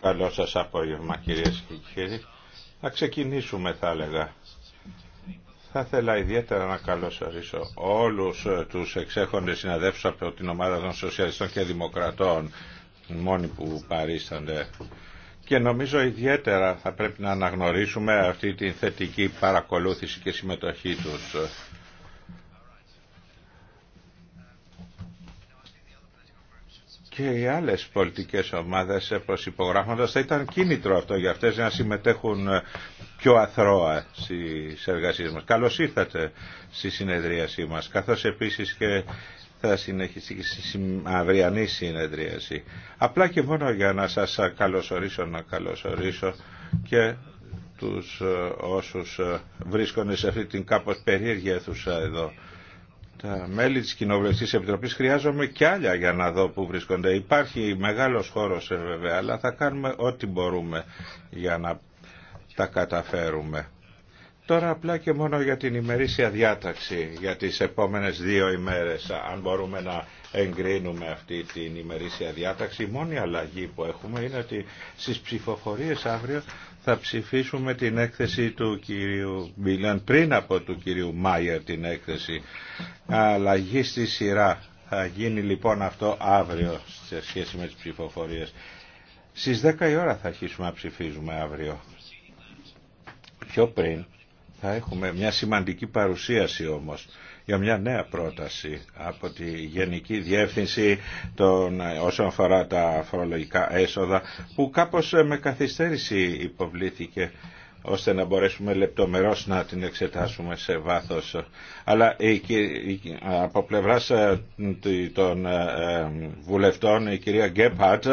Καλό σα απόγευμα κυρίε και κύριοι. Θα ξεκινήσουμε θα έλεγα. Θα ήθελα ιδιαίτερα να καλωσορίσω όλου ε, του εξέχοντες συναδέλφου από την ομάδα των Σοσιαλιστών και Δημοκρατών μόνοι που παρίστανται και νομίζω ιδιαίτερα θα πρέπει να αναγνωρίσουμε αυτή την θετική παρακολούθηση και συμμετοχή τους και οι άλλες πολιτικές ομάδες ε, προσυπογράφοντας θα ήταν κίνητρο αυτό για αυτές να συμμετέχουν ε, πιο αθρώα στις εργασίες μας. Καλώς ήρθατε στη συνεδρίασή μας, καθώς επίσης και θα συνεχίσει και στη αυριανή συνεδρίαση. Απλά και μόνο για να σας καλωσορίσω, να καλωσορίσω και τους ε, όσους βρίσκονται σε αυτή την κάπως περίεργη αίθουσα εδώ τα μέλη της Κοινοβουλευτικής Επιτροπής χρειάζομαι και άλλα για να δω που βρίσκονται. Υπάρχει μεγάλος χώρος ε, βέβαια, αλλά θα κάνουμε ό,τι μπορούμε για να τα καταφέρουμε. Τώρα απλά και μόνο για την ημερήσια διάταξη για τις επόμενες δύο ημέρες, αν μπορούμε να εγκρίνουμε αυτή την ημερήσια διάταξη. Η μόνη αλλαγή που έχουμε είναι ότι στις ψηφοφορίες αύριο θα ψηφίσουμε την έκθεση του κυρίου Μπίλαν πριν από του κυρίου Μάιερ την έκθεση αλλαγή στη σειρά. Θα γίνει λοιπόν αυτό αύριο σε σχέση με τις ψηφοφορίες. Στις 10 η ώρα θα αρχίσουμε να ψηφίζουμε αύριο. Πιο πριν θα έχουμε μια σημαντική παρουσίαση όμως για μια νέα πρόταση από τη Γενική Διεύθυνση των, όσον αφορά τα φορολογικά έσοδα που κάπως ε, με καθυστέρηση υποβλήθηκε ώστε να μπορέσουμε λεπτομερώς να την εξετάσουμε σε βάθος. Αλλά από πλευράς ε, των ε, βουλευτών η κυρία Γκέπατ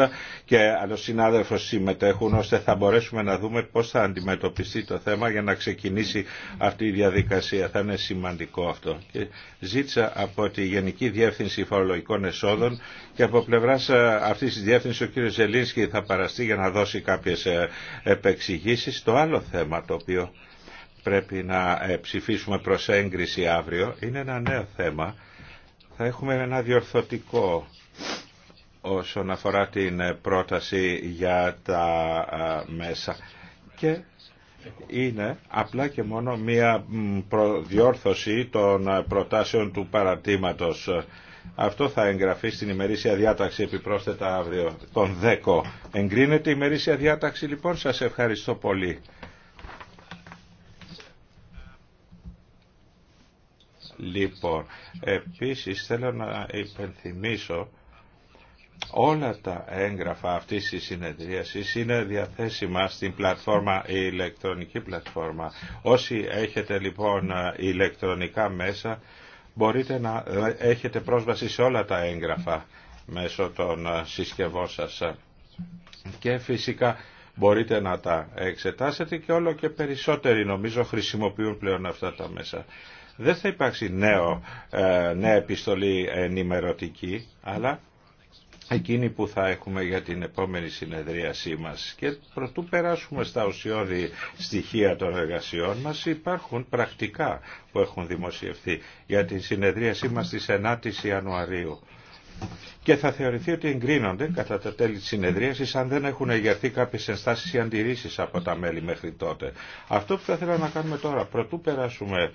και άλλο συνάδελφο συμμετέχουν ώστε θα μπορέσουμε να δούμε πώς θα αντιμετωπιστεί το θέμα για να ξεκινήσει αυτή η διαδικασία. Θα είναι σημαντικό αυτό. Και ζήτησα από τη Γενική Διεύθυνση Φορολογικών Εσόδων και από πλευρά ε, αυτή τη διεύθυνση ο κ. Ζελίνσκι θα παραστεί για να δώσει κάποιε επεξηγήσει. Το άλλο θέμα το οποίο πρέπει να ε, ψηφίσουμε προ έγκριση αύριο είναι ένα νέο θέμα. Θα έχουμε ένα διορθωτικό όσον αφορά την ε, πρόταση για τα μέσα και είναι απλά και μόνο μία διόρθωση των ε, προτάσεων του παρατήματος. Αυτό θα εγγραφεί στην ημερήσια διάταξη επιπρόσθετα αύριο, τον 10. Εγκρίνεται η ημερήσια διάταξη λοιπόν, σας ευχαριστώ πολύ. Λοιπόν, επίσης θέλω να υπενθυμίσω Όλα τα έγγραφα αυτής της συνεδρίασης είναι διαθέσιμα στην πλατφόρμα, η ηλεκτρονική πλατφόρμα. Όσοι έχετε λοιπόν ηλεκτρονικά μέσα μπορείτε να ε, έχετε πρόσβαση σε όλα τα έγγραφα μέσω των ε, συσκευών σας. Και φυσικά μπορείτε να τα εξετάσετε και όλο και περισσότεροι νομίζω χρησιμοποιούν πλέον αυτά τα μέσα. Δεν θα υπάρξει νέο, ε, νέα επιστολή ενημερωτική, αλλά εκείνη που θα έχουμε για την επόμενη συνεδρίασή μας. Και προτού περάσουμε στα ουσιώδη στοιχεία των εργασιών μας, υπάρχουν πρακτικά που έχουν δημοσιευθεί για την συνεδρίασή μας της 9 η Ιανουαρίου. Και θα θεωρηθεί ότι εγκρίνονται κατά τα τέλη της συνεδρίασης αν δεν έχουν εγερθεί κάποιες ενστάσεις ή αντιρρήσεις από τα μέλη μέχρι τότε. Αυτό που θα ήθελα να κάνουμε τώρα, προτού περάσουμε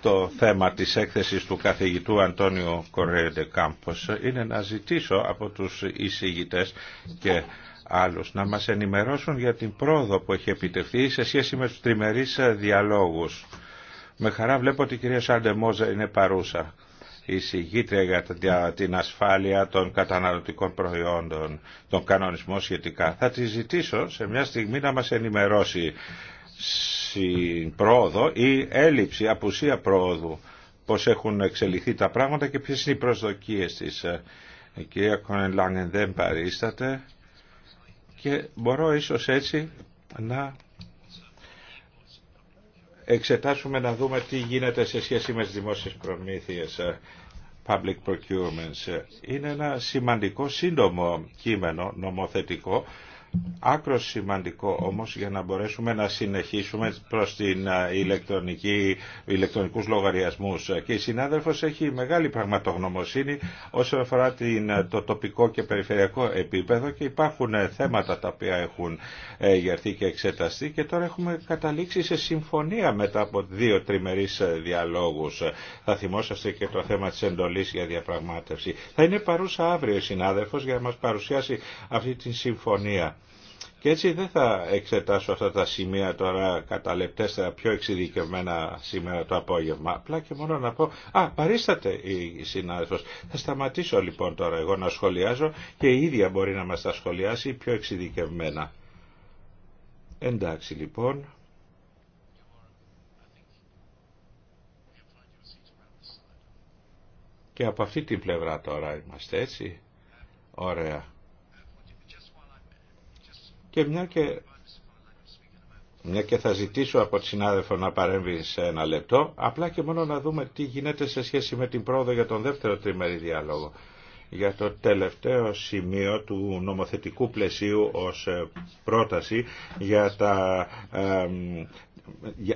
το θέμα της έκθεσης του καθηγητού Αντώνιο Κορέντε Κάμπος είναι να ζητήσω από τους εισηγητές και άλλους να μας ενημερώσουν για την πρόοδο που έχει επιτευχθεί σε σχέση με τους τριμερείς διαλόγους. Με χαρά βλέπω ότι η κυρία Σάντε Μόζα είναι παρούσα εισηγήτρια για την ασφάλεια των καταναλωτικών προϊόντων, τον κανονισμό σχετικά. Θα τη ζητήσω σε μια στιγμή να μας ενημερώσει ...στην πρόοδο ή έλλειψη, απουσία πρόοδου, πώς έχουν εξελιχθεί τα πράγματα και ποιες είναι οι προσδοκίες της. Η ε, κυρία Κονελάνεν δεν παρίσταται και μπορώ ίσως έτσι να εξετάσουμε να δούμε τι γίνεται σε σχέση με τις δημόσιες προμήθειες ε, public procurements. Ε, είναι ένα σημαντικό σύντομο κείμενο νομοθετικό Άκρο σημαντικό όμως για να μπορέσουμε να συνεχίσουμε προς την ηλεκτρονική, ηλεκτρονικούς λογαριασμούς. Και η συνάδελφος έχει μεγάλη πραγματογνωμοσύνη όσον αφορά την, το τοπικό και περιφερειακό επίπεδο και υπάρχουν ε, θέματα τα οποία έχουν ε, γερθεί και εξεταστεί και τώρα έχουμε καταλήξει σε συμφωνία μετά από δύο τριμερείς ε, διαλόγους. Θα θυμόσαστε και το θέμα της εντολής για διαπραγμάτευση. Θα είναι παρούσα αύριο η συνάδελφος για να μας παρουσιάσει αυτή τη συμφωνία. Και έτσι δεν θα εξετάσω αυτά τα σημεία τώρα κατά λεπτέστερα πιο εξειδικευμένα σήμερα το απόγευμα. Απλά και μόνο να πω, α, παρίσταται η συνάδελφος. Θα σταματήσω λοιπόν τώρα εγώ να σχολιάζω και η ίδια μπορεί να μας τα σχολιάσει πιο εξειδικευμένα. Εντάξει λοιπόν. Και από αυτή την πλευρά τώρα είμαστε έτσι. Ωραία. Και μια και, μια και θα ζητήσω από τη συνάδελφο να παρέμβει σε ένα λεπτό, απλά και μόνο να δούμε τι γίνεται σε σχέση με την πρόοδο για τον δεύτερο τριμερή διάλογο. Για το τελευταίο σημείο του νομοθετικού πλαισίου ως ε, πρόταση για τα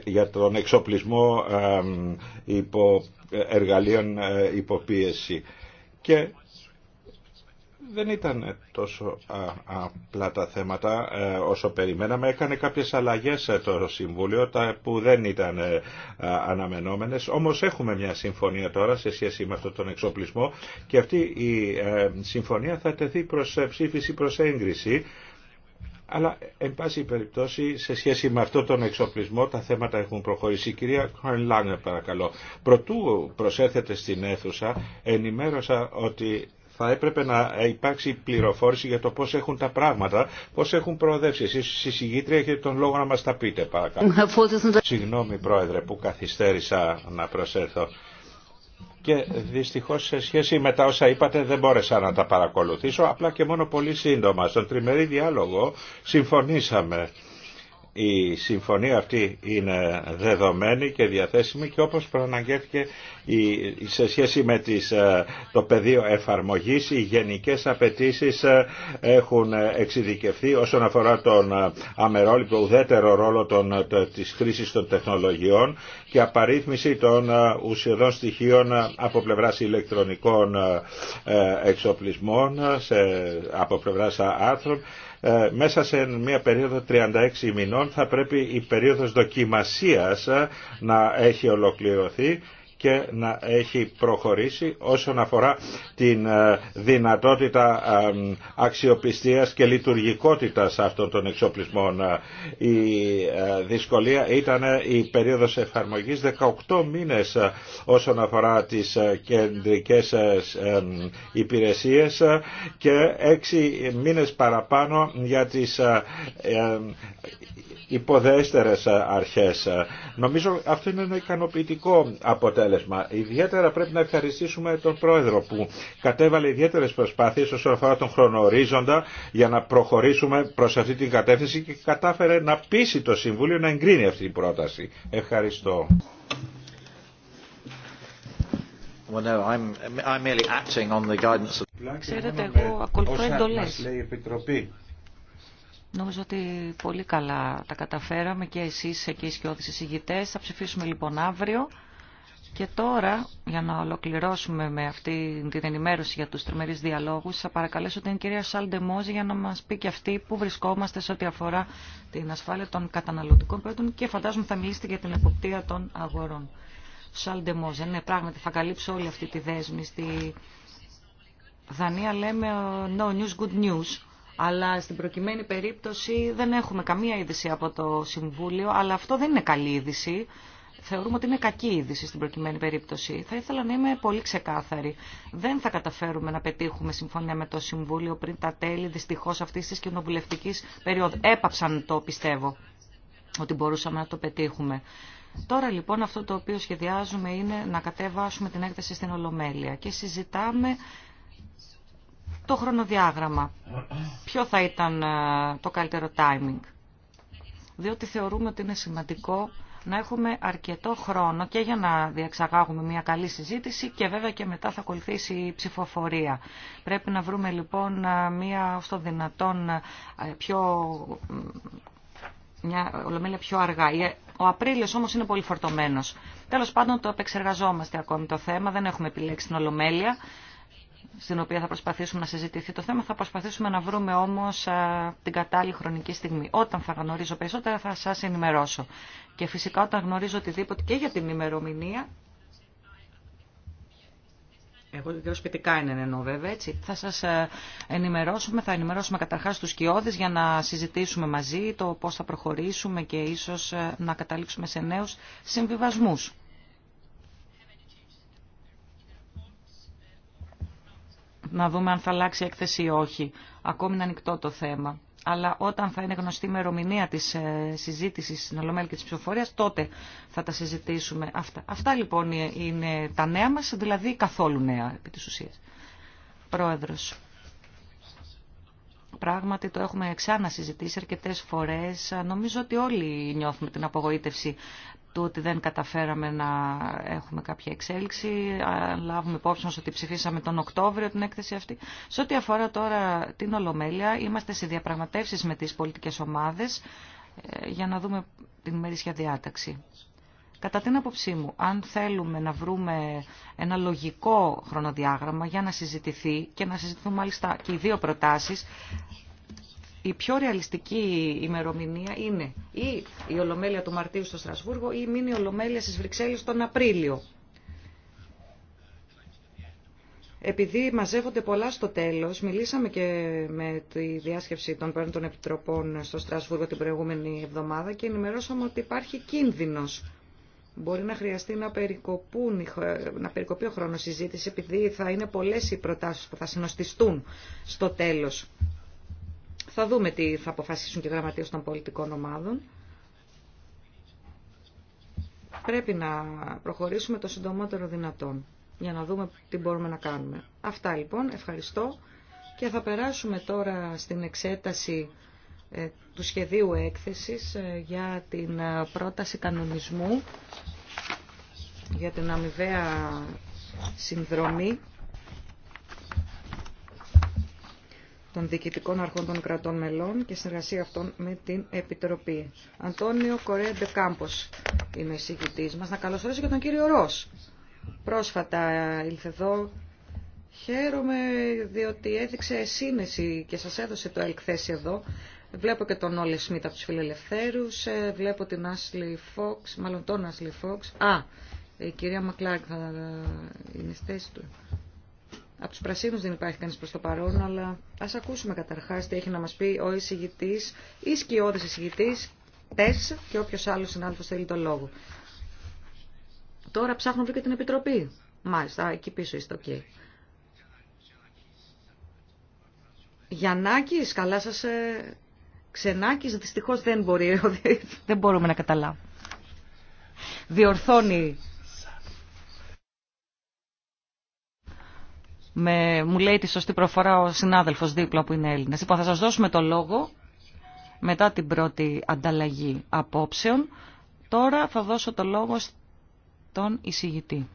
για τον εξοπλισμό υπο ε, εργαλείων ε, υποπίεση και δεν ήταν τόσο απλά τα θέματα ε, όσο περιμέναμε. Έκανε κάποιες αλλαγές ε, το Συμβούλιο τα που δεν ήταν ε, αναμενόμενες. Όμως έχουμε μια συμφωνία τώρα σε σχέση με αυτόν τον εξοπλισμό και αυτή η συμφωνία θα τεθεί προς ψήφιση προς έγκριση. Αλλά, εν πάση περιπτώσει, σε σχέση με αυτόν τον εξοπλισμό, τα θέματα έχουν προχωρήσει. Η κυρία Κρονλάνγκ, παρακαλώ. Προτού προσέθετε στην αίθουσα, ενημέρωσα ότι θα έπρεπε να υπάρξει πληροφόρηση για το πώς έχουν τα πράγματα, πώς έχουν προοδεύσει. Εσείς η έχετε τον λόγο να μας τα πείτε παρακαλώ. Συγγνώμη πρόεδρε που καθυστέρησα να προσέλθω. Και δυστυχώς σε σχέση με τα όσα είπατε δεν μπόρεσα να τα παρακολουθήσω, απλά και μόνο πολύ σύντομα. Στον τριμερή διάλογο συμφωνήσαμε η συμφωνία αυτή είναι δεδομένη και διαθέσιμη και όπως προαναγγέθηκε σε σχέση με ε, το πεδίο εφαρμογής οι γενικές απαιτήσει ε, έχουν εξειδικευθεί όσον αφορά τον ε, αμερόληπτο ουδέτερο ρόλο των, της χρήσης των τεχνολογιών και απαρίθμηση των ουσιοδών στοιχείων από πλευράς ηλεκτρονικών εξοπλισμών, σε, από πλευράς άρθρων ε, μέσα σε μια περίοδο 36 μηνών θα πρέπει η περίοδος δοκιμασίας ε, να έχει ολοκληρωθεί και να έχει προχωρήσει όσον αφορά την ε, δυνατότητα ε, αξιοπιστίας και λειτουργικότητας αυτών των εξοπλισμών. Ε, η δυσκολία ήταν η περίοδος εφαρμογής 18 μήνες όσον αφορά τις κεντρικές υπηρεσίες και 6 μήνες παραπάνω για τις υποδέστερες ε, αρχές. Ε, νομίζω αυτό είναι ένα ικανοποιητικό αποτέλεσμα. Ιδιαίτερα πρέπει να ευχαριστήσουμε τον Πρόεδρο που κατέβαλε ιδιαίτερες προσπάθειες όσον αφορά τον χρονορίζοντα για να προχωρήσουμε προς αυτή την κατεύθυνση και κατάφερε να πείσει το Συμβούλιο να εγκρίνει αυτή την πρόταση. Ευχαριστώ. Ξέρετε, εγώ ακολουθώ εντολές. Νομίζω ότι πολύ καλά τα καταφέραμε και εσείς και οι σκιώδεις εισηγητές. Θα ψηφίσουμε λοιπόν αύριο. Και τώρα, για να ολοκληρώσουμε με αυτή την ενημέρωση για τους τριμερείς διαλόγους, θα παρακαλέσω την κυρία Σάλντε Μόζη για να μας πει και αυτή που βρισκόμαστε σε ό,τι αφορά την ασφάλεια των καταναλωτικών πρώτων και φαντάζομαι θα μιλήσετε για την εποπτεία των αγορών. Σάλντε Μόζε, ναι, πράγματι θα καλύψω όλη αυτή τη δέσμη. Στη Δανία λέμε no news, good news. Αλλά στην προκειμένη περίπτωση δεν έχουμε καμία είδηση από το Συμβούλιο, αλλά αυτό δεν είναι καλή είδηση. Θεωρούμε ότι είναι κακή είδηση στην προκειμένη περίπτωση. Θα ήθελα να είμαι πολύ ξεκάθαρη. Δεν θα καταφέρουμε να πετύχουμε συμφωνία με το Συμβούλιο πριν τα τέλη δυστυχώ αυτή τη κοινοβουλευτική περίοδου. Έπαψαν το, πιστεύω, ότι μπορούσαμε να το πετύχουμε. Τώρα λοιπόν αυτό το οποίο σχεδιάζουμε είναι να κατεβάσουμε την έκθεση στην Ολομέλεια και συζητάμε το χρονοδιάγραμμα. Ποιο θα ήταν ε, το καλύτερο timing. Διότι θεωρούμε ότι είναι σημαντικό να έχουμε αρκετό χρόνο και για να διεξαγάγουμε μια καλή συζήτηση και βέβαια και μετά θα ακολουθήσει η ψηφοφορία. Πρέπει να βρούμε λοιπόν ε, μια στο δυνατόν ε, πιο μια ολομέλεια πιο αργά. Ο Απρίλιος όμως είναι πολύ φορτωμένος. Τέλος πάντων το επεξεργαζόμαστε ακόμη το θέμα, δεν έχουμε επιλέξει την ολομέλεια στην οποία θα προσπαθήσουμε να συζητηθεί το θέμα. Θα προσπαθήσουμε να βρούμε όμως την κατάλληλη χρονική στιγμή. Όταν θα γνωρίζω περισσότερα θα σας ενημερώσω. Και φυσικά όταν γνωρίζω οτιδήποτε και για την ημερομηνία... Εγώ το ο σπιτικά είναι εννοώ βέβαια, έτσι. Θα σας ε, ενημερώσουμε, θα ενημερώσουμε καταρχάς τους κοιόδες για να συζητήσουμε μαζί το πώς θα προχωρήσουμε και ίσως ε, να καταλήξουμε σε νέους συμβιβασμούς. να δούμε αν θα αλλάξει έκθεση ή όχι. Ακόμη είναι ανοιχτό το θέμα. Αλλά όταν θα είναι γνωστή η ημερομηνία τη ε, συζήτηση στην Ολομέλεια και τη ψηφοφορία, τότε θα τα συζητήσουμε αυτά. Αυτά λοιπόν ε, είναι τα νέα μα, δηλαδή καθόλου νέα επί τη ουσία. Πρόεδρο. Πράγματι το έχουμε ξανασυζητήσει αρκετέ φορέ. Νομίζω ότι όλοι νιώθουμε την απογοήτευση του ότι δεν καταφέραμε να έχουμε κάποια εξέλιξη. Λάβουμε υπόψη μας ότι ψηφίσαμε τον Οκτώβριο την έκθεση αυτή. Σε ό,τι αφορά τώρα την Ολομέλεια, είμαστε σε διαπραγματεύσεις με τις πολιτικές ομάδες ε, για να δούμε την ημερήσια διάταξη. Κατά την άποψή μου, αν θέλουμε να βρούμε ένα λογικό χρονοδιάγραμμα για να συζητηθεί και να συζητηθούν μάλιστα και οι δύο προτάσεις, η πιο ρεαλιστική ημερομηνία είναι ή η Ολομέλεια του Μαρτίου στο Στρασβούργο ή η μήνυ Ολομέλεια στις Βρυξέλλες τον Απρίλιο. Επειδή μαζεύονται πολλά στο τέλος, μιλήσαμε και με τη διάσκεψη των πρώτων των επιτροπών στο Στρασβούργο την προηγούμενη εβδομάδα και ενημερώσαμε ότι υπάρχει κίνδυνος. Μπορεί να χρειαστεί να, περικοπούν, να περικοπεί ο χρόνος συζήτηση επειδή θα είναι πολλές οι προτάσεις που θα συνοστιστούν στο τέλος θα δούμε τι θα αποφασίσουν και οι γραμματείες των πολιτικών ομάδων. Πρέπει να προχωρήσουμε το συντομότερο δυνατόν για να δούμε τι μπορούμε να κάνουμε. Αυτά λοιπόν, ευχαριστώ και θα περάσουμε τώρα στην εξέταση ε, του σχεδίου έκθεσης ε, για την ε, πρόταση κανονισμού για την αμοιβαία συνδρομή των διοικητικών αρχών των κρατών μελών και συνεργασία αυτών με την Επιτροπή. Αντώνιο Κορέντε Κάμπο είναι εισηγητή μα. Να καλωσορίσω και τον κύριο Ρο. Πρόσφατα ήλθε εδώ. Χαίρομαι διότι έδειξε σύνεση και σας έδωσε το ελκθέσει εδώ. Βλέπω και τον Όλε Σμίτ από του Φιλελευθέρου. Ε, βλέπω την Άσλι Φόξ, μάλλον τον Άσλι Φόξ. Α, η κυρία Μακλάρκ θα είναι στη θέση του. Από του πρασίνου δεν υπάρχει κανείς προς το παρόν, αλλά ας ακούσουμε καταρχάς τι έχει να μας πει ο εισηγητή ή σκιώδη εισηγητή, τες και όποιο άλλος συνάδελφο θέλει το λόγο. Τώρα ψάχνω και την Επιτροπή. Μάλιστα, εκεί πίσω είστε, οκ. Okay. καλά σας... Ε, Ξενάκης, δυστυχώς δεν μπορεί, δεν μπορούμε να καταλάβουμε. Διορθώνει μου λέει τη σωστή προφορά ο συνάδελφος δίπλα που είναι Έλληνας. Λοιπόν, θα σας δώσουμε το λόγο μετά την πρώτη ανταλλαγή απόψεων. Τώρα θα δώσω το λόγο στον εισηγητή.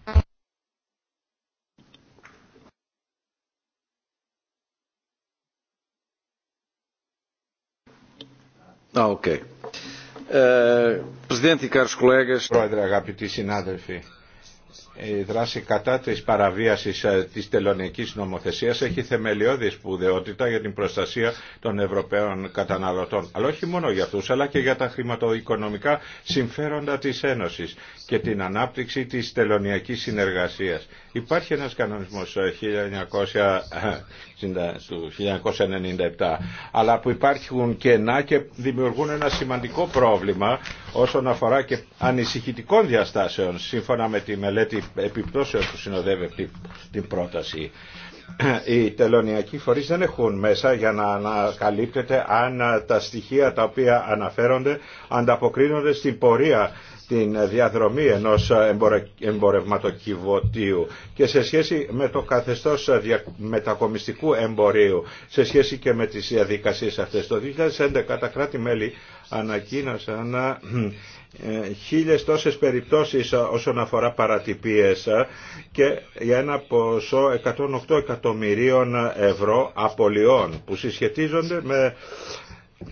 Okay. Ε, Πρόεδρε, αγαπητοί συνάδελφοι, ε, η δράση κατά της παραβίασης ε, της τελωνικής νομοθεσίας έχει θεμελιώδη σπουδαιότητα για την προστασία των Ευρωπαίων καταναλωτών. Αλλά όχι μόνο για αυτούς, αλλά και για τα χρηματοοικονομικά συμφέροντα της Ένωσης και την ανάπτυξη της τελωνιακής συνεργασίας. Υπάρχει ένας κανονισμός ε, του 1997, αλλά που υπάρχουν κενά και δημιουργούν ένα σημαντικό πρόβλημα όσον αφορά και ανησυχητικών διαστάσεων, σύμφωνα με τη μελέτη επιπτώσεων που συνοδεύει την πρόταση. Οι τελωνιακοί φορείς δεν έχουν μέσα για να ανακαλύπτεται αν τα στοιχεία τα οποία αναφέρονται ανταποκρίνονται στην πορεία την διαδρομή ενός εμπορευματοκιβωτίου και σε σχέση με το καθεστώς μετακομιστικού εμπορίου, σε σχέση και με τις διαδικασίες αυτές. Το 2011 τα κράτη-μέλη ανακοίνωσαν ε, χίλιες τόσες περιπτώσεις όσον αφορά παρατυπίες και για ένα ποσό 108 εκατομμυρίων ευρώ απολειών που συσχετίζονται με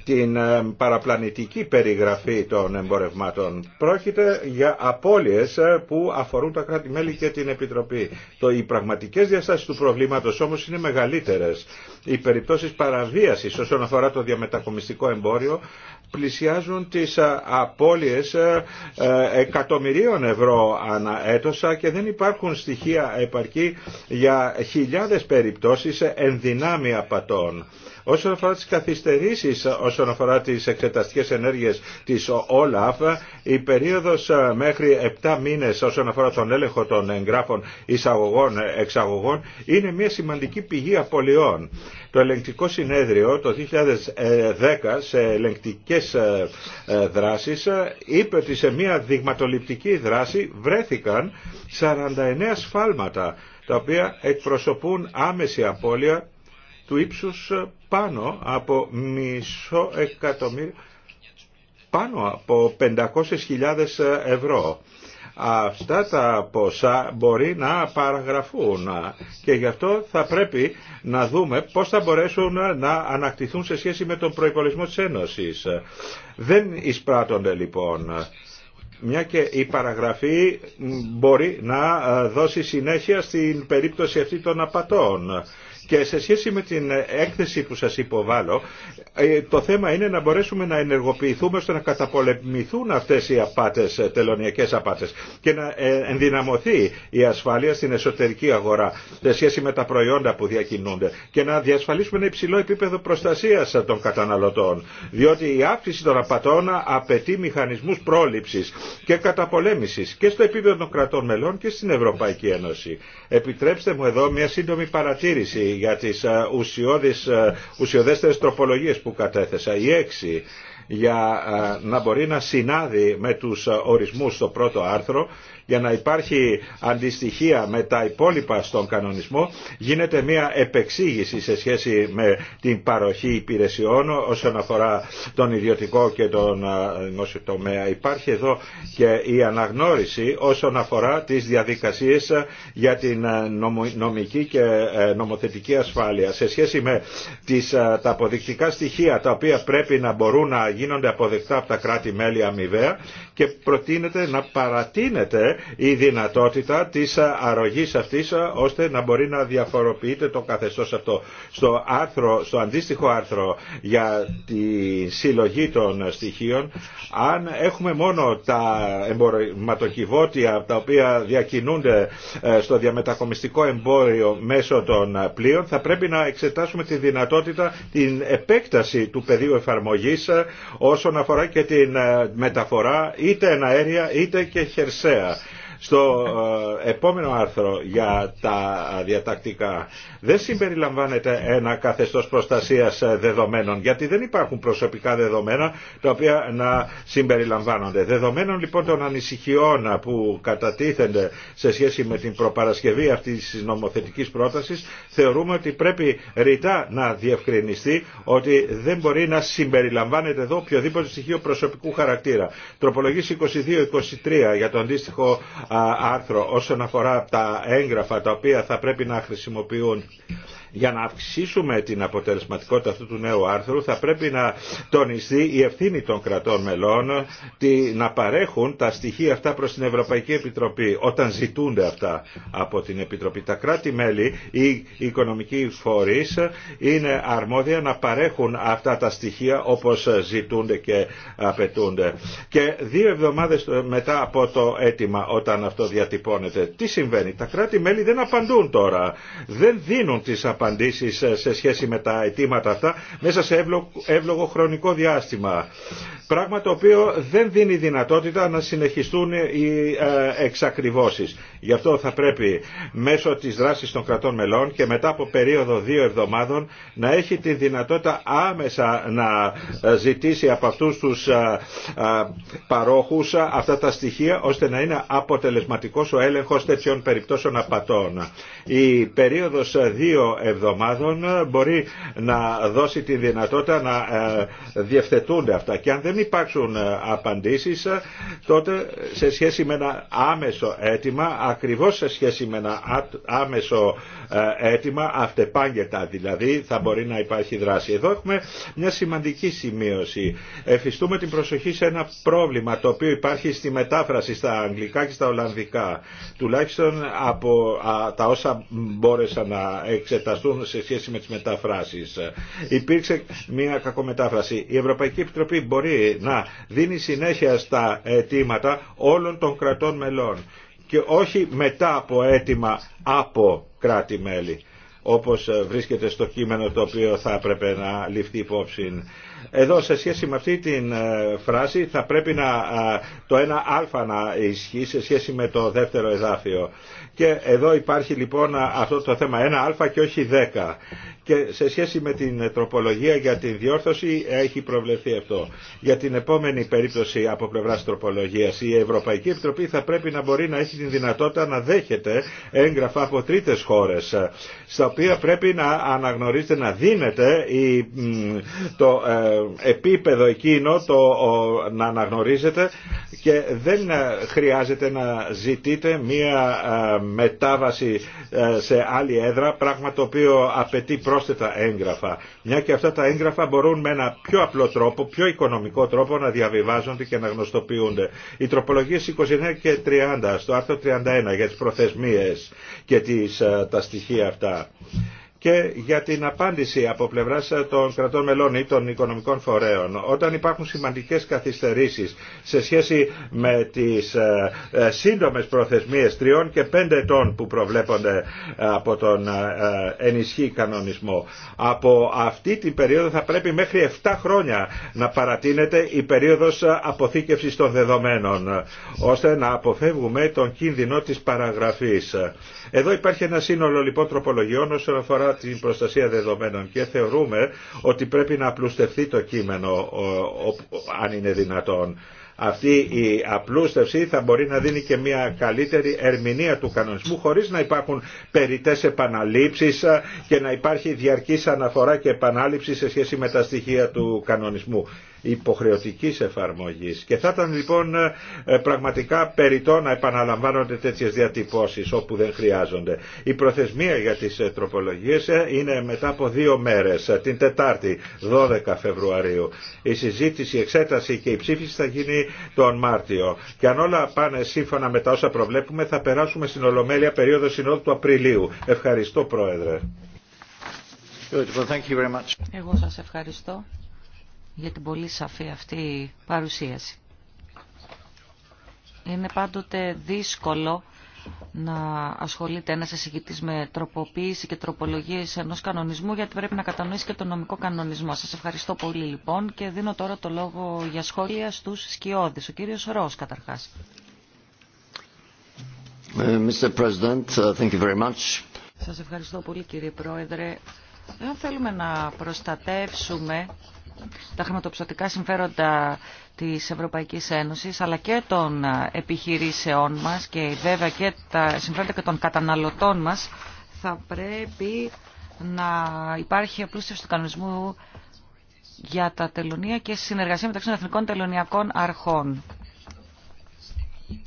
την ε, παραπλανητική περιγραφή των εμπορευμάτων. Πρόκειται για απώλειες που αφορούν τα κράτη-μέλη και την Επιτροπή. Το, οι πραγματικές διαστάσεις του προβλήματος όμως είναι μεγαλύτερες. Οι περιπτώσεις παραβίασης όσον αφορά το διαμετακομιστικό εμπόριο πλησιάζουν τις ε, απώλειες ε, ε, εκατομμυρίων ευρώ ανά έτοσα και δεν υπάρχουν στοιχεία επαρκή για χιλιάδες περιπτώσεις ενδυνάμει απατών. Όσον αφορά τις καθυστερήσεις, όσον αφορά τις εξεταστικές ενέργειες της ΟΛΑΦ, η περίοδος ε, μέχρι 7 μήνες όσον αφορά τον έλεγχο των εγγράφων εισαγωγών, εξαγωγών, είναι μια σημαντική πηγή απολειών. Το ελεγκτικό συνέδριο το 2010 σε ελεγκτικές ε, ε, δράσεις είπε ότι σε μια δειγματοληπτική δράση βρέθηκαν 49 σφάλματα τα οποία εκπροσωπούν άμεση απώλεια του ύψους ε, πάνω από μισό εκατομμύριο, πάνω από 500.000 ε, ευρώ. Αυτά τα ποσά μπορεί να παραγραφούν και γι' αυτό θα πρέπει να δούμε πώς θα μπορέσουν να ανακτηθούν σε σχέση με τον προϋπολισμό της Ένωσης. Δεν εισπράττονται λοιπόν μια και η παραγραφή μπορεί να ε, δώσει συνέχεια στην περίπτωση αυτή των απατών και σε σχέση με την έκθεση που σας υποβάλλω, ε, το θέμα είναι να μπορέσουμε να ενεργοποιηθούμε ώστε να καταπολεμηθούν αυτές οι απάτες, ε, τελωνιακές απάτες και να ε, ενδυναμωθεί η ασφάλεια στην εσωτερική αγορά σε σχέση με τα προϊόντα που διακινούνται και να διασφαλίσουμε ένα υψηλό επίπεδο προστασίας των καταναλωτών. Διότι η αύξηση των απατών απαιτεί μηχανισμούς πρόληψης και καταπολέμησης και στο επίπεδο των κρατών μελών και στην Ευρωπαϊκή Ένωση. Επιτρέψτε μου εδώ μια σύντομη παρατήρηση για τις ε, ουσιώδεις, ε, ουσιοδέστερες τροπολογίες που κατέθεσα. Η 6 για ε, να μπορεί να συνάδει με τους ορισμούς στο πρώτο άρθρο για να υπάρχει αντιστοιχεία με τα υπόλοιπα στον κανονισμό γίνεται μια επεξήγηση σε σχέση με την παροχή υπηρεσιών όσον αφορά τον ιδιωτικό και τον δημόσιο Υπάρχει εδώ και η αναγνώριση όσον αφορά τις διαδικασίες για την νομική και ε, νομοθετική ασφάλεια σε σχέση με τις, τα αποδεικτικά στοιχεία τα οποία πρέπει να μπορούν να γίνονται αποδεκτά από τα κράτη-μέλη αμοιβαία και προτείνεται να παρατείνεται η δυνατότητα της αρρωγής αυτής ώστε να μπορεί να διαφοροποιείται το καθεστώς αυτό. Στο, άρθρο, στο αντίστοιχο άρθρο για τη συλλογή των στοιχείων αν έχουμε μόνο τα εμπορευματοκιβώτια τα οποία διακινούνται ε, στο διαμετακομιστικό εμπόριο μέσω των πλοίων θα πρέπει να εξετάσουμε τη δυνατότητα την επέκταση του πεδίου εφαρμογής ε, όσον αφορά και την ε, μεταφορά είτε εναέρια είτε και χερσαία στο ε, επόμενο άρθρο για τα διατακτικά δεν συμπεριλαμβάνεται ένα καθεστώς προστασίας ε, δεδομένων γιατί δεν υπάρχουν προσωπικά δεδομένα τα οποία να συμπεριλαμβάνονται. Δεδομένων λοιπόν των ανησυχιών που κατατίθενται σε σχέση με την προπαρασκευή αυτής της νομοθετικής πρότασης θεωρούμε ότι πρέπει ρητά να διευκρινιστεί ότι δεν μπορεί να συμπεριλαμβάνεται εδώ οποιοδήποτε στοιχείο προσωπικού χαρακτήρα. Τροπολογής 22-23 για το αντίστοιχο άρθρο όσον αφορά τα έγγραφα τα οποία θα πρέπει να χρησιμοποιούν για να αυξήσουμε την αποτελεσματικότητα αυτού του νέου άρθρου θα πρέπει να τονιστεί η ευθύνη των κρατών μελών να παρέχουν τα στοιχεία αυτά προς την Ευρωπαϊκή Επιτροπή όταν ζητούνται αυτά από την Επιτροπή. Τα κράτη-μέλη ή οι οικονομικοί φορείς είναι αρμόδια να παρέχουν αυτά τα στοιχεία όπως ζητούνται και απαιτούνται. Και δύο εβδομάδες μετά από το αίτημα όταν αυτό διατυπώνεται, τι συμβαίνει. Τα κράτη-μέλη δεν απαντούν τώρα, δεν δίνουν τις ε, σε σχέση με τα αιτήματα αυτά μέσα σε εύλογο χρονικό διάστημα. Πράγμα το οποίο δεν δίνει δυνατότητα να συνεχιστούν οι ε, εξακριβώσεις. Γι' αυτό θα πρέπει μέσω της δράσης των κρατών μελών και μετά από περίοδο δύο εβδομάδων να έχει τη δυνατότητα άμεσα να ε, ζητήσει από αυτούς τους παρόχους αυτά τα στοιχεία ώστε να είναι αποτελεσματικός ο έλεγχος τέτοιων περιπτώσεων απατών η περίοδος δύο εβδομάδων μπορεί να δώσει τη δυνατότητα να ε, διευθετούνται αυτά και αν δεν υπάρξουν ε, απαντήσεις ε, τότε σε σχέση με ένα άμεσο αίτημα ακριβώς σε σχέση με ένα άμεσο αίτημα αυτεπάγγετα δηλαδή θα μπορεί να υπάρχει δράση. Εδώ έχουμε μια σημαντική σημείωση. Εφιστούμε την προσοχή σε ένα πρόβλημα το οποίο υπάρχει στη μετάφραση στα αγγλικά και στα ολλανδικά τουλάχιστον από τα όσα μπόρεσαν να εξεταστούν σε σχέση με τις μεταφράσεις. Υπήρξε μια κακομετάφραση. Η Ευρωπαϊκή Επιτροπή μπορεί να δίνει συνέχεια στα αιτήματα όλων των κρατών μελών και όχι μετά από αίτημα από κράτη-μέλη όπως βρίσκεται στο κείμενο το οποίο θα έπρεπε να ληφθεί υπόψη. Εδώ σε σχέση με αυτή την ε, φράση θα πρέπει να, ε, το ένα α να ισχύει σε σχέση με το δεύτερο εδάφιο. Και εδώ υπάρχει λοιπόν αυτό το θέμα 1α και όχι 10. Και σε σχέση με την τροπολογία για την διόρθωση έχει προβλεφθεί αυτό. Για την επόμενη περίπτωση από πλευρά τροπολογία η Ευρωπαϊκή Επιτροπή θα πρέπει να μπορεί να έχει την δυνατότητα να δέχεται έγγραφα από τρίτε χώρε στα οποία πρέπει να αναγνωρίζεται, να δίνεται το ε, επίπεδο εκείνο το, να αναγνωρίζεται και δεν ε, χρειάζεται να ζητείτε μία ε, μετάβαση ε, σε άλλη έδρα, πράγμα το οποίο απαιτεί πρόσθετα έγγραφα. Μια και αυτά τα έγγραφα μπορούν με ένα πιο απλό τρόπο, πιο οικονομικό τρόπο να διαβιβάζονται και να γνωστοποιούνται. Οι τροπολογίες 29 και 30 στο άρθρο 31 για τις προθεσμίες και τις, ε, τα στοιχεία αυτά και για την απάντηση από πλευρά των κρατών μελών ή των οικονομικών φορέων. Όταν υπάρχουν σημαντικές καθυστερήσεις σε σχέση με τις ε, ε, σύντομες προθεσμίες τριών και πέντε ετών που προβλέπονται ε, από τον ενισχύ κανονισμό. Από αυτή την περίοδο θα πρέπει μέχρι 7 χρόνια να παρατείνεται η περίοδος αποθήκευσης των δεδομένων ώστε να αποφεύγουμε τον κίνδυνο της παραγραφής. Εδώ υπάρχει ένα σύνολο λοιπόν τροπολογιών όσον αφορά την προστασία δεδομένων και θεωρούμε ότι πρέπει να απλουστευτεί το κείμενο αν είναι δυνατόν. Αυτή η απλούστευση θα μπορεί να δίνει και μια καλύτερη ερμηνεία του κανονισμού χωρίς να υπάρχουν περιττές επαναλήψεις ε, και να υπάρχει διαρκής αναφορά και επανάληψη σε σχέση με τα στοιχεία του κανονισμού υποχρεωτικής εφαρμογής. Και θα ήταν λοιπόν ε, ε, πραγματικά περιττό να επαναλαμβάνονται τέτοιες διατυπώσεις όπου δεν χρειάζονται. Η προθεσμία για τις ε, τροπολογίες είναι μετά από δύο μέρες, την Τετάρτη 12 Φεβρουαρίου. Η συζήτηση, η εξέταση και η ψήφιση θα γίνει τον Μάρτιο. Και αν όλα πάνε σύμφωνα με τα όσα προβλέπουμε θα περάσουμε στην Ολομέλεια περίοδο συνόδου του Απριλίου. Ευχαριστώ Πρόεδρε. Εγώ σας ευχαριστώ για την πολύ σαφή αυτή παρουσίαση. Είναι πάντοτε δύσκολο να ασχολείται ένας εισηγητής με τροποποίηση και τροπολογίες ενός κανονισμού γιατί πρέπει να κατανοήσει και τον νομικό κανονισμό. Σας ευχαριστώ πολύ λοιπόν και δίνω τώρα το λόγο για σχόλια στους σκιώδεις. Ο κύριος Ρος καταρχάς. Ε, Mr. President, uh, thank you very much. Σας ευχαριστώ πολύ κύριε Πρόεδρε. Αν θέλουμε να προστατεύσουμε τα χρηματοπιστωτικά συμφέροντα της Ευρωπαϊκής Ένωσης αλλά και των επιχειρήσεών μας και βέβαια και τα συμφέροντα και των καταναλωτών μας θα πρέπει να υπάρχει απλούστευση του κανονισμού για τα τελωνία και συνεργασία μεταξύ των εθνικών τελωνιακών αρχών.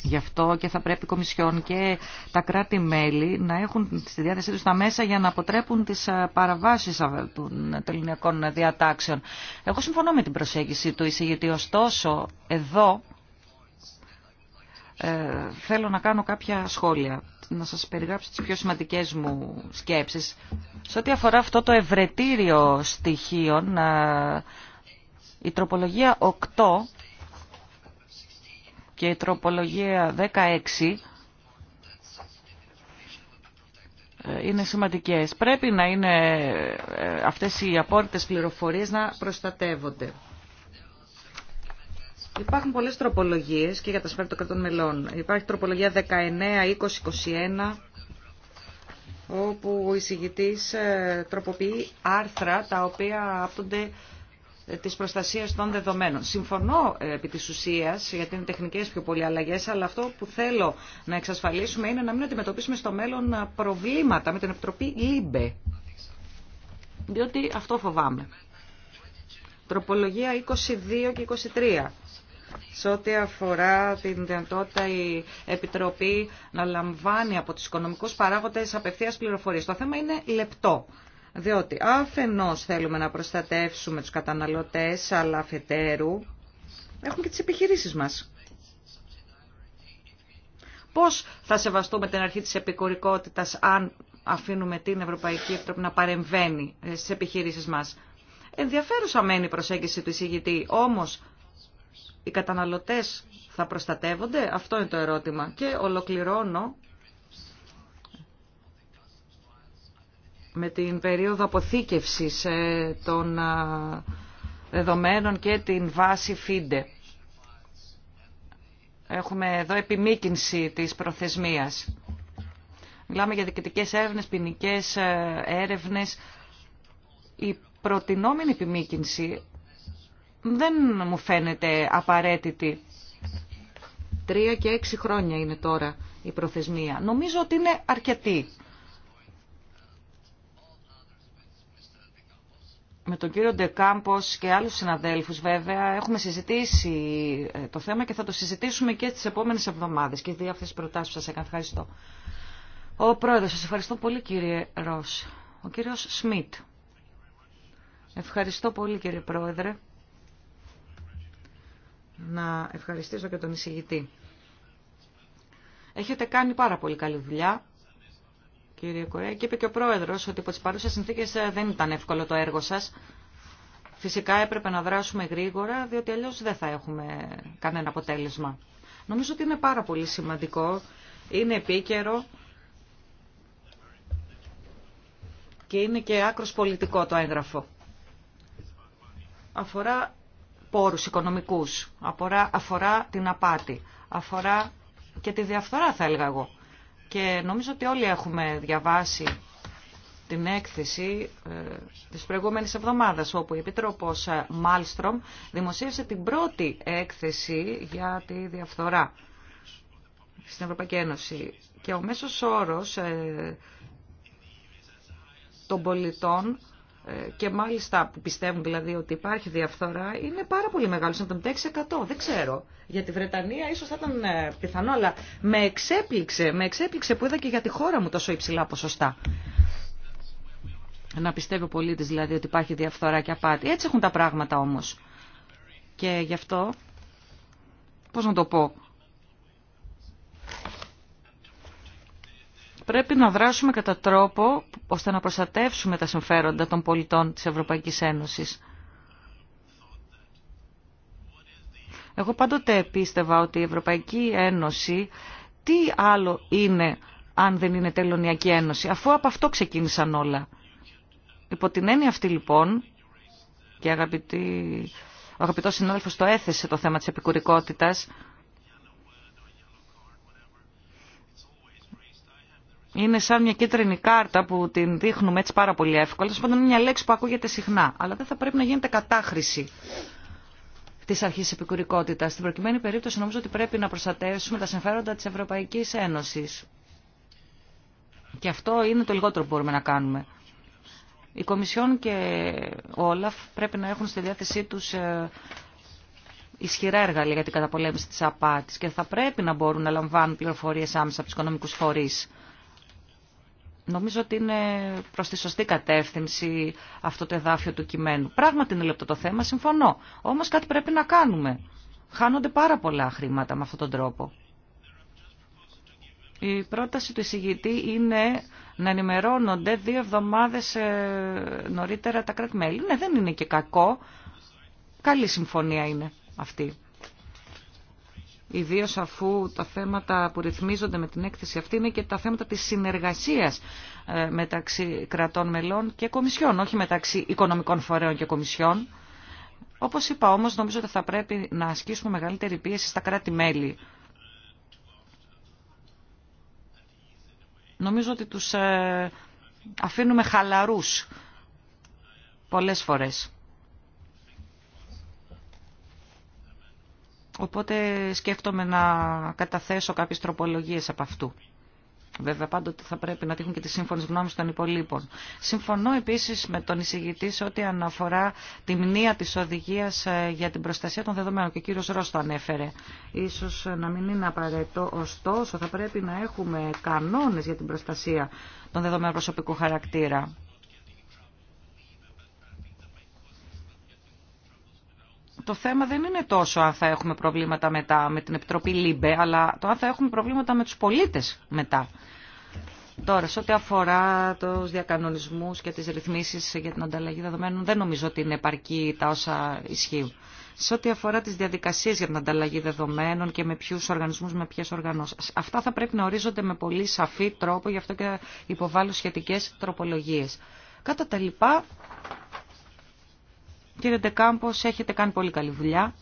Γι' αυτό και θα πρέπει η Κομισιόν και τα κράτη-μέλη να έχουν στη διάθεσή τους τα μέσα για να αποτρέπουν τις παραβάσεις των ελληνικών διατάξεων. Εγώ συμφωνώ με την προσέγγιση του εισηγητή, ωστόσο εδώ ε, θέλω να κάνω κάποια σχόλια, να σας περιγράψω τις πιο σημαντικές μου σκέψεις. Σε ό,τι αφορά αυτό το ευρετήριο στοιχείων, η τροπολογία 8 και η τροπολογία 16 είναι σημαντικές. Πρέπει να είναι ε, αυτές οι απόρριτες πληροφορίες να προστατεύονται. Υπάρχουν πολλές τροπολογίες και για τα σφαίρα των κρατών μελών. Υπάρχει τροπολογία 19, 20, 21 όπου ο εισηγητής ε, τροποποιεί άρθρα τα οποία άπτονται της προστασίας των δεδομένων. Συμφωνώ ε, επί της ουσίας, γιατί είναι τεχνικές πιο πολύ αλλαγέ, αλλά αυτό που θέλω να εξασφαλίσουμε είναι να μην αντιμετωπίσουμε στο μέλλον ε, προβλήματα με την Επιτροπή ΛΥΜΠΕ. Διότι αυτό φοβάμαι. Τροπολογία 22 και 23 σε ό,τι αφορά την δυνατότητα η Επιτροπή να λαμβάνει από τους οικονομικούς παράγοντες απευθείας πληροφορίες. Το θέμα είναι λεπτό. Διότι αφενός θέλουμε να προστατεύσουμε τους καταναλωτές, αλλά αφετέρου έχουμε και τις επιχειρήσεις μας. Πώς θα σεβαστούμε την αρχή της επικουρικότητας αν αφήνουμε την Ευρωπαϊκή Επιτροπή να παρεμβαίνει ε, στις επιχειρήσεις μας. Ενδιαφέρουσα μένει η προσέγγιση του εισηγητή, όμως οι καταναλωτές θα προστατεύονται, αυτό είναι το ερώτημα. Και ολοκληρώνω με την περίοδο αποθήκευσης ε, των ε, δεδομένων και την βάση ΦΙΝΤΕ. E. Έχουμε εδώ επιμήκυνση της προθεσμίας. Μιλάμε για διοικητικές έρευνες, ποινικέ ε, έρευνες. Η προτινόμενη επιμήκυνση δεν μου φαίνεται απαραίτητη. Τρία και έξι χρόνια είναι τώρα η προθεσμία. Νομίζω ότι είναι αρκετή. με τον κύριο Ντεκάμπος και άλλους συναδέλφους βέβαια έχουμε συζητήσει ε, το θέμα και θα το συζητήσουμε και τις επόμενες εβδομάδες και δύο αυτές τις προτάσεις που σας έκανα. Ευχαριστώ. Ο πρόεδρος, σας ευχαριστώ πολύ κύριε ρό. Ο κύριος Σμιτ. Ευχαριστώ πολύ κύριε πρόεδρε. Να ευχαριστήσω και τον εισηγητή. Έχετε κάνει πάρα πολύ καλή δουλειά κύριε Κορέα. Και είπε και ο πρόεδρο ότι υπό τι παρούσε συνθήκε ε, δεν ήταν εύκολο το έργο σας. Φυσικά έπρεπε να δράσουμε γρήγορα, διότι αλλιώ δεν θα έχουμε κανένα αποτέλεσμα. Νομίζω ότι είναι πάρα πολύ σημαντικό, είναι επίκαιρο και είναι και άκρο πολιτικό το έγγραφο. Αφορά πόρους οικονομικούς, αφορά, αφορά την απάτη, αφορά και τη διαφθορά θα έλεγα εγώ. Και νομίζω ότι όλοι έχουμε διαβάσει την έκθεση ε, της προηγούμενης εβδομάδας, όπου η Επίτροπος Μάλστρομ δημοσίευσε την πρώτη έκθεση για τη διαφθορά στην Ευρωπαϊκή Ένωση. Και ο μέσος όρος ε, των πολιτών ε, και μάλιστα που πιστεύουν δηλαδή ότι υπάρχει διαφθορά είναι πάρα πολύ μεγάλο, είναι 6%. Δεν ξέρω. Για τη Βρετανία ίσως θα ήταν ε, πιθανό, αλλά με εξέπληξε, με εξέπληξε που είδα και για τη χώρα μου τόσο υψηλά ποσοστά. Να πιστεύει ο πολίτη δηλαδή ότι υπάρχει διαφθορά και απάτη. Έτσι έχουν τα πράγματα όμως. Και γι' αυτό, πώ να το πω, πρέπει να δράσουμε κατά τρόπο ώστε να προστατεύσουμε τα συμφέροντα των πολιτών της Ευρωπαϊκής Ένωσης. Εγώ πάντοτε πίστευα ότι η Ευρωπαϊκή Ένωση τι άλλο είναι αν δεν είναι τελωνιακή ένωση, αφού από αυτό ξεκίνησαν όλα. Υπό την έννοια αυτή λοιπόν, και αγαπητή, ο αγαπητός συνάδελφος το έθεσε το θέμα της επικουρικότητας, Είναι σαν μια κίτρινη κάρτα που την δείχνουμε έτσι πάρα πολύ εύκολα. όταν είναι μια λέξη που ακούγεται συχνά, αλλά δεν θα πρέπει να γίνεται κατάχρηση τη αρχή επικουρικότητα. Στην προκειμένη περίπτωση νομίζω ότι πρέπει να προστατεύσουμε τα συμφέροντα τη Ευρωπαϊκή Ένωση. Και αυτό είναι το λιγότερο που μπορούμε να κάνουμε. Η Κομισιόν και ο Όλαφ πρέπει να έχουν στη διάθεσή του ε, ισχυρά εργαλεία για την καταπολέμηση τη απάτη και θα πρέπει να μπορούν να λαμβάνουν πληροφορίε άμεσα από του οικονομικού φορεί. Νομίζω ότι είναι προς τη σωστή κατεύθυνση αυτό το εδάφιο του κειμένου. Πράγματι είναι λεπτό το θέμα, συμφωνώ. Όμως κάτι πρέπει να κάνουμε. Χάνονται πάρα πολλά χρήματα με αυτόν τον τρόπο. Η πρόταση του εισηγητή είναι να ενημερώνονται δύο εβδομάδες ε, νωρίτερα τα κράτη-μέλη. Ναι, δεν είναι και κακό. Καλή συμφωνία είναι αυτή. Ιδίω αφού τα θέματα που ρυθμίζονται με την έκθεση αυτή είναι και τα θέματα της συνεργασίας ε, μεταξύ κρατών μελών και κομισιών, όχι μεταξύ οικονομικών φορέων και κομισιών. Όπως είπα όμως, νομίζω ότι θα πρέπει να ασκήσουμε μεγαλύτερη πίεση στα κράτη-μέλη. Νομίζω ότι τους ε, αφήνουμε χαλαρούς πολλές φορές. Οπότε σκέφτομαι να καταθέσω κάποιε τροπολογίες από αυτού. Βέβαια πάντοτε θα πρέπει να τύχουν και τις σύμφωνες γνώμες των υπολείπων. Συμφωνώ επίσης με τον εισηγητή σε ό,τι αναφορά τη μνήα της οδηγίας ε, για την προστασία των δεδομένων και ο κύριος Ρώστο ανέφερε. Ίσως ε, να μην είναι απαραίτητο, ωστόσο θα πρέπει να έχουμε κανόνε για την προστασία των δεδομένων προσωπικού χαρακτήρα. το θέμα δεν είναι τόσο αν θα έχουμε προβλήματα μετά με την Επιτροπή ΛΥΜΠΕ, αλλά το αν θα έχουμε προβλήματα με τους πολίτες μετά. Τώρα, σε ό,τι αφορά τους διακανονισμούς και τις ρυθμίσεις για την ανταλλαγή δεδομένων, δεν νομίζω ότι είναι επαρκή τα όσα ισχύουν. Σε ό,τι αφορά τις διαδικασίες για την ανταλλαγή δεδομένων και με ποιου οργανισμούς, με ποιε οργανώσει. Αυτά θα πρέπει να ορίζονται με πολύ σαφή τρόπο, γι' αυτό και υποβάλλω σχετικέ τροπολογίε. Κατά τα λοιπά, Κύριε Ντεκάμπος, έχετε κάνει πολύ καλή δουλειά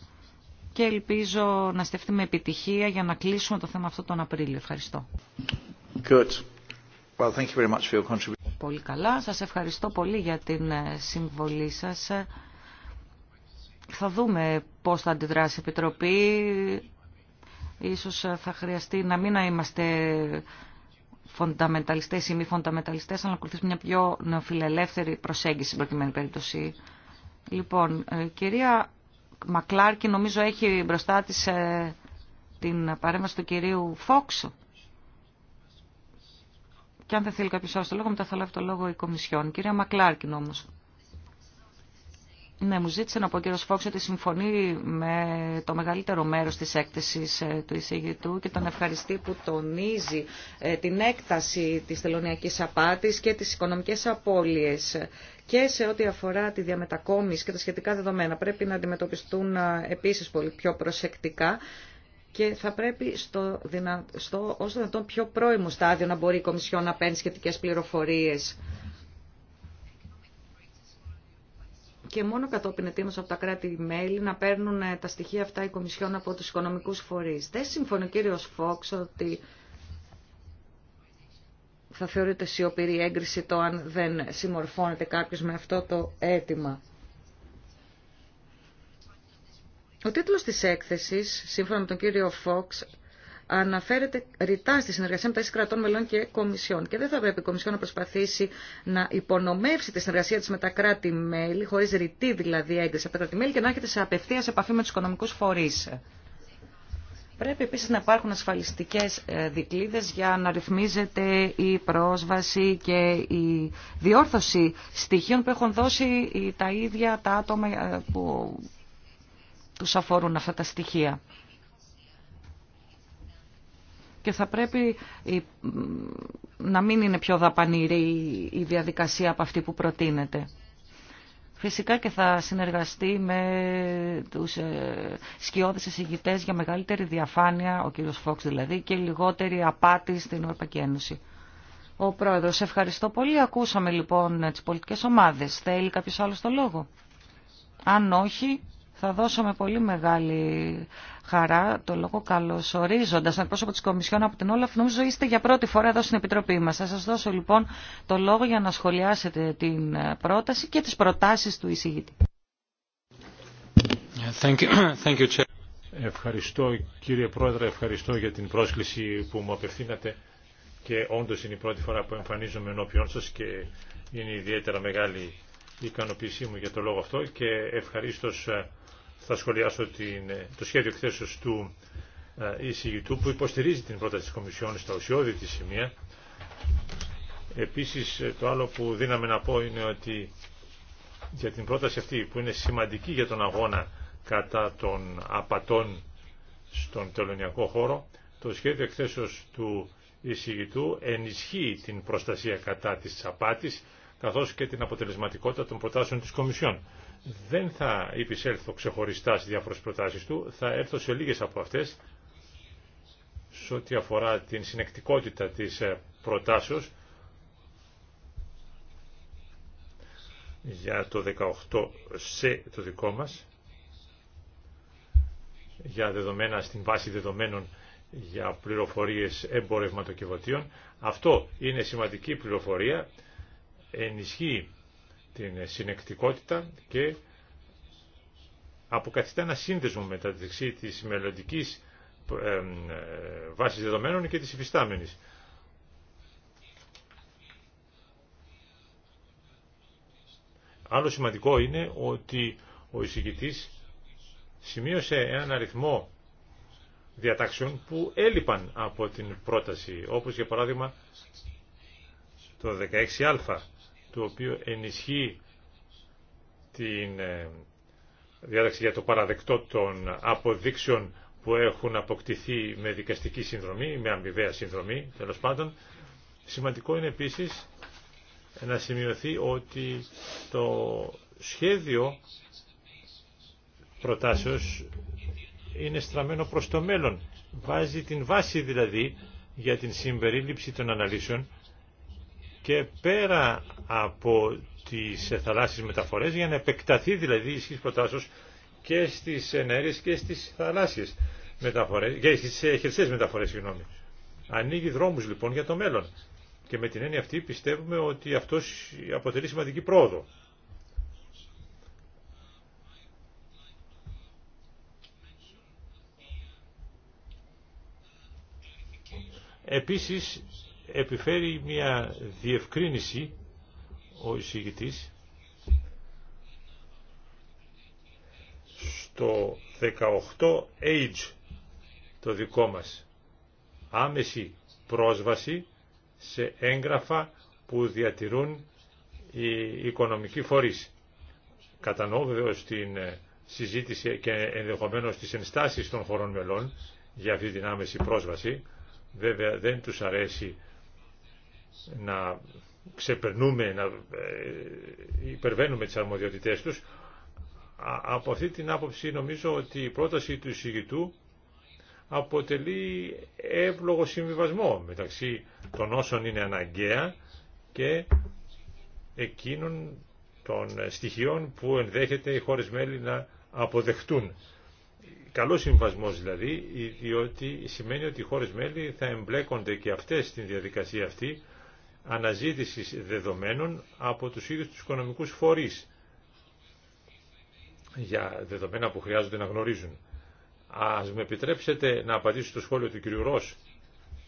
και ελπίζω να στεφτεί με επιτυχία για να κλείσουμε το θέμα αυτό τον Απρίλιο. Ευχαριστώ. Πολύ καλά. Σας ευχαριστώ πολύ για την ε, συμβολή σας. Θα δούμε πώς θα αντιδράσει η Επιτροπή. Ίσως ε, θα χρειαστεί να μην να είμαστε φονταμεταλιστές ή μη φονταμεταλιστές, αλλά να ακολουθήσουμε μια πιο νεοφιλελεύθερη προσέγγιση στην προκειμένη περίπτωση. Λοιπόν, ε, κυρία Μακλάρκη νομίζω έχει μπροστά της ε, την παρέμβαση του κυρίου Φόξ. Και αν δεν θέλει κάποιος άλλος το λόγο, μετά θα λάβει το λόγο η Κομισιόν. Κυρία Μακλάρκη, όμως. Ναι, μου ζήτησε να πω ο κύριο Φόξ ότι συμφωνεί με το μεγαλύτερο μέρος της έκθεσης ε, του εισηγητού και τον ευχαριστεί που τονίζει ε, την έκταση της τελωνιακής απάτης και τις οικονομικές απώλειες και σε ό,τι αφορά τη διαμετακόμιση και τα σχετικά δεδομένα. Πρέπει να αντιμετωπιστούν ε, επίσης πολύ πιο προσεκτικά και θα πρέπει στο, στο όσο πιο πρώιμο στάδιο να μπορεί η Κομισιόν να παίρνει σχετικέ πληροφορίες. και μόνο κατόπιν ετοίμως από τα κράτη-μέλη να παίρνουν ε, τα στοιχεία αυτά οι Κομισιόν από τους οικονομικούς φορείς. Δεν συμφωνεί ο κύριος Φόξ ότι θα θεωρείται σιωπηρή έγκριση το αν δεν συμμορφώνεται κάποιος με αυτό το αίτημα. Ο τίτλος της έκθεσης, σύμφωνα με τον κύριο Φόξ, αναφέρεται ρητά στη συνεργασία μεταξύ κρατών μελών και κομισιών. Και δεν θα πρέπει η Κομισιόν να προσπαθήσει να υπονομεύσει τη συνεργασία τη με τα κράτη-μέλη, χωρί ρητή δηλαδή έγκριση από τα κράτη-μέλη και να έρχεται σε απευθεία επαφή με του οικονομικού φορεί. Πρέπει επίση να υπάρχουν ασφαλιστικέ ε, δικλείδε για να ρυθμίζεται η πρόσβαση και η διόρθωση στοιχείων που έχουν δώσει τα ίδια τα άτομα ε, που τους αφορούν αυτά τα στοιχεία και θα πρέπει να μην είναι πιο δαπανηρή η διαδικασία από αυτή που προτείνεται. Φυσικά και θα συνεργαστεί με τους ε, σκιώδες εισηγητές για μεγαλύτερη διαφάνεια, ο κύριος Φόξ δηλαδή, και λιγότερη απάτη στην Ευρωπαϊκή Ένωση. Ο πρόεδρος, ευχαριστώ πολύ. Ακούσαμε λοιπόν ε, τις πολιτικές ομάδες. Θέλει κάποιος άλλος το λόγο. Αν όχι, θα δώσουμε πολύ μεγάλη χαρά το λόγο καλωσορίζοντας τον πρόσωπο της Κομισιόν από την Όλαφ. Νομίζω είστε για πρώτη φορά εδώ στην Επιτροπή μας. Θα σας δώσω λοιπόν το λόγο για να σχολιάσετε την ε, πρόταση και τις προτάσεις του εισηγητή. Thank you. Thank you, Chair. Ευχαριστώ κύριε Πρόεδρε, ευχαριστώ για την πρόσκληση που μου απευθύνατε και όντως είναι η πρώτη φορά που εμφανίζομαι ενώπιόν σας και είναι ιδιαίτερα μεγάλη η ικανοποίησή μου για το λόγο αυτό και ευχαρίστως ε, θα σχολιάσω την, ε, το σχέδιο εκθέσεως του ε, εισηγητού που υποστηρίζει την πρόταση της Κομισιόν στα ουσιώδη της σημεία. Επίσης ε, το άλλο που δίναμε να πω είναι ότι για την πρόταση αυτή που είναι σημαντική για τον αγώνα κατά των απατών στον τελωνιακό χώρο, το σχέδιο εκθέσεως του εισηγητού ενισχύει την προστασία κατά της απάτης καθώς και την αποτελεσματικότητα των προτάσεων της Κομισιόν. Δεν θα επισέλθω ξεχωριστά στις διάφορες προτάσεις του, θα έρθω σε λίγες από αυτές σε ό,τι αφορά την συνεκτικότητα της ε, προτάσεως για το 18 σε το δικό μας για δεδομένα στην βάση δεδομένων για πληροφορίες εμπορευματοκιβωτίων. Αυτό είναι σημαντική πληροφορία, ενισχύει την συνεκτικότητα και αποκαθιστά ένα σύνδεσμο μεταξύ της μελλοντική ε, βάσης δεδομένων και της υφιστάμενης. Άλλο σημαντικό είναι ότι ο εισηγητής σημείωσε έναν αριθμό διατάξεων που έλειπαν από την πρόταση, όπως για παράδειγμα το 16α το οποίο ενισχύει την ε, διάταξη για το παραδεκτό των αποδείξεων που έχουν αποκτηθεί με δικαστική συνδρομή, με αμοιβαία συνδρομή, τέλο πάντων. Σημαντικό είναι επίσης να σημειωθεί ότι το σχέδιο προτάσεως είναι στραμμένο προς το μέλλον. Βάζει την βάση δηλαδή για την συμπερίληψη των αναλύσεων και πέρα από τις θαλάσσιες μεταφορές για να επεκταθεί δηλαδή η ισχύς προτάσεως και στις ενέργειες και στις θαλάσσιες μεταφορές, και στις χερσαίες μεταφορές, συγγνώμη. Ανοίγει δρόμους λοιπόν για το μέλλον. Και με την έννοια αυτή πιστεύουμε ότι αυτό αποτελεί σημαντική πρόοδο. Επίσης επιφέρει μια διευκρίνηση ο εισηγητής στο 18 age το δικό μας άμεση πρόσβαση σε έγγραφα που διατηρούν οι οικονομικοί φορείς. Κατανοώ βεβαίω την συζήτηση και ενδεχομένως τις ενστάσεις των χωρών μελών για αυτή την άμεση πρόσβαση. Βέβαια δεν τους αρέσει να ξεπερνούμε, να ε, υπερβαίνουμε τις αρμοδιότητές τους. Από αυτή την άποψη νομίζω ότι η πρόταση του εισηγητού αποτελεί εύλογο συμβιβασμό μεταξύ των όσων είναι αναγκαία και εκείνων των στοιχείων που ενδέχεται οι χώρες μέλη να αποδεχτούν. Καλό συμβασμό δηλαδή, διότι σημαίνει ότι οι χώρες μέλη θα εμπλέκονται και αυτές στην διαδικασία αυτή αναζήτησης δεδομένων από τους ίδιους τους οικονομικούς φορείς για δεδομένα που χρειάζονται να γνωρίζουν. Ας με επιτρέψετε να απαντήσω στο σχόλιο του κ. Ρος.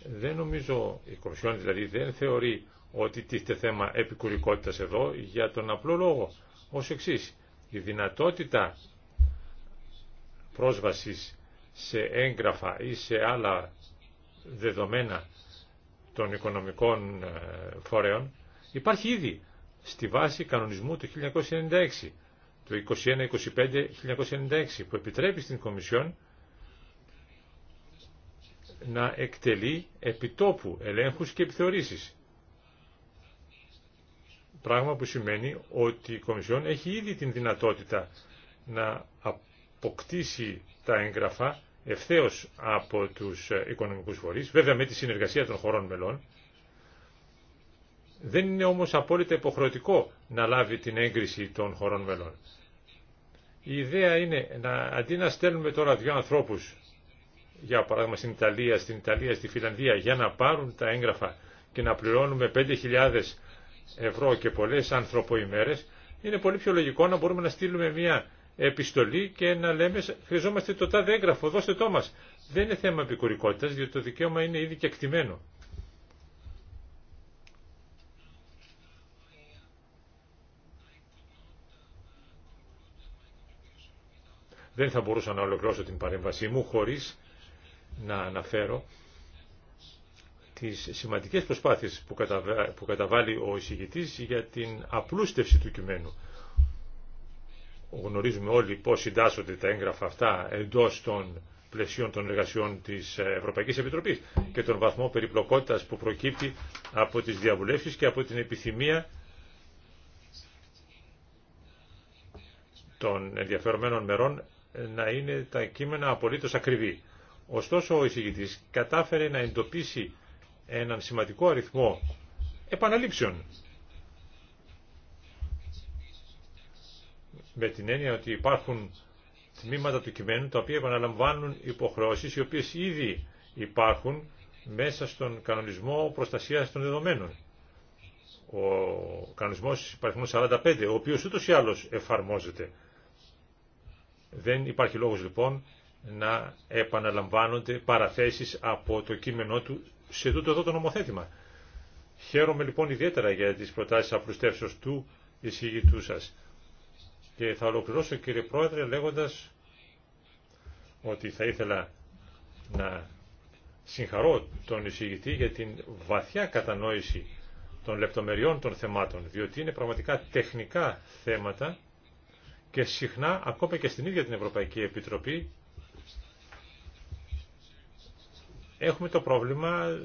Δεν νομίζω, η Κομισιόν δηλαδή δεν θεωρεί ότι τίθεται θέμα επικουρικότητας εδώ για τον απλό λόγο. Ως εξή, η δυνατότητα πρόσβασης σε έγγραφα ή σε άλλα δεδομένα των οικονομικών ε, φορέων υπάρχει ήδη στη βάση κανονισμού του 1996, του 21-25-1996, που επιτρέπει στην Κομισιόν να εκτελεί επιτόπου ελέγχους και επιθεωρήσεις. Πράγμα που σημαίνει ότι η Κομισιόν έχει ήδη την δυνατότητα να αποκτήσει τα έγγραφα ευθέως από τους οικονομικούς φορεί, βέβαια με τη συνεργασία των χωρών μελών. Δεν είναι όμως απόλυτα υποχρεωτικό να λάβει την έγκριση των χωρών μελών. Η ιδέα είναι να, αντί να στέλνουμε τώρα δύο ανθρώπους, για παράδειγμα στην Ιταλία, στην Ιταλία, στη Φιλανδία, για να πάρουν τα έγγραφα και να πληρώνουμε 5.000 ευρώ και πολλές ανθρωποημέρες, είναι πολύ πιο λογικό να μπορούμε να στείλουμε μια επιστολή και να λέμε χρειαζόμαστε το τάδε έγγραφο, δώστε το μας. Δεν είναι θέμα επικουρικότητας, διότι το δικαίωμα είναι ήδη και εκτιμένο. Δεν θα μπορούσα να ολοκληρώσω την παρέμβασή μου χωρίς να αναφέρω τις σημαντικές προσπάθειες που καταβάλει ο εισηγητής για την απλούστευση του κειμένου. Γνωρίζουμε όλοι πώς συντάσσονται τα έγγραφα αυτά εντός των πλαισίων των εργασιών της Ευρωπαϊκής Επιτροπής και τον βαθμό περιπλοκότητας που προκύπτει από τις διαβουλεύσεις και από την επιθυμία των ενδιαφερομένων μερών να είναι τα κείμενα απολύτως ακριβή. Ωστόσο ο εισηγητής κατάφερε να εντοπίσει έναν σημαντικό αριθμό επαναλήψεων με την έννοια ότι υπάρχουν τμήματα του κειμένου τα οποία επαναλαμβάνουν υποχρεώσεις οι οποίες ήδη υπάρχουν μέσα στον κανονισμό προστασίας των δεδομένων. Ο κανονισμός υπαριθμών 45, ο οποίος ούτως ή άλλως εφαρμόζεται. Δεν υπάρχει λόγος λοιπόν να επαναλαμβάνονται παραθέσεις από το κείμενό του σε τούτο εδώ το νομοθέτημα. Χαίρομαι λοιπόν ιδιαίτερα για τις προτάσεις απλουστεύσεως του εισηγητού σας. Και θα ολοκληρώσω κύριε Πρόεδρε λέγοντας ότι θα ήθελα να συγχαρώ τον εισηγητή για την βαθιά κατανόηση των λεπτομεριών των θεμάτων, διότι είναι πραγματικά τεχνικά θέματα και συχνά, ακόμα και στην ίδια την Ευρωπαϊκή Επιτροπή, έχουμε το πρόβλημα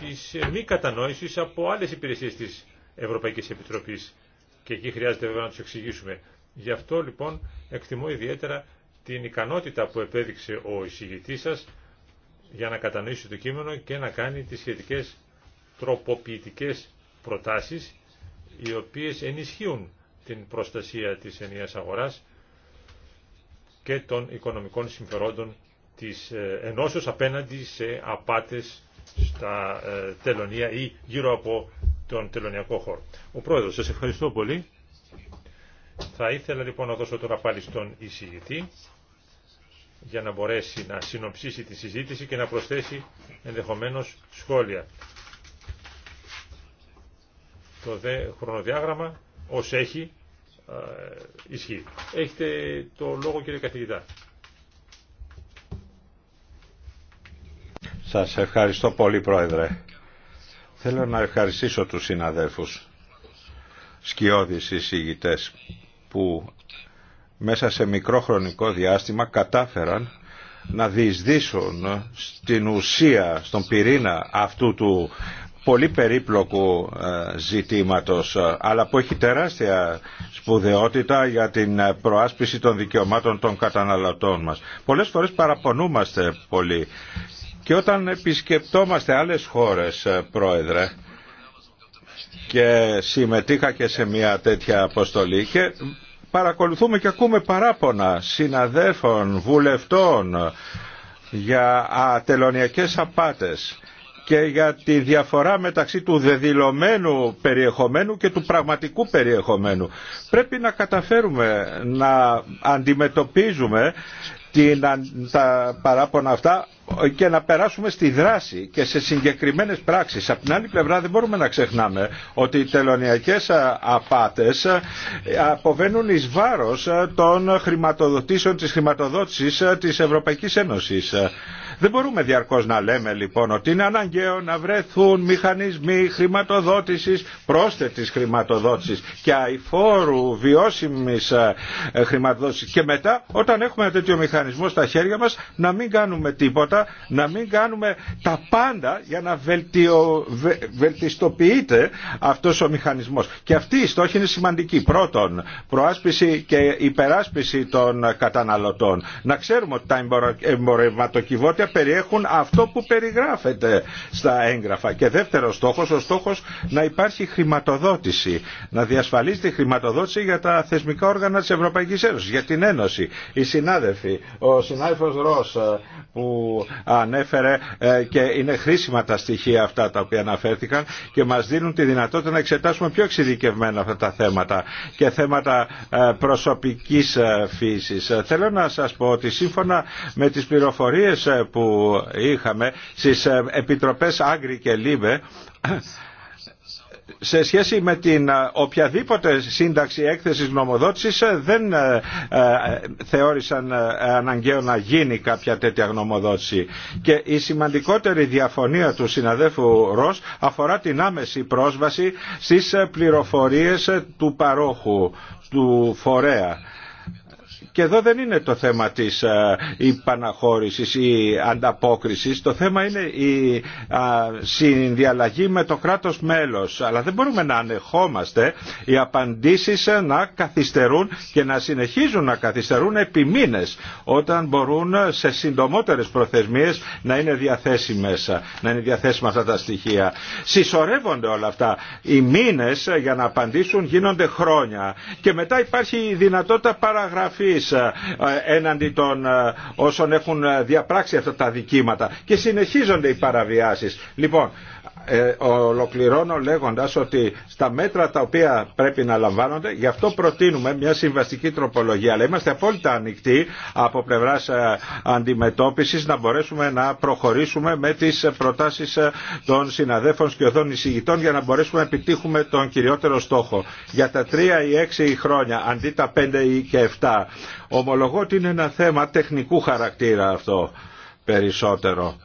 της μη κατανόησης από άλλες υπηρεσίες της Ευρωπαϊκής Επιτροπής και εκεί χρειάζεται βέβαια να του εξηγήσουμε. Γι' αυτό λοιπόν εκτιμώ ιδιαίτερα την ικανότητα που επέδειξε ο εισηγητή σα για να κατανοήσει το κείμενο και να κάνει τι σχετικέ τροποποιητικέ προτάσει οι οποίες ενισχύουν την προστασία της ενιαία αγοράς και των οικονομικών συμφερόντων της ε, ενώσεως απέναντι σε απάτες στα ε, τελωνία ή γύρω από τον τελωνιακό χώρο. Ο Πρόεδρος, σας ευχαριστώ πολύ. Θα ήθελα λοιπόν να δώσω τώρα πάλι στον εισηγητή για να μπορέσει να συνοψίσει τη συζήτηση και να προσθέσει ενδεχομένως σχόλια. Το δε χρονοδιάγραμμα ως έχει ισχύει. Έχετε το λόγο κύριε καθηγητά. Σας ευχαριστώ πολύ πρόεδρε. Θέλω να ευχαριστήσω τους συναδέλφους σκιώδεις εισηγητές που μέσα σε μικρό χρονικό διάστημα κατάφεραν να διεισδύσουν στην ουσία, στον πυρήνα αυτού του πολύ περίπλοκου ε, ζητήματος ε, αλλά που έχει τεράστια σπουδαιότητα για την ε, προάσπιση των δικαιωμάτων των καταναλωτών μας. Πολλές φορές παραπονούμαστε πολύ και όταν επισκεπτόμαστε άλλες χώρες, ε, Πρόεδρε, και συμμετείχα και σε μια τέτοια αποστολή και παρακολουθούμε και ακούμε παράπονα συναδέφων, βουλευτών για ατελωνιακές απάτες και για τη διαφορά μεταξύ του δεδηλωμένου περιεχομένου και του πραγματικού περιεχομένου. Πρέπει να καταφέρουμε να αντιμετωπίζουμε την, τα παράπονα αυτά και να περάσουμε στη δράση και σε συγκεκριμένες πράξεις. Από την άλλη πλευρά δεν μπορούμε να ξεχνάμε ότι οι τελωνιακές απάτες αποβαίνουν εις βάρος των χρηματοδοτήσεων της χρηματοδότησης της Ευρωπαϊκής Ένωσης. Δεν μπορούμε διαρκώς να λέμε λοιπόν ότι είναι αναγκαίο να βρεθούν μηχανισμοί χρηματοδότησης, πρόσθετης χρηματοδότησης και αηφόρου βιώσιμης ε, ε, χρηματοδότησης και μετά όταν έχουμε ένα τέτοιο μηχανισμό στα χέρια μας να μην κάνουμε τίποτα, να μην κάνουμε τα πάντα για να βελτιω... βελτιστοποιείται αυτός ο μηχανισμός. Και αυτή η στόχη είναι σημαντική. Πρώτον, προάσπιση και υπεράσπιση των καταναλωτών. Να ξέρουμε ότι τα εμπορευματοκιβώτια περιέχουν αυτό που περιγράφεται στα έγγραφα. Και δεύτερο στόχο, ο στόχο να υπάρχει χρηματοδότηση, να διασφαλίσει τη χρηματοδότηση για τα θεσμικά όργανα τη Ευρωπαϊκή Ένωση, για την Ένωση. Οι συνάδελφοι, ο συνάδελφο Ρο ε, που ανέφερε ε, και είναι χρήσιμα τα στοιχεία αυτά τα οποία αναφέρθηκαν και μας δίνουν τη δυνατότητα να εξετάσουμε πιο εξειδικευμένα αυτά τα θέματα και θέματα ε, προσωπικής φύσης. Θέλω να σας πω ότι σύμφωνα με τις πληροφορίες που που είχαμε στις ε, επιτροπές Άγκρη και Λίβε σε σχέση με την ε, οποιαδήποτε σύνταξη έκθεσης γνωμοδότησης ε, δεν θεώρησαν αναγκαίο να γίνει κάποια τέτοια γνωμοδότηση. Και η σημαντικότερη διαφωνία του συναδέφου Ρος αφορά την άμεση πρόσβαση στις πληροφορίες του παρόχου, του φορέα και εδώ δεν είναι το θέμα της υπαναχώρησης ε, ή ανταπόκρισης. Το θέμα είναι η συνδιαλλαγή με το κράτος μέλος. Αλλά δεν μπορούμε να ανεχόμαστε οι απαντήσεις ε, να καθυστερούν και να συνεχίζουν να καθυστερούν επί μήνες όταν μπορούν ε, σε συντομότερες προθεσμίες να είναι διαθέσιμες, να είναι διαθέσιμα αυτά τα στοιχεία. Συσσωρεύονται όλα αυτά. Οι μήνες για να απαντήσουν γίνονται χρόνια και μετά υπάρχει η δυνατότητα παραγραφής ε, έναντι των ε, όσων έχουν ε, διαπράξει αυτά τα δικήματα. Και συνεχίζονται οι παραβιάσεις. Λοιπόν, ε, ολοκληρώνω λέγοντας ότι στα μέτρα τα οποία πρέπει να λαμβάνονται, γι' αυτό προτείνουμε μια συμβαστική τροπολογία. Αλλά είμαστε απόλυτα ανοιχτοί από πλευράς ε, αντιμετώπισης να μπορέσουμε να προχωρήσουμε με τις προτάσεις ε, των συναδέφων και οδών εισηγητών για να μπορέσουμε να επιτύχουμε τον κυριότερο στόχο. Για τα τρία ή έξι χρόνια, αντί τα πέντε ή και εφτά, ομολογώ ότι είναι ένα θέμα τεχνικού χαρακτήρα αυτό περισσότερο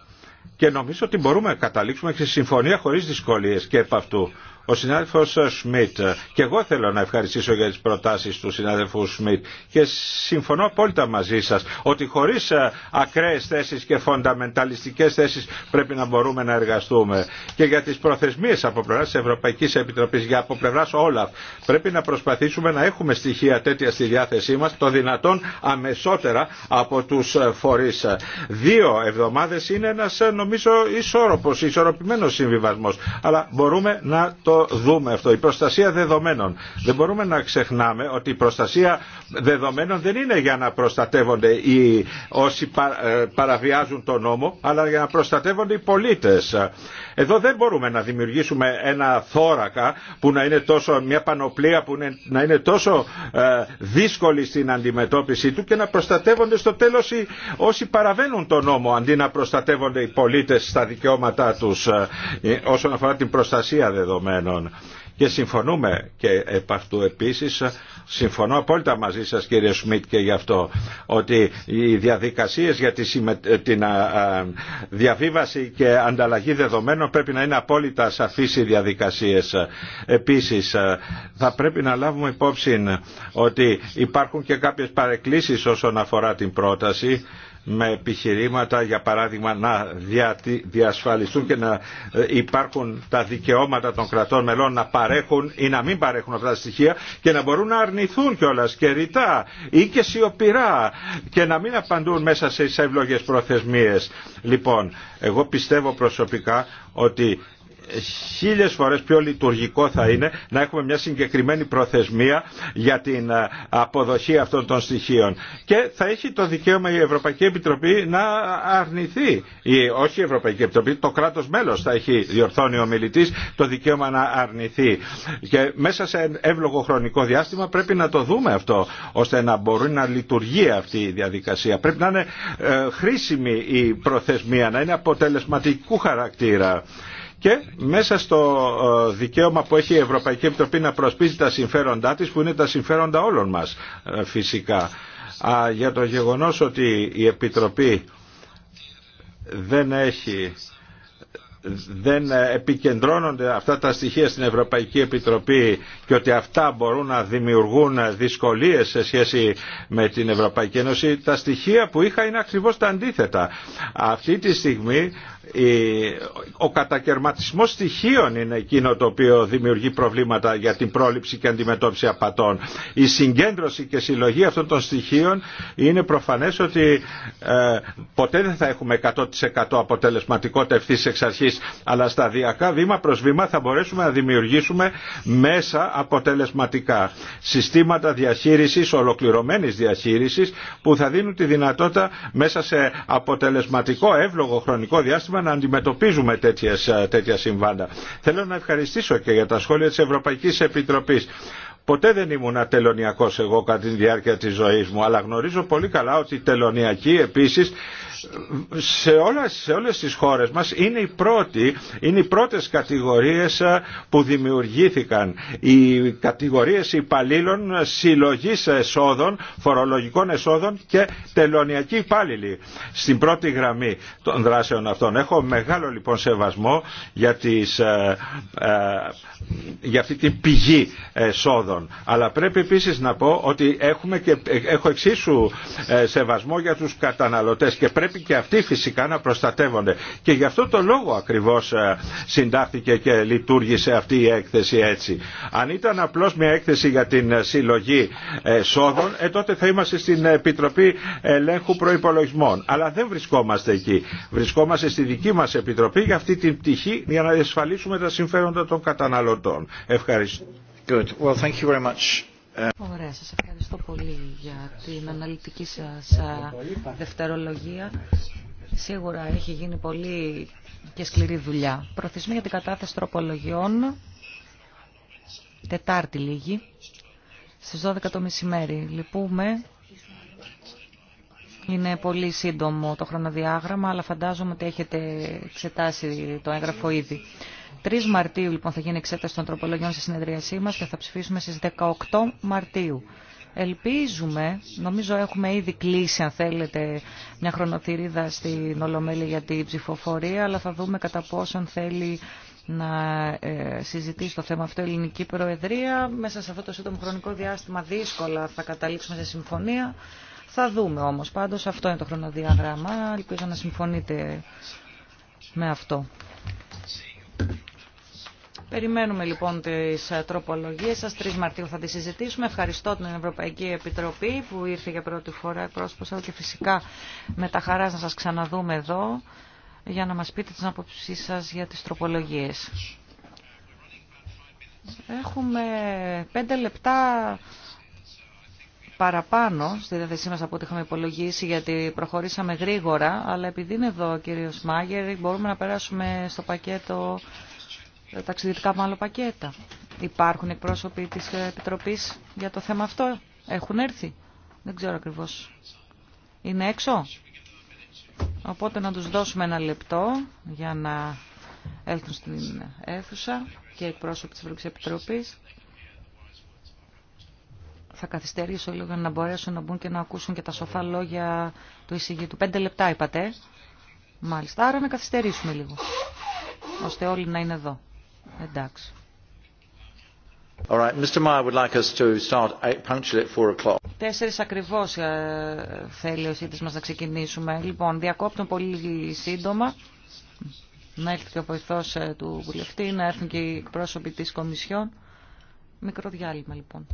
και νομίζω ότι μπορούμε να καταλήξουμε σε συμφωνία χωρίς δυσκολίες και επ' αυτού. Ο συνάδελφος Σμιτ, και εγώ θέλω να ευχαριστήσω για τις προτάσεις του συνάδελφου Σμιτ και συμφωνώ απόλυτα μαζί σας ότι χωρίς ε, ακραίες θέσεις και φονταμενταλιστικές θέσεις πρέπει να μπορούμε να εργαστούμε. Και για τις προθεσμίες από πλευράς της Ευρωπαϊκής Επιτροπής, για από πλευράς Όλαφ, πρέπει να προσπαθήσουμε να έχουμε στοιχεία τέτοια στη διάθεσή μας, το δυνατόν αμεσότερα από τους ε, φορείς. Δύο εβδομάδες είναι ένας ε, νομίζω ισόρροπος, ισορροπημένο συμβιβασμός. Αλλά μπορούμε να το δούμε αυτό. Η προστασία δεδομένων. Δεν μπορούμε να ξεχνάμε ότι η προστασία δεδομένων δεν είναι για να προστατεύονται οι όσοι ε, παραβιάζουν τον νόμο, αλλά για να προστατεύονται οι πολίτες. Εδώ δεν μπορούμε να δημιουργήσουμε ένα θώρακα που να είναι τόσο, μια πανοπλία που να είναι τόσο ε, δύσκολη στην αντιμετώπιση του και να προστατεύονται στο τέλος όσοι παραβαίνουν τον νόμο αντί να προστατεύονται οι πολίτες στα δικαιώματά τους ε, όσον αφορά την προστασία δεδομένων. Και συμφωνούμε και επ' αυτού επίσης, συμφωνώ απόλυτα μαζί σας κύριε Σμιτ και γι' αυτό, ότι οι διαδικασίες για την διαβίβαση και ανταλλαγή δεδομένων πρέπει να είναι απόλυτα σαφείς οι διαδικασίες. Επίσης, θα πρέπει να λάβουμε υπόψη ότι υπάρχουν και κάποιες παρεκκλήσεις όσον αφορά την πρόταση με επιχειρήματα για παράδειγμα να διασφαλιστούν και να ε, υπάρχουν τα δικαιώματα των κρατών μελών να παρέχουν ή να μην παρέχουν αυτά τα στοιχεία και να μπορούν να αρνηθούν κιόλα και ρητά ή και σιωπηρά και να μην απαντούν μέσα σε ευλογές προθεσμίες. Λοιπόν, εγώ πιστεύω προσωπικά ότι χίλιες φορές πιο λειτουργικό θα είναι να έχουμε μια συγκεκριμένη προθεσμία για την ε, αποδοχή αυτών των στοιχείων. Και θα έχει το δικαίωμα η Ευρωπαϊκή Επιτροπή να αρνηθεί. Η, όχι η Ευρωπαϊκή Επιτροπή, το κράτος μέλος θα έχει διορθώνει ο μιλητής το δικαίωμα να αρνηθεί. Και μέσα σε εύλογο χρονικό διάστημα πρέπει να το δούμε αυτό, ώστε να μπορεί να λειτουργεί αυτή η διαδικασία. Πρέπει να είναι ε, χρήσιμη η προθεσμία, να είναι αποτελεσματικού χαρακτήρα και μέσα στο ε, δικαίωμα που έχει η Ευρωπαϊκή Επιτροπή να προσπίζει τα συμφέροντά της που είναι τα συμφέροντα όλων μας ε, φυσικά. Για το γεγονός ότι η Επιτροπή δεν έχει δεν επικεντρώνονται αυτά τα στοιχεία στην Ευρωπαϊκή Επιτροπή και ότι αυτά μπορούν να δημιουργούν δυσκολίες σε σχέση με την Ευρωπαϊκή Ένωση, τα στοιχεία που είχα είναι ακριβώς τα αντίθετα. Αυτή τη στιγμή ο κατακαιρματισμός στοιχείων είναι εκείνο το οποίο δημιουργεί προβλήματα για την πρόληψη και αντιμετώπιση απατών. Η συγκέντρωση και συλλογή αυτών των στοιχείων είναι προφανές ότι ε, ποτέ δεν θα έχουμε 100% αποτελεσματικότητα ευθύς εξ αρχής αλλά σταδιακά βήμα προς βήμα θα μπορέσουμε να δημιουργήσουμε μέσα αποτελεσματικά συστήματα διαχείρισης, ολοκληρωμένης διαχείρισης που θα δίνουν τη δυνατότητα μέσα σε αποτελεσματικό εύλογο χρονικό διάστημα μπορέσουμε να αντιμετωπίζουμε ε, τέτοια συμβάντα. Θέλω να ευχαριστήσω και για τα σχόλια της Ευρωπαϊκής Επιτροπής. Ποτέ δεν ήμουν τελωνιακό εγώ κατά τη διάρκεια της ζωή μου, αλλά γνωρίζω πολύ καλά ότι οι τελωνιακοί επίσης σε, σε όλες τις χώρες μας είναι οι πρώτοι, είναι οι πρώτες ε, που δημιουργήθηκαν. Οι κατηγορίες υπαλλήλων συλλογή εσόδων, φορολογικών εσόδων και τελωνιακοί υπάλληλοι στην πρώτη γραμμή των δράσεων αυτών. Έχω μεγάλο λοιπόν σεβασμό για, τις, ε, ε, για αυτή την πηγή εσόδων αλλά πρέπει επίσης να πω ότι έχουμε και, έχω εξίσου ε, σεβασμό για τους καταναλωτές και πρέπει και αυτοί φυσικά να προστατεύονται. Και γι' αυτό το λόγο ακριβώς ε, συντάχθηκε και λειτουργήσε αυτή η έκθεση έτσι. Αν ήταν απλώς μια έκθεση για την ε, συλλογή σόδων, ε, τότε θα είμαστε στην Επιτροπή Ελέγχου Προϋπολογισμών. Αλλά δεν βρισκόμαστε εκεί. Βρισκόμαστε στη δική μας Επιτροπή για αυτή την πτυχή για να διασφαλίσουμε τα συμφέροντα των καταναλωτών. Ευχαριστώ. Ωραία, σας ευχαριστώ πολύ για την αναλυτική σας δευτερολογία. Σίγουρα έχει γίνει πολύ και σκληρή δουλειά. Προθεσμή για την κατάθεση τροπολογιών, Τετάρτη λίγη, στις 12 το μεσημέρι. Λυπούμε, είναι πολύ σύντομο το χρονοδιάγραμμα, αλλά φαντάζομαι ότι έχετε εξετάσει το έγγραφο ήδη. 3 Μαρτίου λοιπόν θα γίνει εξέταση των τροπολογιών στη συνεδρίασή μας και θα ψηφίσουμε στις 18 Μαρτίου. Ελπίζουμε, νομίζω έχουμε ήδη κλείσει αν θέλετε μια χρονοθυρίδα στην Ολομέλη για την ψηφοφορία, αλλά θα δούμε κατά πόσον θέλει να ε, συζητήσει το θέμα αυτό η Ελληνική Προεδρία. Μέσα σε αυτό το σύντομο χρονικό διάστημα δύσκολα θα καταλήξουμε σε συμφωνία. Θα δούμε όμως πάντως αυτό είναι το χρονοδιάγραμμα. Ελπίζω να συμφωνείτε με αυτό. Περιμένουμε λοιπόν τις ε, τροπολογίες σας. 3 Μαρτίου θα τις συζητήσουμε. Ευχαριστώ την Ευρωπαϊκή Επιτροπή που ήρθε για πρώτη φορά εκπρόσωπος και φυσικά με τα χαρά να σας ξαναδούμε εδώ για να μας πείτε την άποψή σας για τις τροπολογίες. Έχουμε πέντε λεπτά παραπάνω στη διάθεσή μας από ό,τι είχαμε υπολογίσει γιατί προχωρήσαμε γρήγορα αλλά επειδή είναι εδώ ο κύριος Μάγερ μπορούμε να περάσουμε στο πακέτο ταξιδιωτικά μάλλον πακέτα. Υπάρχουν εκπρόσωποι της Επιτροπής για το θέμα αυτό. Έχουν έρθει. Δεν ξέρω ακριβώς. Είναι έξω. Οπότε να τους δώσουμε ένα λεπτό για να έλθουν στην αίθουσα και εκπρόσωποι της Ευρωπαϊκής Επιτροπής. Θα καθυστερήσω λίγο να μπορέσουν να μπουν και να ακούσουν και τα σοφά λόγια του εισηγήτου. Πέντε λεπτά είπατε. Μάλιστα, άρα να καθυστερήσουμε λίγο, ώστε όλοι να είναι εδώ. Εντάξει. All right. Τέσσερις ακριβώς ε, θέλει ο σύντης μας να ξεκινήσουμε. Λοιπόν, διακόπτουν πολύ σύντομα. Να έρθει και ο βοηθός ε, του βουλευτή, να έρθουν και οι εκπρόσωποι της Κομισιόν. Μικρό διάλειμμα λοιπόν.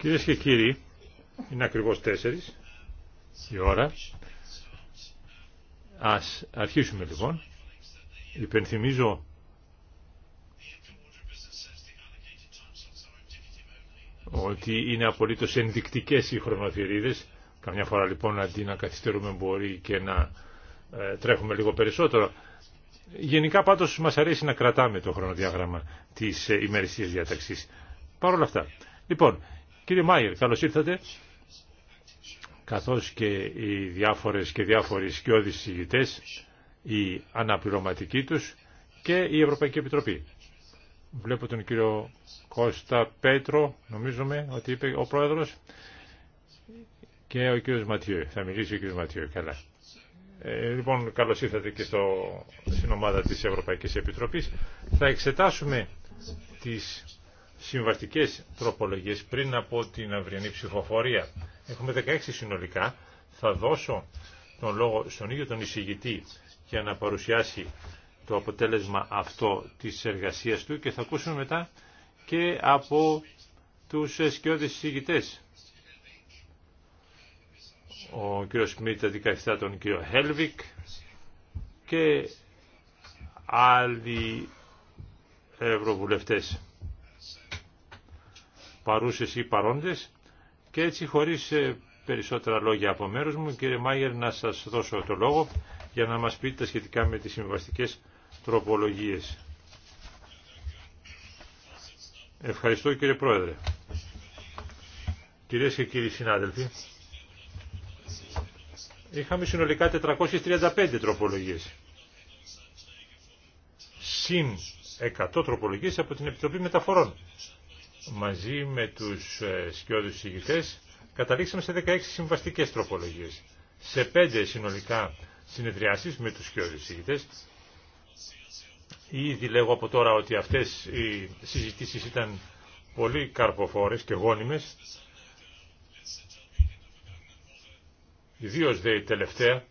Κυρίε και κύριοι, είναι ακριβώς τέσσερι η ώρα. Α αρχίσουμε λοιπόν. Υπενθυμίζω ότι είναι απολύτω ενδεικτικέ οι χρονοθυρίδε. Καμιά φορά λοιπόν αντί να καθυστερούμε μπορεί και να ε, τρέχουμε λίγο περισσότερο. Γενικά πάντως μας αρέσει να κρατάμε το χρονοδιάγραμμα της ε, ημερησίας διαταξής. Παρ' όλα αυτά. Λοιπόν, κύριε Μάιερ, καλώς ήρθατε. Καθώς και οι διάφορες και διάφοροι σκιώδεις συζητητές, οι αναπληρωματικοί τους και η Ευρωπαϊκή Επιτροπή. Βλέπω τον κύριο Κώστα Πέτρο, νομίζουμε ότι είπε ο πρόεδρος, και ο κύριος Ματιού. Θα μιλήσει ο κύριος Ματιού. Καλά. Ε, λοιπόν, καλώς ήρθατε και στο, στην ομάδα της Ευρωπαϊκής Επιτροπής. Θα εξετάσουμε τις συμβαστικές τροπολογίες πριν από την αυριανή ψηφοφορία. Έχουμε 16 συνολικά. Θα δώσω τον λόγο στον ίδιο τον εισηγητή για να παρουσιάσει το αποτέλεσμα αυτό της εργασίας του και θα ακούσουμε μετά και από τους σκιώδεις εισηγητές. Ο κύριος Σμίτ αντικαθιστά τον κύριο Χέλβικ και άλλοι ευρωβουλευτές παρούσες ή παρόντες και έτσι χωρίς ε, περισσότερα λόγια από μέρους μου κύριε Μάγερ να σας δώσω το λόγο για να μας πείτε σχετικά με τις συμβαστικές τροπολογίες. Ευχαριστώ κύριε Πρόεδρε. Κυρίες και κύριοι συνάδελφοι, είχαμε συνολικά 435 τροπολογίες. Συν 100 τροπολογίες από την Επιτροπή Μεταφορών μαζί με τους ε, σκιώδους ηγητές καταλήξαμε σε 16 συμβαστικές τροπολογίες. Σε 5 συνολικά συνεδριάσεις με τους σκιώδους ηγητές. Ήδη λέγω από τώρα ότι αυτές οι συζητήσεις ήταν πολύ καρποφόρες και γόνιμες. Ιδίω δε η τελευταία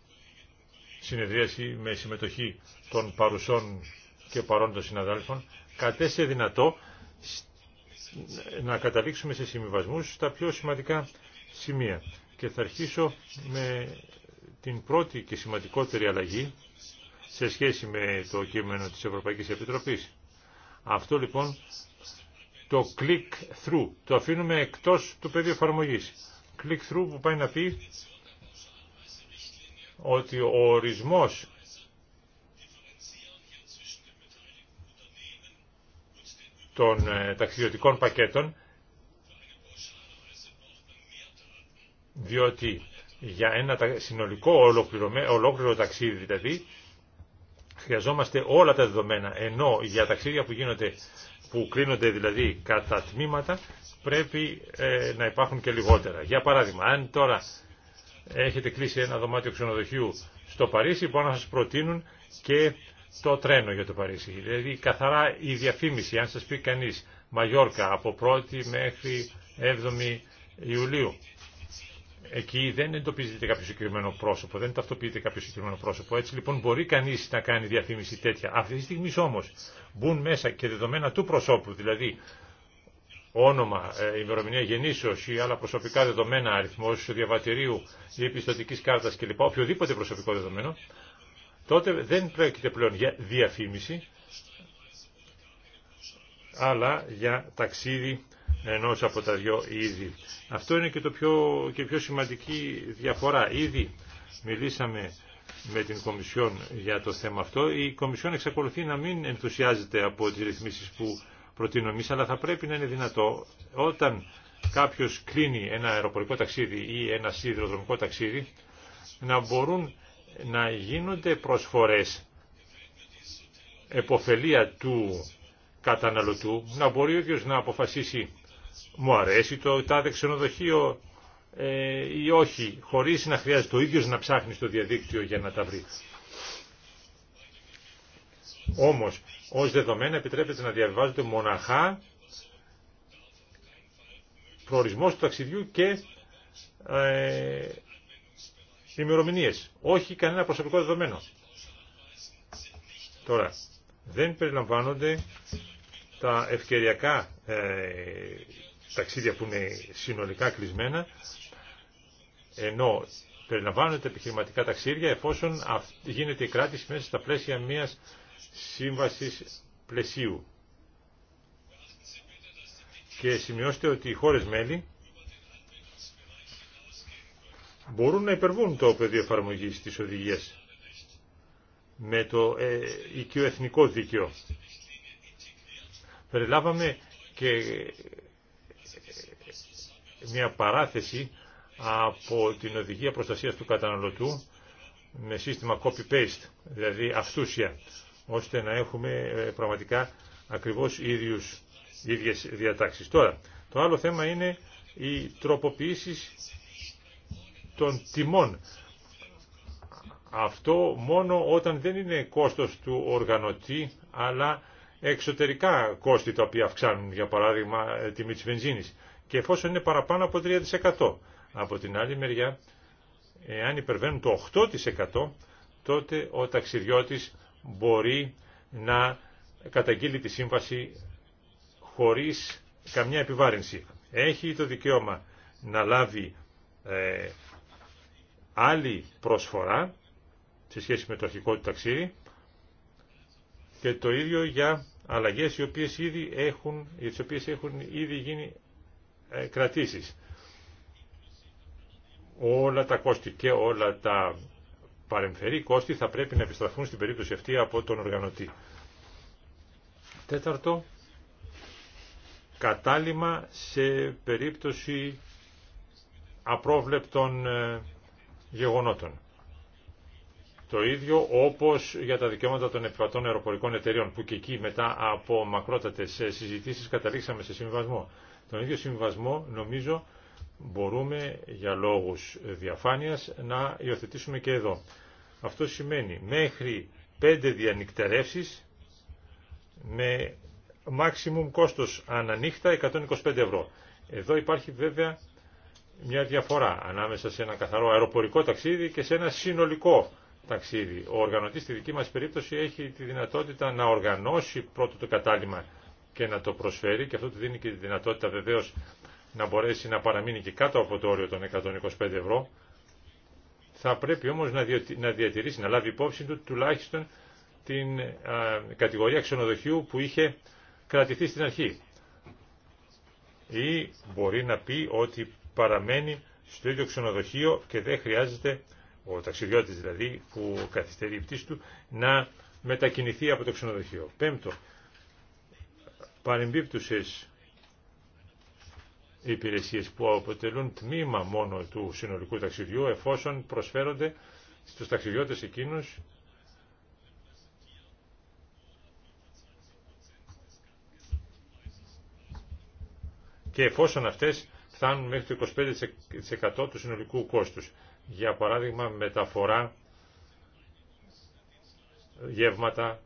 συνεδρίαση με συμμετοχή των παρουσών και παρόντων συναδέλφων κατέσε δυνατό να καταλήξουμε σε συμβιβασμού στα πιο σημαντικά σημεία. Και θα αρχίσω με την πρώτη και σημαντικότερη αλλαγή σε σχέση με το κείμενο της Ευρωπαϊκής Επιτροπής. Αυτό λοιπόν το click-through, το αφήνουμε εκτός του πεδίου εφαρμογή. Click-through που πάει να πει ότι ο ορισμός των ε, ταξιδιωτικών πακέτων, διότι για ένα συνολικό ολόκληρο ταξίδι δηλαδή, χρειαζόμαστε όλα τα δεδομένα, ενώ για ταξίδια που γίνονται, που κρίνονται δηλαδή κατά τμήματα, πρέπει ε, να υπάρχουν και λιγότερα. Για παράδειγμα, αν τώρα έχετε κλείσει ένα δωμάτιο ξενοδοχείου στο Παρίσι, μπορούν να σας προτείνουν και το τρένο για το Παρίσι. Δηλαδή καθαρά η διαφήμιση, αν σας πει κανείς, Μαγιόρκα από 1η μέχρι 7η Ιουλίου. Εκεί δεν εντοπίζεται κάποιο συγκεκριμένο πρόσωπο, δεν ταυτοποιείται κάποιο συγκεκριμένο πρόσωπο. Έτσι λοιπόν μπορεί κανεί να κάνει διαφήμιση τέτοια. Αυτή τη στιγμή όμω μπουν μέσα και δεδομένα του προσώπου, δηλαδή όνομα, ε, ημερομηνία γεννήσεω ή άλλα προσωπικά δεδομένα, αριθμό διαβατηρίου ή επιστοτική κάρτα κλπ. Οποιοδήποτε προσωπικό δεδομένο, τότε δεν πρόκειται πλέον για διαφήμιση, αλλά για ταξίδι ενός από τα δυο είδη. Αυτό είναι και, το πιο, πιο σημαντική διαφορά. Ήδη μιλήσαμε με την Κομισιόν για το θέμα αυτό. Η Κομισιόν εξακολουθεί να μην ενθουσιάζεται από τις ρυθμίσεις που προτείνω εμείς, αλλά θα πρέπει να είναι δυνατό όταν κάποιος κλείνει ένα αεροπορικό ταξίδι ή ένα σιδηροδρομικό ταξίδι να μπορούν να γίνονται προσφορές εποφελία του καταναλωτού, να μπορεί ο ίδιος να αποφασίσει μου αρέσει το τάδε ξενοδοχείο ε, ή όχι, χωρίς να χρειάζεται ο ίδιος να ψάχνει στο διαδίκτυο για να τα βρει. Όμως, ως δεδομένα επιτρέπεται να διαβάζονται μοναχά προορισμός του ταξιδιού και ε, ημερομηνίε. Όχι κανένα προσωπικό δεδομένο. Τώρα, δεν περιλαμβάνονται τα ευκαιριακά ε, ταξίδια που είναι συνολικά κλεισμένα, ενώ περιλαμβάνονται επιχειρηματικά ταξίδια εφόσον γίνεται η κράτηση μέσα στα πλαίσια μιας σύμβασης πλαισίου. Και σημειώστε ότι οι χώρες μέλη μπορούν να υπερβούν το πεδίο εφαρμογή της οδηγία με το ε, δίκαιο. Περιλάβαμε και ε, μια παράθεση από την Οδηγία Προστασίας του Καταναλωτού με σύστημα copy-paste, δηλαδή αυτούσια, ώστε να έχουμε ε, πραγματικά ακριβώς ίδιους, ίδιες διατάξεις. Τώρα, το άλλο θέμα είναι οι τροποποιήσεις των τιμών. Αυτό μόνο όταν δεν είναι κόστος του οργανωτή, αλλά εξωτερικά κόστη τα οποία αυξάνουν, για παράδειγμα, ε, τιμή της βενζίνης. Και εφόσον είναι παραπάνω από 3%. Από την άλλη μεριά, εάν υπερβαίνουν το 8%, τότε ο ταξιδιώτης μπορεί να καταγγείλει τη σύμβαση χωρίς καμιά επιβάρυνση. Έχει το δικαίωμα να λάβει ε, άλλη προσφορά σε σχέση με το αρχικό του ταξίδι και το ίδιο για αλλαγές οι οποίες ήδη έχουν, για τις οποίες έχουν ήδη γίνει ε, κρατήσεις. Όλα τα κόστη και όλα τα παρεμφερή κόστη θα πρέπει να επιστραφούν στην περίπτωση αυτή από τον οργανωτή. Τέταρτο, κατάλημα σε περίπτωση απρόβλεπτων ε, γεγονότων. Το ίδιο όπως για τα δικαιώματα των επιβατών αεροπορικών εταιρείων που και εκεί μετά από μακρότατες ε, συζητήσεις καταλήξαμε σε συμβασμό. Τον ίδιο συμβασμό νομίζω μπορούμε για λόγους διαφάνειας να υιοθετήσουμε και εδώ. Αυτό σημαίνει μέχρι πέντε διανυκτερεύσεις με maximum κόστος ανανύχτα 125 ευρώ. Εδώ υπάρχει βέβαια μια διαφορά ανάμεσα σε ένα καθαρό αεροπορικό ταξίδι και σε ένα συνολικό ταξίδι. Ο οργανωτής στη δική μας περίπτωση έχει τη δυνατότητα να οργανώσει πρώτο το κατάλημα και να το προσφέρει και αυτό του δίνει και τη δυνατότητα βεβαίως να μπορέσει να παραμείνει και κάτω από το όριο των 125 ευρώ. Θα πρέπει όμως να διατηρήσει, να λάβει υπόψη του τουλάχιστον την κατηγορία ξενοδοχείου που είχε κρατηθεί στην αρχή. Ή μπορεί να πει ότι παραμένει στο ίδιο ξενοδοχείο και δεν χρειάζεται ο ταξιδιώτης δηλαδή που καθυστερεί η πτήση του να μετακινηθεί από το ξενοδοχείο. Πέμπτο, παρεμπίπτουσες υπηρεσίες που αποτελούν τμήμα μόνο του συνολικού ταξιδιού εφόσον προσφέρονται στους ταξιδιώτες εκείνους και εφόσον αυτές φτάνουν μέχρι το 25% του συνολικού κόστους. Για παράδειγμα μεταφορά γεύματα,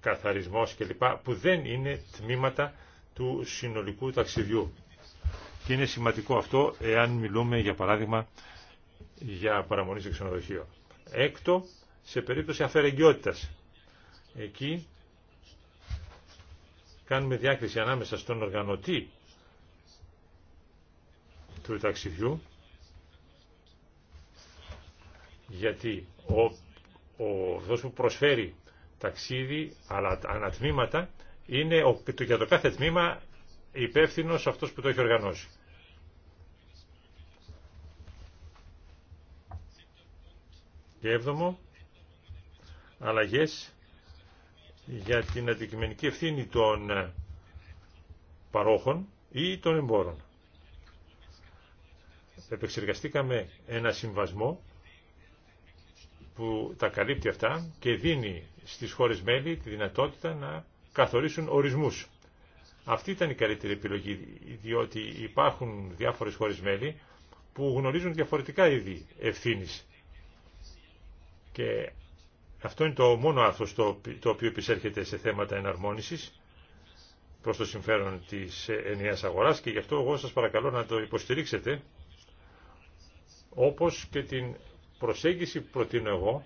καθαρισμός κλπ. που δεν είναι τμήματα του συνολικού ταξιδιού. Και είναι σημαντικό αυτό εάν μιλούμε για παράδειγμα για παραμονή σε ξενοδοχείο. Έκτο, σε περίπτωση αφαιρεγγιότητας. Εκεί κάνουμε διάκριση ανάμεσα στον οργανωτή του ταξιδιού γιατί ο, ο που προσφέρει ταξίδι αλλά ανατμήματα είναι ο, για το κάθε τμήμα υπεύθυνο αυτός που το έχει οργανώσει. Και έβδομο, αλλαγές για την αντικειμενική ευθύνη των παρόχων ή των εμπόρων επεξεργαστήκαμε ένα συμβασμό που τα καλύπτει αυτά και δίνει στις χώρες μέλη τη δυνατότητα να καθορίσουν ορισμούς. Αυτή ήταν η καλύτερη επιλογή, διότι υπάρχουν διάφορες χώρες μέλη που γνωρίζουν διαφορετικά είδη ευθύνη. Και αυτό είναι το μόνο άρθρο το οποίο επισέρχεται σε θέματα εναρμόνισης προς το συμφέρον της ενιαίας αγοράς και γι' αυτό εγώ σας παρακαλώ να το υποστηρίξετε όπως και την προσέγγιση που προτείνω εγώ,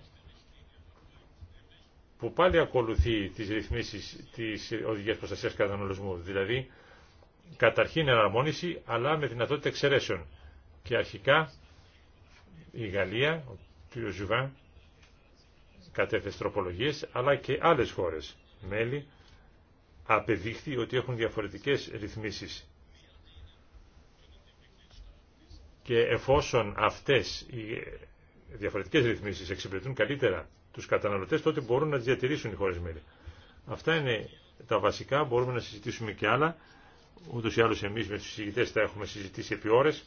που πάλι ακολουθεί τις ρυθμίσεις της Οδηγίας Προστασίας Κατανολισμού. δηλαδή καταρχήν εναρμόνιση, αλλά με δυνατότητα εξαιρέσεων. Και αρχικά η Γαλλία, ο κ. Ζουβά, κατέθεσε τροπολογίες, αλλά και άλλες χώρες μέλη απεδείχθη ότι έχουν διαφορετικές ρυθμίσεις και εφόσον αυτές οι διαφορετικές ρυθμίσεις εξυπηρετούν καλύτερα τους καταναλωτές, τότε μπορούν να τις διατηρήσουν οι χώρες μέλη. Αυτά είναι τα βασικά, μπορούμε να συζητήσουμε και άλλα. Ούτως ή άλλως εμείς με τους συζητητές τα έχουμε συζητήσει επί ώρες.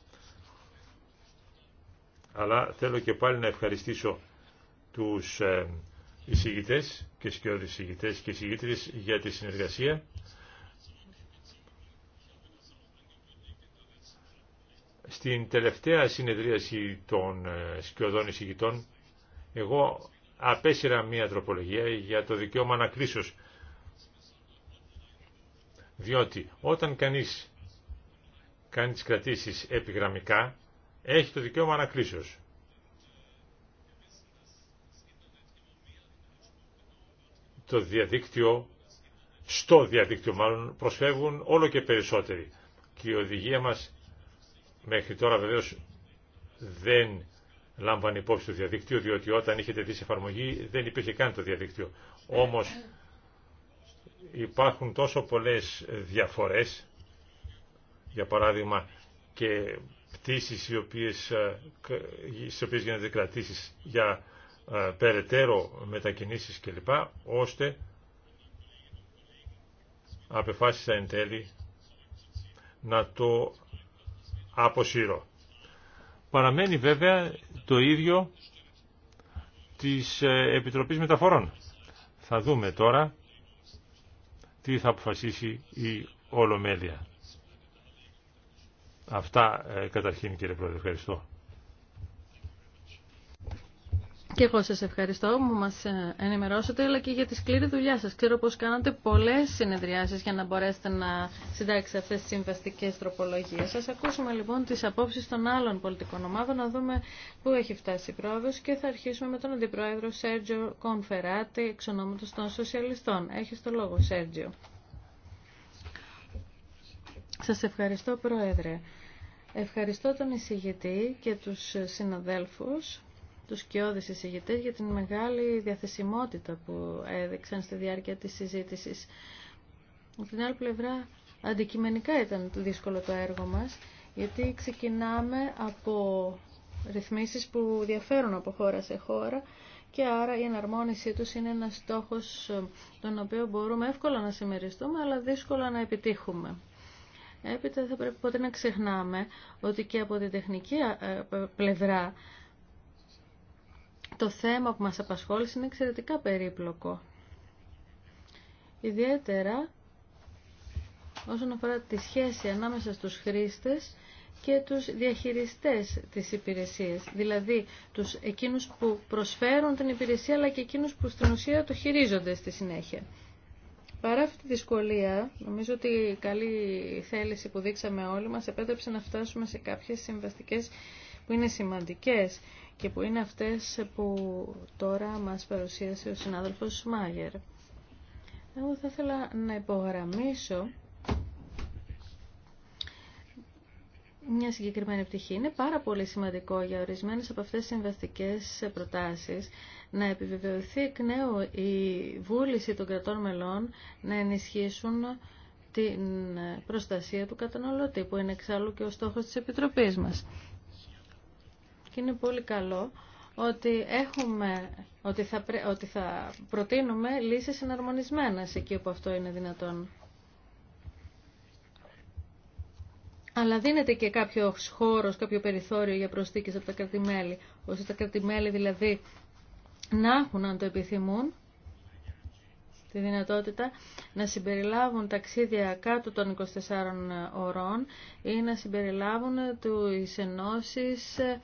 Αλλά θέλω και πάλι να ευχαριστήσω τους ε, εισηγητές και σκιώδεις εισηγητές και εισηγήτρες για τη συνεργασία. Στην τελευταία συνεδρίαση των ε, σκιωδών εισηγητών, εγώ απέσυρα μία τροπολογία για το δικαίωμα ανακρίσεως. Διότι όταν κανείς κάνει τις κρατήσεις επιγραμμικά, έχει το δικαίωμα ανακρίσεως. Το διαδίκτυο, στο διαδίκτυο μάλλον, προσφεύγουν όλο και περισσότεροι. Και η οδηγία μας Μέχρι τώρα βεβαίω δεν λάμβανε υπόψη το διαδίκτυο, διότι όταν είχε τεθεί σε εφαρμογή δεν υπήρχε καν το διαδίκτυο. Όμως υπάρχουν τόσο πολλές διαφορές, για παράδειγμα και πτήσει στι οποίε ε, γίνονται κρατήσει για ε, περαιτέρω μετακινήσεις κλπ, ώστε απεφάσισα εν τέλει να το Παραμένει βέβαια το ίδιο της ε, Επιτροπής Μεταφορών. Θα δούμε τώρα τι θα αποφασίσει η Ολομέλεια. Αυτά ε, καταρχήν κύριε Πρόεδρε. Ευχαριστώ. Και εγώ σας ευχαριστώ που μας ε, ενημερώσατε, αλλά και για τη σκληρή δουλειά σας. Ξέρω πως κάνατε πολλές συνεδριάσεις για να μπορέσετε να συντάξετε αυτές τις συμβαστικές τροπολογίες. Σας ακούσουμε λοιπόν τις απόψεις των άλλων πολιτικών ομάδων, να δούμε πού έχει φτάσει η πρόοδος και θα αρχίσουμε με τον Αντιπρόεδρο Σέργιο Κονφεράτη, εξ ονόματος των Σοσιαλιστών. Έχεις το λόγο, Σέργιο. Σας ευχαριστώ, Πρόεδρε. Ευχαριστώ τον εισηγητή και τους συναδέλφους τους σκιώδεις εισηγητές για την μεγάλη διαθεσιμότητα που έδειξαν στη διάρκεια της συζήτησης. Από την άλλη πλευρά, αντικειμενικά ήταν δύσκολο το έργο μας, γιατί ξεκινάμε από ρυθμίσεις που διαφέρουν από χώρα σε χώρα και άρα η εναρμόνισή τους είναι ένας στόχος ε, τον οποίο μπορούμε εύκολα να συμμεριστούμε, αλλά δύσκολα να επιτύχουμε. Έπειτα θα πρέπει ποτέ να ξεχνάμε ότι και από την τεχνική ε, πλευρά το θέμα που μας απασχόλησε είναι εξαιρετικά περίπλοκο. Ιδιαίτερα όσον αφορά τη σχέση ανάμεσα στους χρήστες και τους διαχειριστές της υπηρεσίας, δηλαδή τους εκείνους που προσφέρουν την υπηρεσία αλλά και εκείνους που στην ουσία το χειρίζονται στη συνέχεια. Παρά αυτή τη δυσκολία, νομίζω ότι η καλή θέληση που δείξαμε όλοι μας επέτρεψε να φτάσουμε σε κάποιες συμβαστικές που είναι σημαντικές και που είναι αυτές που τώρα μας παρουσίασε ο συνάδελφος Σμάγερ. Εγώ θα ήθελα να υπογραμμίσω μια συγκεκριμένη πτυχή. Είναι πάρα πολύ σημαντικό για ορισμένες από αυτές τις συμβαστικές προτάσεις να επιβεβαιωθεί εκ νέου η βούληση των κρατών μελών να ενισχύσουν την προστασία του καταναλωτή, που είναι εξάλλου και ο στόχος της Επιτροπής μας και είναι πολύ καλό ότι, έχουμε, ότι, θα, ότι θα προτείνουμε λύσεις συναρμονισμένες εκεί όπου αυτό είναι δυνατόν. Αλλά δίνεται και κάποιο χώρο, κάποιο περιθώριο για προσθήκε από τα κρατημέλη, ώστε τα κρατημέλη δηλαδή να έχουν, αν το επιθυμούν, τη δυνατότητα να συμπεριλάβουν ταξίδια κάτω των 24 ωρών ή να συμπεριλάβουν τις ενώσεις ε,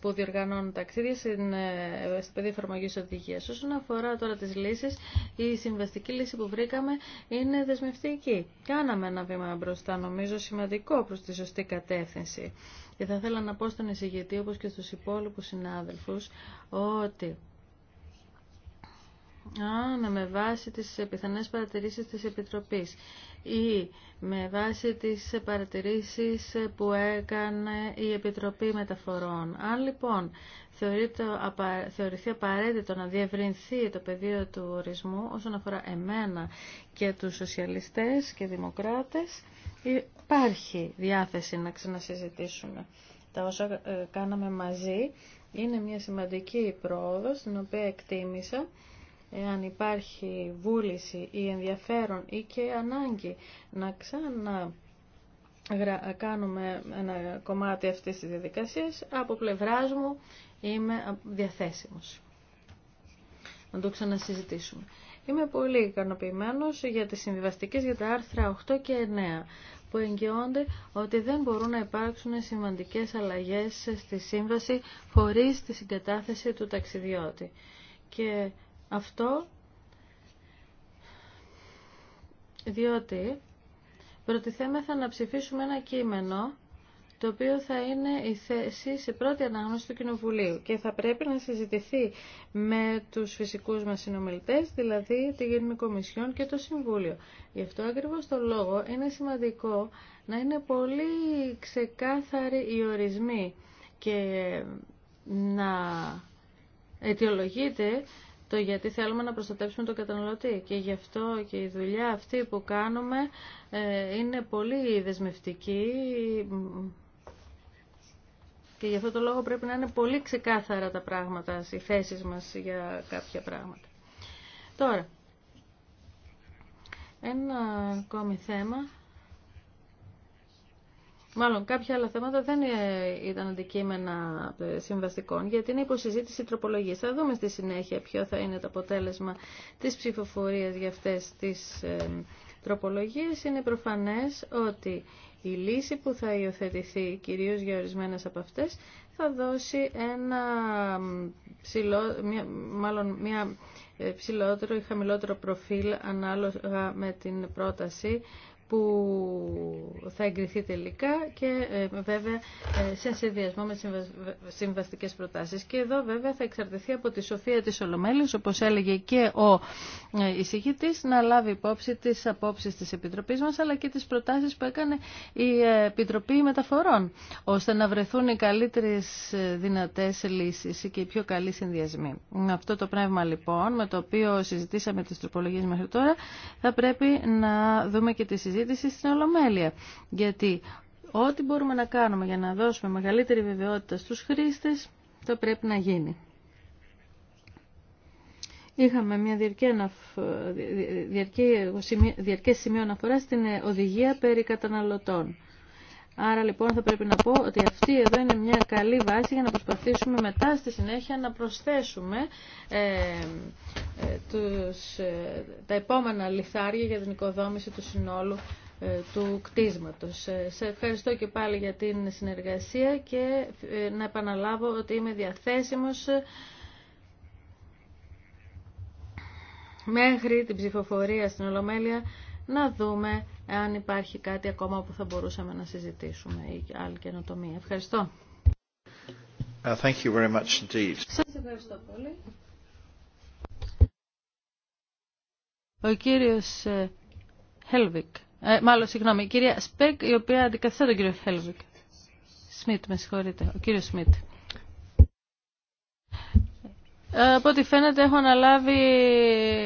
που διοργανώνουν ταξίδια στην, ε, στην εφαρμογης εφαρμογή Όσον αφορά τώρα τι λύσει, η συμβαστική λύση που βρήκαμε είναι δεσμευτική. Κάναμε ένα βήμα μπροστά, νομίζω σημαντικό προ τη σωστή κατεύθυνση. Και θα ήθελα να πω στον εισηγητή, όπω και στου υπόλοιπου συνάδελφου, ότι αν με βάση τις πιθανές παρατηρήσεις της Επιτροπής ή με βάση τις παρατηρήσεις που έκανε η Επιτροπή Μεταφορών. Αν λοιπόν θεωρηθεί απαραίτητο να διευρυνθεί το πεδίο του ορισμού όσον αφορά εμένα και τους σοσιαλιστές και δημοκράτες, υπάρχει διάθεση να ξανασυζητήσουμε τα όσα ε, κάναμε μαζί. Είναι μια σημαντική πρόοδος, την οποία εκτίμησα εάν υπάρχει βούληση ή ενδιαφέρον ή και ανάγκη να ξανά κάνουμε ένα κομμάτι αυτής της διαδικασίας, από πλευράς μου είμαι διαθέσιμος να το ξανασυζητήσουμε. Είμαι πολύ ικανοποιημένο για τις συμβιβαστικές για τα άρθρα 8 και 9 που εγγυώνται ότι δεν μπορούν να υπάρξουν σημαντικές αλλαγές στη σύμβαση χωρίς τη συγκατάθεση του ταξιδιώτη. Και αυτό διότι προτιθέμεθα να ψηφίσουμε ένα κείμενο το οποίο θα είναι η θέση σε πρώτη ανάγνωση του Κοινοβουλίου και θα πρέπει να συζητηθεί με τους φυσικούς μας συνομιλητές, δηλαδή τη Γενική Κομισιόν και το Συμβούλιο. Γι' αυτό ακριβώς το λόγο είναι σημαντικό να είναι πολύ ξεκάθαροι οι ορισμοί και να αιτιολογείται το γιατί θέλουμε να προστατέψουμε τον καταναλωτή. Και γι' αυτό και η δουλειά αυτή που κάνουμε ε, είναι πολύ δεσμευτική και γι' αυτό το λόγο πρέπει να είναι πολύ ξεκάθαρα τα πράγματα, οι θέσεις μας για κάποια πράγματα. Τώρα, ένα ακόμη θέμα Μάλλον κάποια άλλα θέματα δεν ε, ήταν αντικείμενα ε, συμβαστικών γιατί είναι υποσυζήτηση τροπολογία. Θα δούμε στη συνέχεια ποιο θα είναι το αποτέλεσμα της ψηφοφορία για αυτές τις ε, τροπολογίες. Είναι προφανές ότι η λύση που θα υιοθετηθεί κυρίως για ορισμένε από αυτές θα δώσει ένα ψηλό, μια, μάλλον μια ψηλότερο ή χαμηλότερο προφίλ ανάλογα με την πρόταση που θα εγκριθεί τελικά και ε, βέβαια ε, σε συνδυασμό με συμβαστικές προτάσεις. Και εδώ βέβαια θα εξαρτηθεί από τη σοφία της Ολομέλης, όπως έλεγε και ο ε, εισηγητής, να λάβει υπόψη τις απόψεις της Επιτροπής μας, αλλά και τις προτάσεις που έκανε η Επιτροπή Μεταφορών, ώστε να βρεθούν οι καλύτερες δυνατές λύσεις και οι πιο καλοί συνδυασμοί. Αυτό το πνεύμα λοιπόν, με το οποίο συζητήσαμε τις τροπολογίες μέχρι τώρα, θα πρέπει να δούμε και τη συζήτηση συζήτηση στην Ολομέλεια. Γιατί ό,τι μπορούμε να κάνουμε για να δώσουμε μεγαλύτερη βεβαιότητα στους χρήστες, το πρέπει να γίνει. Είχαμε μια διαρκή, διαρκή, σημείο αναφορά στην οδηγία περί καταναλωτών. Άρα λοιπόν θα πρέπει να πω ότι αυτή εδώ είναι μια καλή βάση για να προσπαθήσουμε μετά στη συνέχεια να προσθέσουμε ε, ε τους, ε, τα επόμενα λιθάρια για την οικοδόμηση του συνόλου ε, του κτίσματος. Σε ευχαριστώ και πάλι για την συνεργασία και να επαναλάβω ότι είμαι διαθέσιμος μέχρι την ψηφοφορία στην Ολομέλεια να δούμε αν υπάρχει κάτι ακόμα που θα μπορούσαμε να συζητήσουμε ή άλλη καινοτομία. Ευχαριστώ. Uh, thank you very much indeed. Σας ευχαριστώ πολύ. Ο κύριος Χέλβικ, ε, ε, μάλλον συγγνώμη, η κυρία Σπέκ, η οποία αντικαθιστά τον κύριο Χέλβικ. Σμιτ, με συγχωρείτε, ο κύριος Σμιτ. Ε, από ό,τι φαίνεται έχω αναλάβει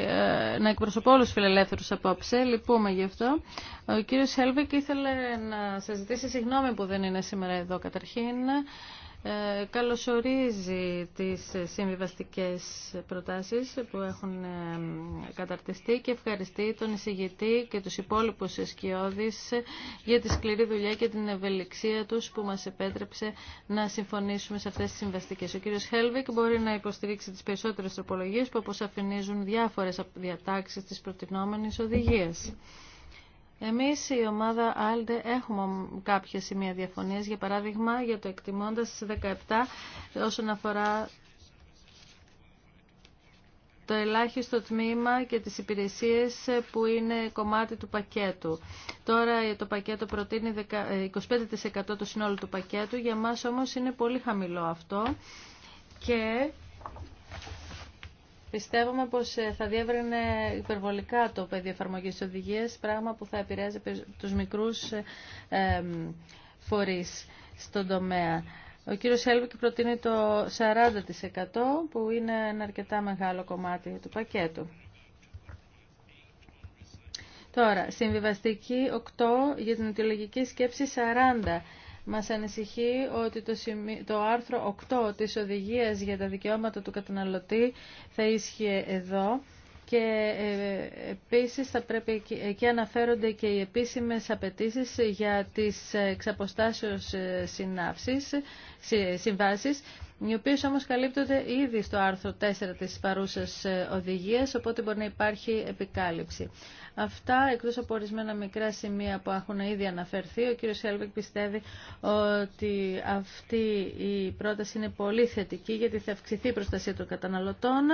ε, να εκπροσωπώ όλους τους φιλελεύθερους απόψε, λυπούμε γι' αυτό. Ο κύριος Χέλβικ ήθελε να σας ζητήσει συγγνώμη που δεν είναι σήμερα εδώ καταρχήν. Ε, καλωσορίζει τις συμβιβαστικές προτάσεις που έχουν ε, καταρτιστεί και ευχαριστεί τον εισηγητή και τους υπόλοιπους σκιώδεις για τη σκληρή δουλειά και την ευελιξία τους που μας επέτρεψε να συμφωνήσουμε σε αυτές τις συμβαστικές. Ο κύριος Χέλβικ μπορεί να υποστηρίξει τις περισσότερες τροπολογίες που αποσαφηνίζουν διάφορες διατάξεις της προτινόμενης οδηγίας. Εμείς η ομάδα ALDE έχουμε κάποια σημεία διαφωνίας, για παράδειγμα για το εκτιμώντας 17 όσον αφορά το ελάχιστο τμήμα και τις υπηρεσίες που είναι κομμάτι του πακέτου. Τώρα το πακέτο προτείνει 25% του συνόλου του πακέτου, για μας όμως είναι πολύ χαμηλό αυτό και Πιστεύουμε πως ε, θα διεύρυνε υπερβολικά το πεδίο τη οδηγίες, πράγμα που θα επηρέαζε τους μικρούς ε, φορείς στον τομέα. Ο κύριος Σέλβικ προτείνει το 40% που είναι ένα αρκετά μεγάλο κομμάτι του πακέτου. Τώρα, συμβιβαστική 8 για την αιτιολογική σκέψη 40 μας ανησυχεί ότι το, άρθρο 8 της οδηγίας για τα δικαιώματα του καταναλωτή θα ίσχυε εδώ και ε, επίσης θα πρέπει και αναφέρονται και οι επίσημες απαιτήσεις για τις εξαποστάσεως ε, συνάψεις, συμβάσεις, οι οποίες όμως καλύπτονται ήδη στο άρθρο 4 της παρούσας ε, οδηγίας, οπότε μπορεί να υπάρχει επικάλυψη. Αυτά, εκτός από ορισμένα μικρά σημεία που έχουν ήδη αναφερθεί, ο κύριος Σέλβεκ πιστεύει ότι αυτή η πρόταση είναι πολύ θετική γιατί θα αυξηθεί η προστασία των καταναλωτών,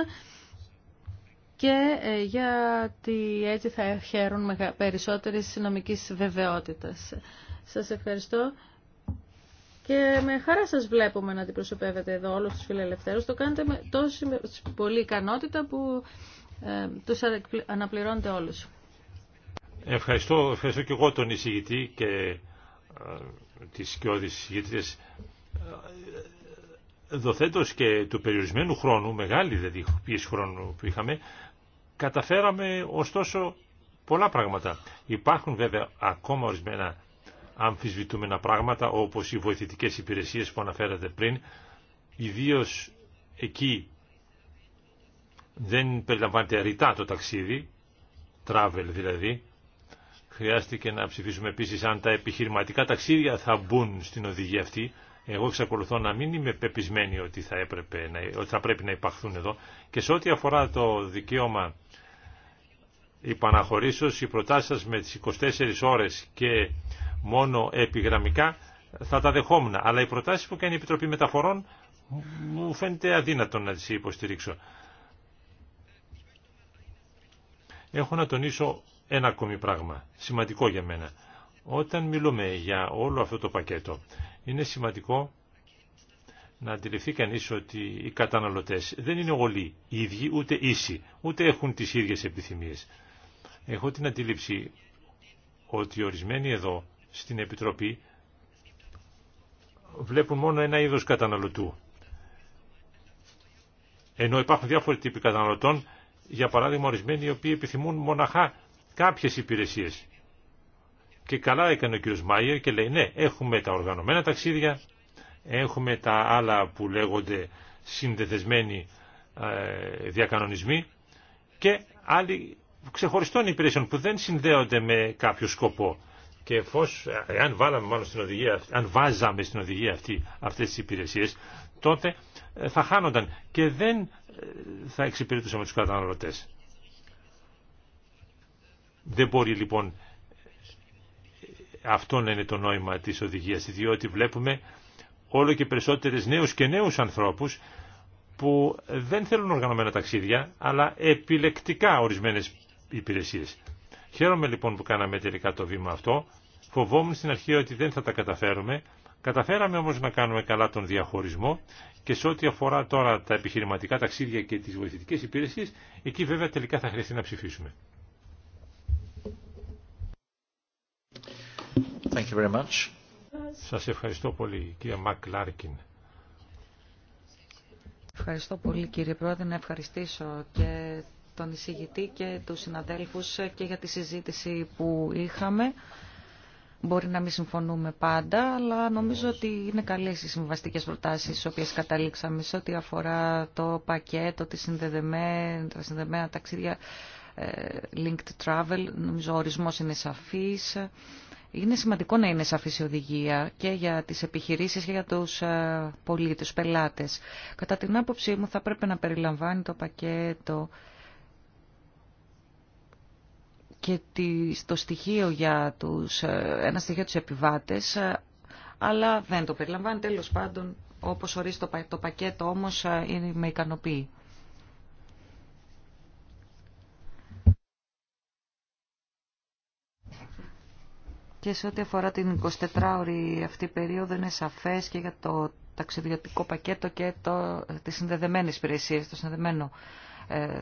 και ε, γιατί έτσι θα χαίρουν περισσότερη συνομικής βεβαιότητας. Σας ευχαριστώ. Και με χαρά σας βλέπουμε να αντιπροσωπεύετε εδώ όλους τους φιλελευθέρους. Το κάνετε με τόση πολύ ικανότητα που ε, τους αναπληρώνετε όλους. Ευχαριστώ, ευχαριστώ και εγώ τον εισηγητή και ε, τις σκιώδεις εισηγητές. Ε, ε, δοθέτως και του περιορισμένου χρόνου, μεγάλη δηλαδή πίεση χρόνου που είχαμε, Καταφέραμε ωστόσο πολλά πράγματα. Υπάρχουν βέβαια ακόμα ορισμένα αμφισβητούμενα πράγματα όπως οι βοηθητικές υπηρεσίες που αναφέρατε πριν, ιδίως εκεί δεν περιλαμβάνεται ρητά το ταξίδι, travel δηλαδή, χρειάστηκε να ψηφίσουμε επίσης αν τα επιχειρηματικά ταξίδια θα μπουν στην οδηγία αυτή. Εγώ εξακολουθώ να μην είμαι πεπισμένη ότι θα, έπρεπε, ότι θα πρέπει να υπαχθούν εδώ. Και σε ό,τι αφορά το δικαίωμα υπαναχωρήσεως οι προτάσεις σας με τις 24 ώρες και μόνο επιγραμμικά θα τα δεχόμουν. Αλλά οι προτάσεις που κάνει η Επιτροπή Μεταφορών μου φαίνεται αδύνατο να τις υποστηρίξω. Έχω να τονίσω ένα ακόμη πράγμα, σημαντικό για μένα. Όταν μιλούμε για όλο αυτό το πακέτο, είναι σημαντικό να αντιληφθεί κανείς ότι οι καταναλωτές δεν είναι όλοι ίδιοι, ούτε ίσοι, ούτε έχουν τις ίδιες επιθυμίες. Έχω την αντίληψη ότι ορισμένοι εδώ στην Επιτροπή βλέπουν μόνο ένα είδος καταναλωτού. Ενώ υπάρχουν διάφοροι τύποι καταναλωτών, για παράδειγμα ορισμένοι οι οποίοι επιθυμούν μοναχά κάποιες υπηρεσίες. Και καλά έκανε ο κ. Μάιερ και λέει ναι, έχουμε τα οργανωμένα ταξίδια, έχουμε τα άλλα που λέγονται συνδεδεσμένοι ε, διακανονισμοί και άλλοι ξεχωριστών υπηρεσιών που δεν συνδέονται με κάποιο σκοπό. Και εφόσον, αν βάλαμε μάλλον στην οδηγία, αν βάζαμε στην οδηγία αυτή, αυτές τις υπηρεσίες, τότε ε, θα χάνονταν και δεν ε, θα εξυπηρετούσαμε τους καταναλωτές. Δεν μπορεί λοιπόν ε, αυτό να είναι το νόημα της οδηγίας, διότι βλέπουμε όλο και περισσότερες νέους και νέους ανθρώπους που δεν θέλουν οργανωμένα ταξίδια, αλλά επιλεκτικά ορισμένες υπηρεσίες. Χαίρομαι λοιπόν που κάναμε τελικά το βήμα αυτό. Φοβόμουν στην αρχή ότι δεν θα τα καταφέρουμε. Καταφέραμε όμως να κάνουμε καλά τον διαχωρισμό και σε ό,τι αφορά τώρα τα επιχειρηματικά ταξίδια και τις βοηθητικές υπηρεσίες, εκεί βέβαια τελικά θα χρειαστεί να ψηφίσουμε. Thank Σας ευχαριστώ πολύ κύριε Μακ Λάρκιν. Ευχαριστώ πολύ κύριε Πρόεδρε, να ευχαριστήσω και τον εισηγητή και τους συναδέλφους και για τη συζήτηση που είχαμε. Μπορεί να μην συμφωνούμε πάντα, αλλά νομίζω ότι είναι καλές οι συμβαστικές προτάσεις στις οποίες καταλήξαμε σε ό,τι αφορά το πακέτο, τη συνδεδεμένα, τα συνδεδεμένα ταξίδια ε, linked travel. Νομίζω ο ορισμός είναι σαφής. Είναι σημαντικό να είναι σαφής η οδηγία και για τις επιχειρήσεις και για τους ε, πολίτες, πελάτες. Κατά την άποψή μου θα πρέπει να περιλαμβάνει το πακέτο και το στοιχείο για τους, ε, ένα στοιχείο τους επιβάτες, ε, αλλά δεν το περιλαμβάνει τέλος πάντων όπως ορίζει το, το πακέτο όμως ε, είναι, με ικανοποιεί. Και σε ό,τι αφορά την 24ωρη αυτή περίοδο είναι σαφές και για το ταξιδιωτικό πακέτο και το, τις συνδεδεμένες υπηρεσίες, το συνδεδεμένο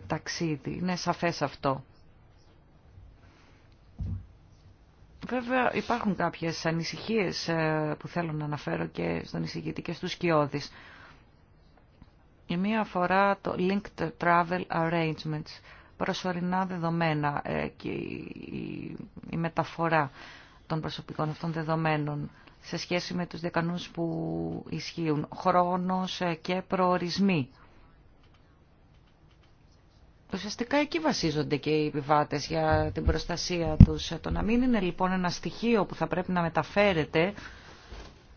ταξίδι. Είναι σαφές αυτό. Βέβαια υπάρχουν κάποιες ανησυχίες ε, που θέλω να αναφέρω και στον εισηγητή και στους σκιώδεις. Η μία αφορά το Linked Travel Arrangements, προσωρινά δεδομένα ε, και η μεταφορά των προσωπικών αυτών δεδομένων σε σχέση με τους δεκανούς που ισχύουν, χρόνος ε, και προορισμοί Ουσιαστικά εκεί βασίζονται και οι επιβάτες για την προστασία τους. Το να μην είναι λοιπόν ένα στοιχείο που θα πρέπει να μεταφέρεται,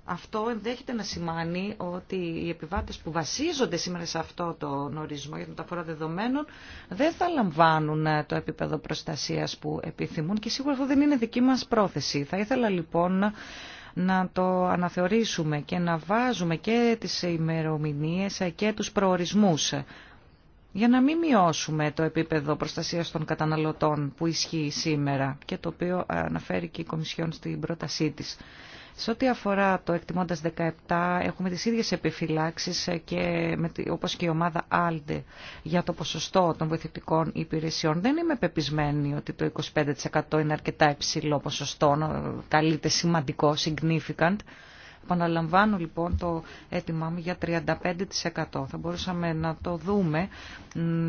αυτό ενδέχεται να σημάνει ότι οι επιβάτες που βασίζονται σήμερα σε αυτό το νορισμό για τα μεταφορά δεδομένων δεν θα λαμβάνουν ε, το επίπεδο προστασίας που επιθυμούν και σίγουρα αυτό δεν είναι δική μας πρόθεση. Θα ήθελα λοιπόν να το αναθεωρήσουμε και να βάζουμε και τις ημερομηνίες ε, και τους προορισμούς για να μην μειώσουμε το επίπεδο προστασίας των καταναλωτών που ισχύει σήμερα και το οποίο αναφέρει και η Κομισιόν στην πρότασή της. Σε ό,τι αφορά το εκτιμώντας 17, έχουμε τις ίδιες επιφυλάξεις και με, όπως και η ομάδα ALDE για το ποσοστό των βοηθητικών υπηρεσιών. Δεν είμαι πεπισμένη ότι το 25% είναι αρκετά υψηλό ποσοστό, καλείται σημαντικό, significant παναλαμβάνω λοιπόν το αίτημά μου για 35%. Θα μπορούσαμε να το δούμε,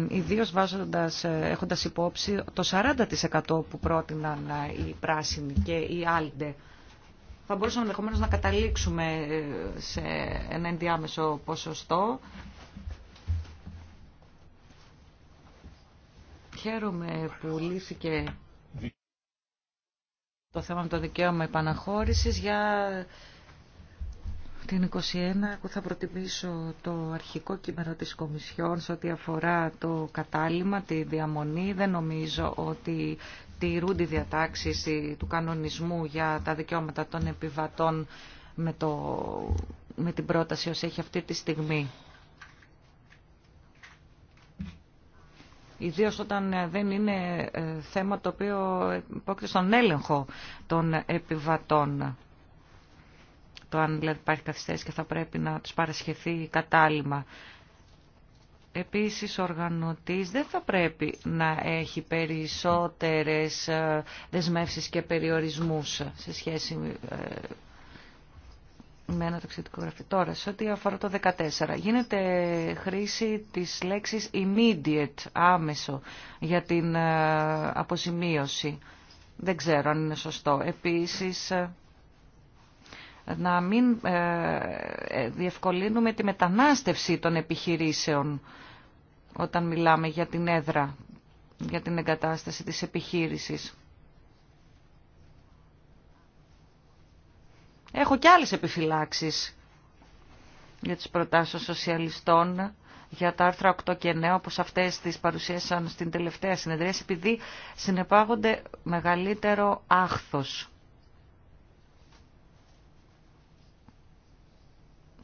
ιδίω έχοντα ε, έχοντας υπόψη το 40% που πρότειναν ε, οι πράσινοι και οι άλντε. Θα μπορούσαμε ενδεχομένω να καταλήξουμε ε, σε ένα ενδιάμεσο ποσοστό. Χαίρομαι που λύθηκε το θέμα με το δικαίωμα επαναχώρησης για την 21 που θα προτιμήσω το αρχικό κείμενο της Κομισιόν σε ό,τι αφορά το κατάλημα, τη διαμονή. Δεν νομίζω ότι τηρούν τη διατάξεις του κανονισμού για τα δικαιώματα των επιβατών με, το, με την πρόταση ως έχει αυτή τη στιγμή. Ιδίω όταν δεν είναι ε, θέμα το οποίο υπόκειται στον έλεγχο των επιβατών το αν δηλαδή υπάρχει καθυστέρηση και θα πρέπει να τους παρασχεθεί κατάλημα. Επίσης, ο οργανωτής δεν θα πρέπει να έχει περισσότερες ε, δεσμεύσεις και περιορισμούς σε σχέση ε, με ένα τοξικό γραφείο. Τώρα, σε ό,τι αφορά το 14, γίνεται χρήση της λέξης immediate, άμεσο, για την ε, αποζημίωση. Δεν ξέρω αν είναι σωστό. Επίσης, να μην ε, ε, διευκολύνουμε τη μετανάστευση των επιχειρήσεων όταν μιλάμε για την έδρα, για την εγκατάσταση της επιχείρησης. Έχω και άλλες επιφυλάξεις για τις προτάσεις των σοσιαλιστών για τα άρθρα 8 και 9 όπως αυτές τις παρουσίασαν στην τελευταία συνεδρία επειδή συνεπάγονται μεγαλύτερο άχθος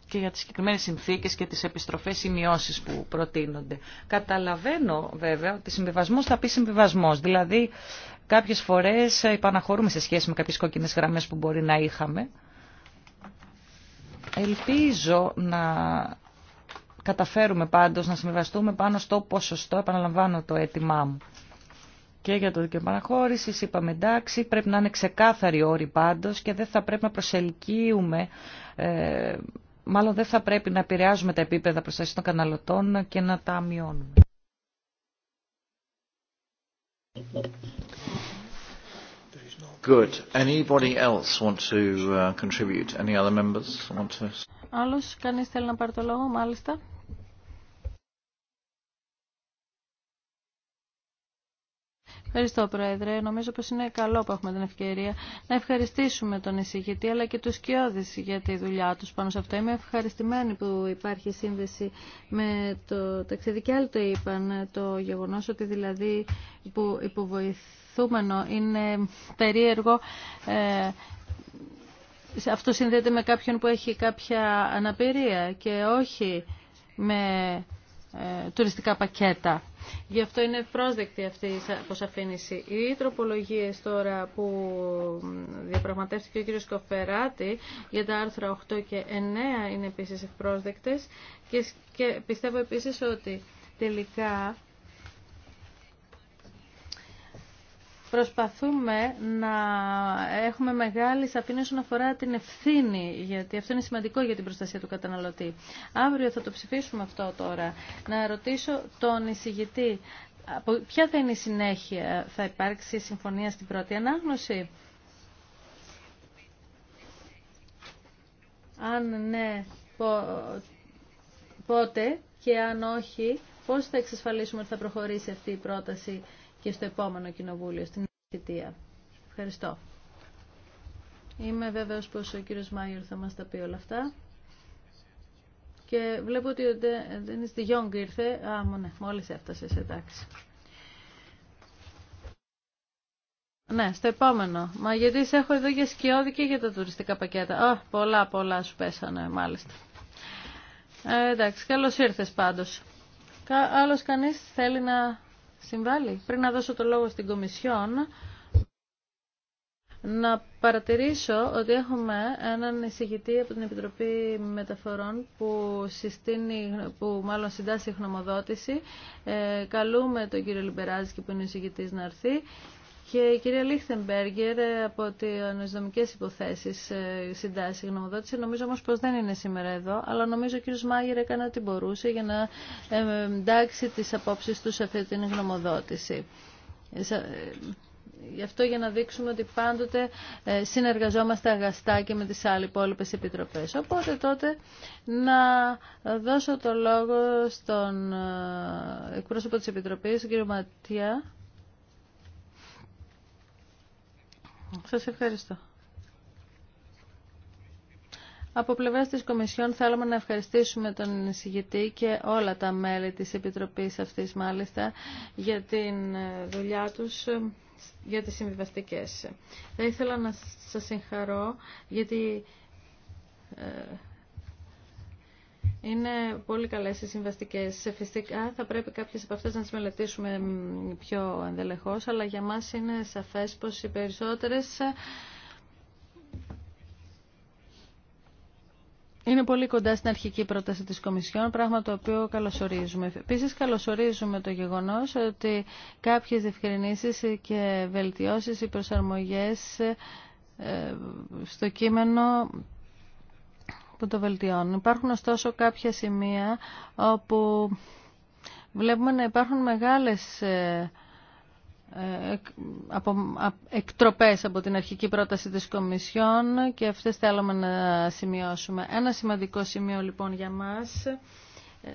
και για τις συγκεκριμένες συνθήκες και τις επιστροφές μειώσεις που προτείνονται. Καταλαβαίνω βέβαια ότι συμβιβασμός θα πει συμβιβασμός. Δηλαδή κάποιες φορές υπαναχωρούμε σε σχέση με κάποιες κόκκινες γραμμές που μπορεί να είχαμε. Ελπίζω να καταφέρουμε πάντως να συμβιβαστούμε πάνω στο ποσοστό, επαναλαμβάνω το αίτημά μου. Και για το δικαίωμα αναχώρηση είπαμε εντάξει, πρέπει να είναι ξεκάθαροι όροι πάντως και δεν θα πρέπει να προσελκύουμε ε, μάλλον δεν θα πρέπει να επηρεάζουμε τα επίπεδα προστασία των καναλωτών και να τα μειώνουμε. Good. Anybody Άλλος, κανείς θέλει να πάρει το λόγο, μάλιστα. Ευχαριστώ, Πρόεδρε. Νομίζω πως είναι καλό που έχουμε την ευκαιρία να ευχαριστήσουμε τον εισηγητή αλλά και τους κοιόδης για τη δουλειά τους πάνω σε αυτό. Είμαι ευχαριστημένη που υπάρχει σύνδεση με το ταξίδι και άλλοι το είπαν, το γεγονός ότι δηλαδή που υποβοηθούμενο είναι περίεργο ε, αυτό συνδέεται με κάποιον που έχει κάποια αναπηρία και όχι με ε, τουριστικά πακέτα. Γι' αυτό είναι ευπρόσδεκτη αυτή η αποσαφήνιση. Οι τροπολογίε τώρα που διαπραγματεύτηκε ο κ. Κοφεράτη για τα άρθρα 8 και 9 είναι επίσης ευπρόσδεκτε και πιστεύω επίσης ότι τελικά προσπαθούμε να έχουμε μεγάλη σαφήνεια όσον αφορά την ευθύνη, γιατί αυτό είναι σημαντικό για την προστασία του καταναλωτή. Αύριο θα το ψηφίσουμε αυτό τώρα. Να ρωτήσω τον εισηγητή, ποια θα είναι η συνέχεια, θα υπάρξει συμφωνία στην πρώτη ανάγνωση. Αν ναι, πότε και αν όχι, πώς θα εξασφαλίσουμε ότι θα προχωρήσει αυτή η πρόταση και στο επόμενο κοινοβούλιο, στην θητεία. Ευχαριστώ. Είμαι βέβαιος πως ο κύριος Μάιουρ θα μας τα πει όλα αυτά. Και βλέπω ότι ο Ντένις Διόγκ ήρθε. Α, ναι, μόλις έφτασε, εντάξει. Ναι, στο επόμενο. Μα γιατί σε έχω εδώ για σκιώδη και για τα τουριστικά πακέτα. Α, πολλά, πολλά σου πέσανε, μάλιστα. Ε, εντάξει, καλώς ήρθες πάντως. Άλλο άλλος κανείς θέλει να συμβάλλει. Πριν να δώσω το λόγο στην Κομισιόν, να παρατηρήσω ότι έχουμε έναν εισηγητή από την Επιτροπή Μεταφορών που, συστήνει, που μάλλον συντάσσει χνομοδότηση. Ε, καλούμε τον κύριο Λιμπεράζη που είναι εισηγητής να έρθει και η κυρία Λίχτεμπεργκερ από τι νομικέ υποθέσει ε, συντάσσει γνωμοδότηση. Νομίζω όμω πω δεν είναι σήμερα εδώ, αλλά νομίζω ο κύριο Μάγερ έκανε ό,τι μπορούσε για να ε, εντάξει τι απόψει του σε αυτή την γνωμοδότηση. Ε, γι' αυτό για να δείξουμε ότι πάντοτε συνεργαζόμαστε αγαστά και με τις άλλες υπόλοιπε επιτροπές. Οπότε τότε να δώσω το λόγο στον εκπρόσωπο της Επιτροπής, τον κύριο Ματιά. Σας ευχαριστώ. Από πλευρά της Κομισιόν θέλουμε να ευχαριστήσουμε τον εισηγητή και όλα τα μέλη της Επιτροπής αυτής μάλιστα για την ε, δουλειά τους ε, για τις συμβιβαστικές. Θα ήθελα να σας συγχαρώ γιατί ε, είναι πολύ καλές οι συμβαστικέ. Φυσικά θα πρέπει κάποιες από αυτές να τι μελετήσουμε πιο ενδελεχώ, αλλά για μας είναι σαφέ πω οι περισσότερε Είναι πολύ κοντά στην αρχική πρόταση της Κομισιόν, πράγμα το οποίο καλωσορίζουμε. Επίσης καλωσορίζουμε το γεγονός ότι κάποιες διευκρινήσεις και βελτιώσεις ή προσαρμογές ε, στο κείμενο που το Υπάρχουν ωστόσο κάποια σημεία όπου βλέπουμε να υπάρχουν μεγάλες ε, ε, από, εκτροπές από την αρχική πρόταση της Κομισιόν και αυτές θέλουμε να σημειώσουμε. Ένα σημαντικό σημείο λοιπόν για μας ε,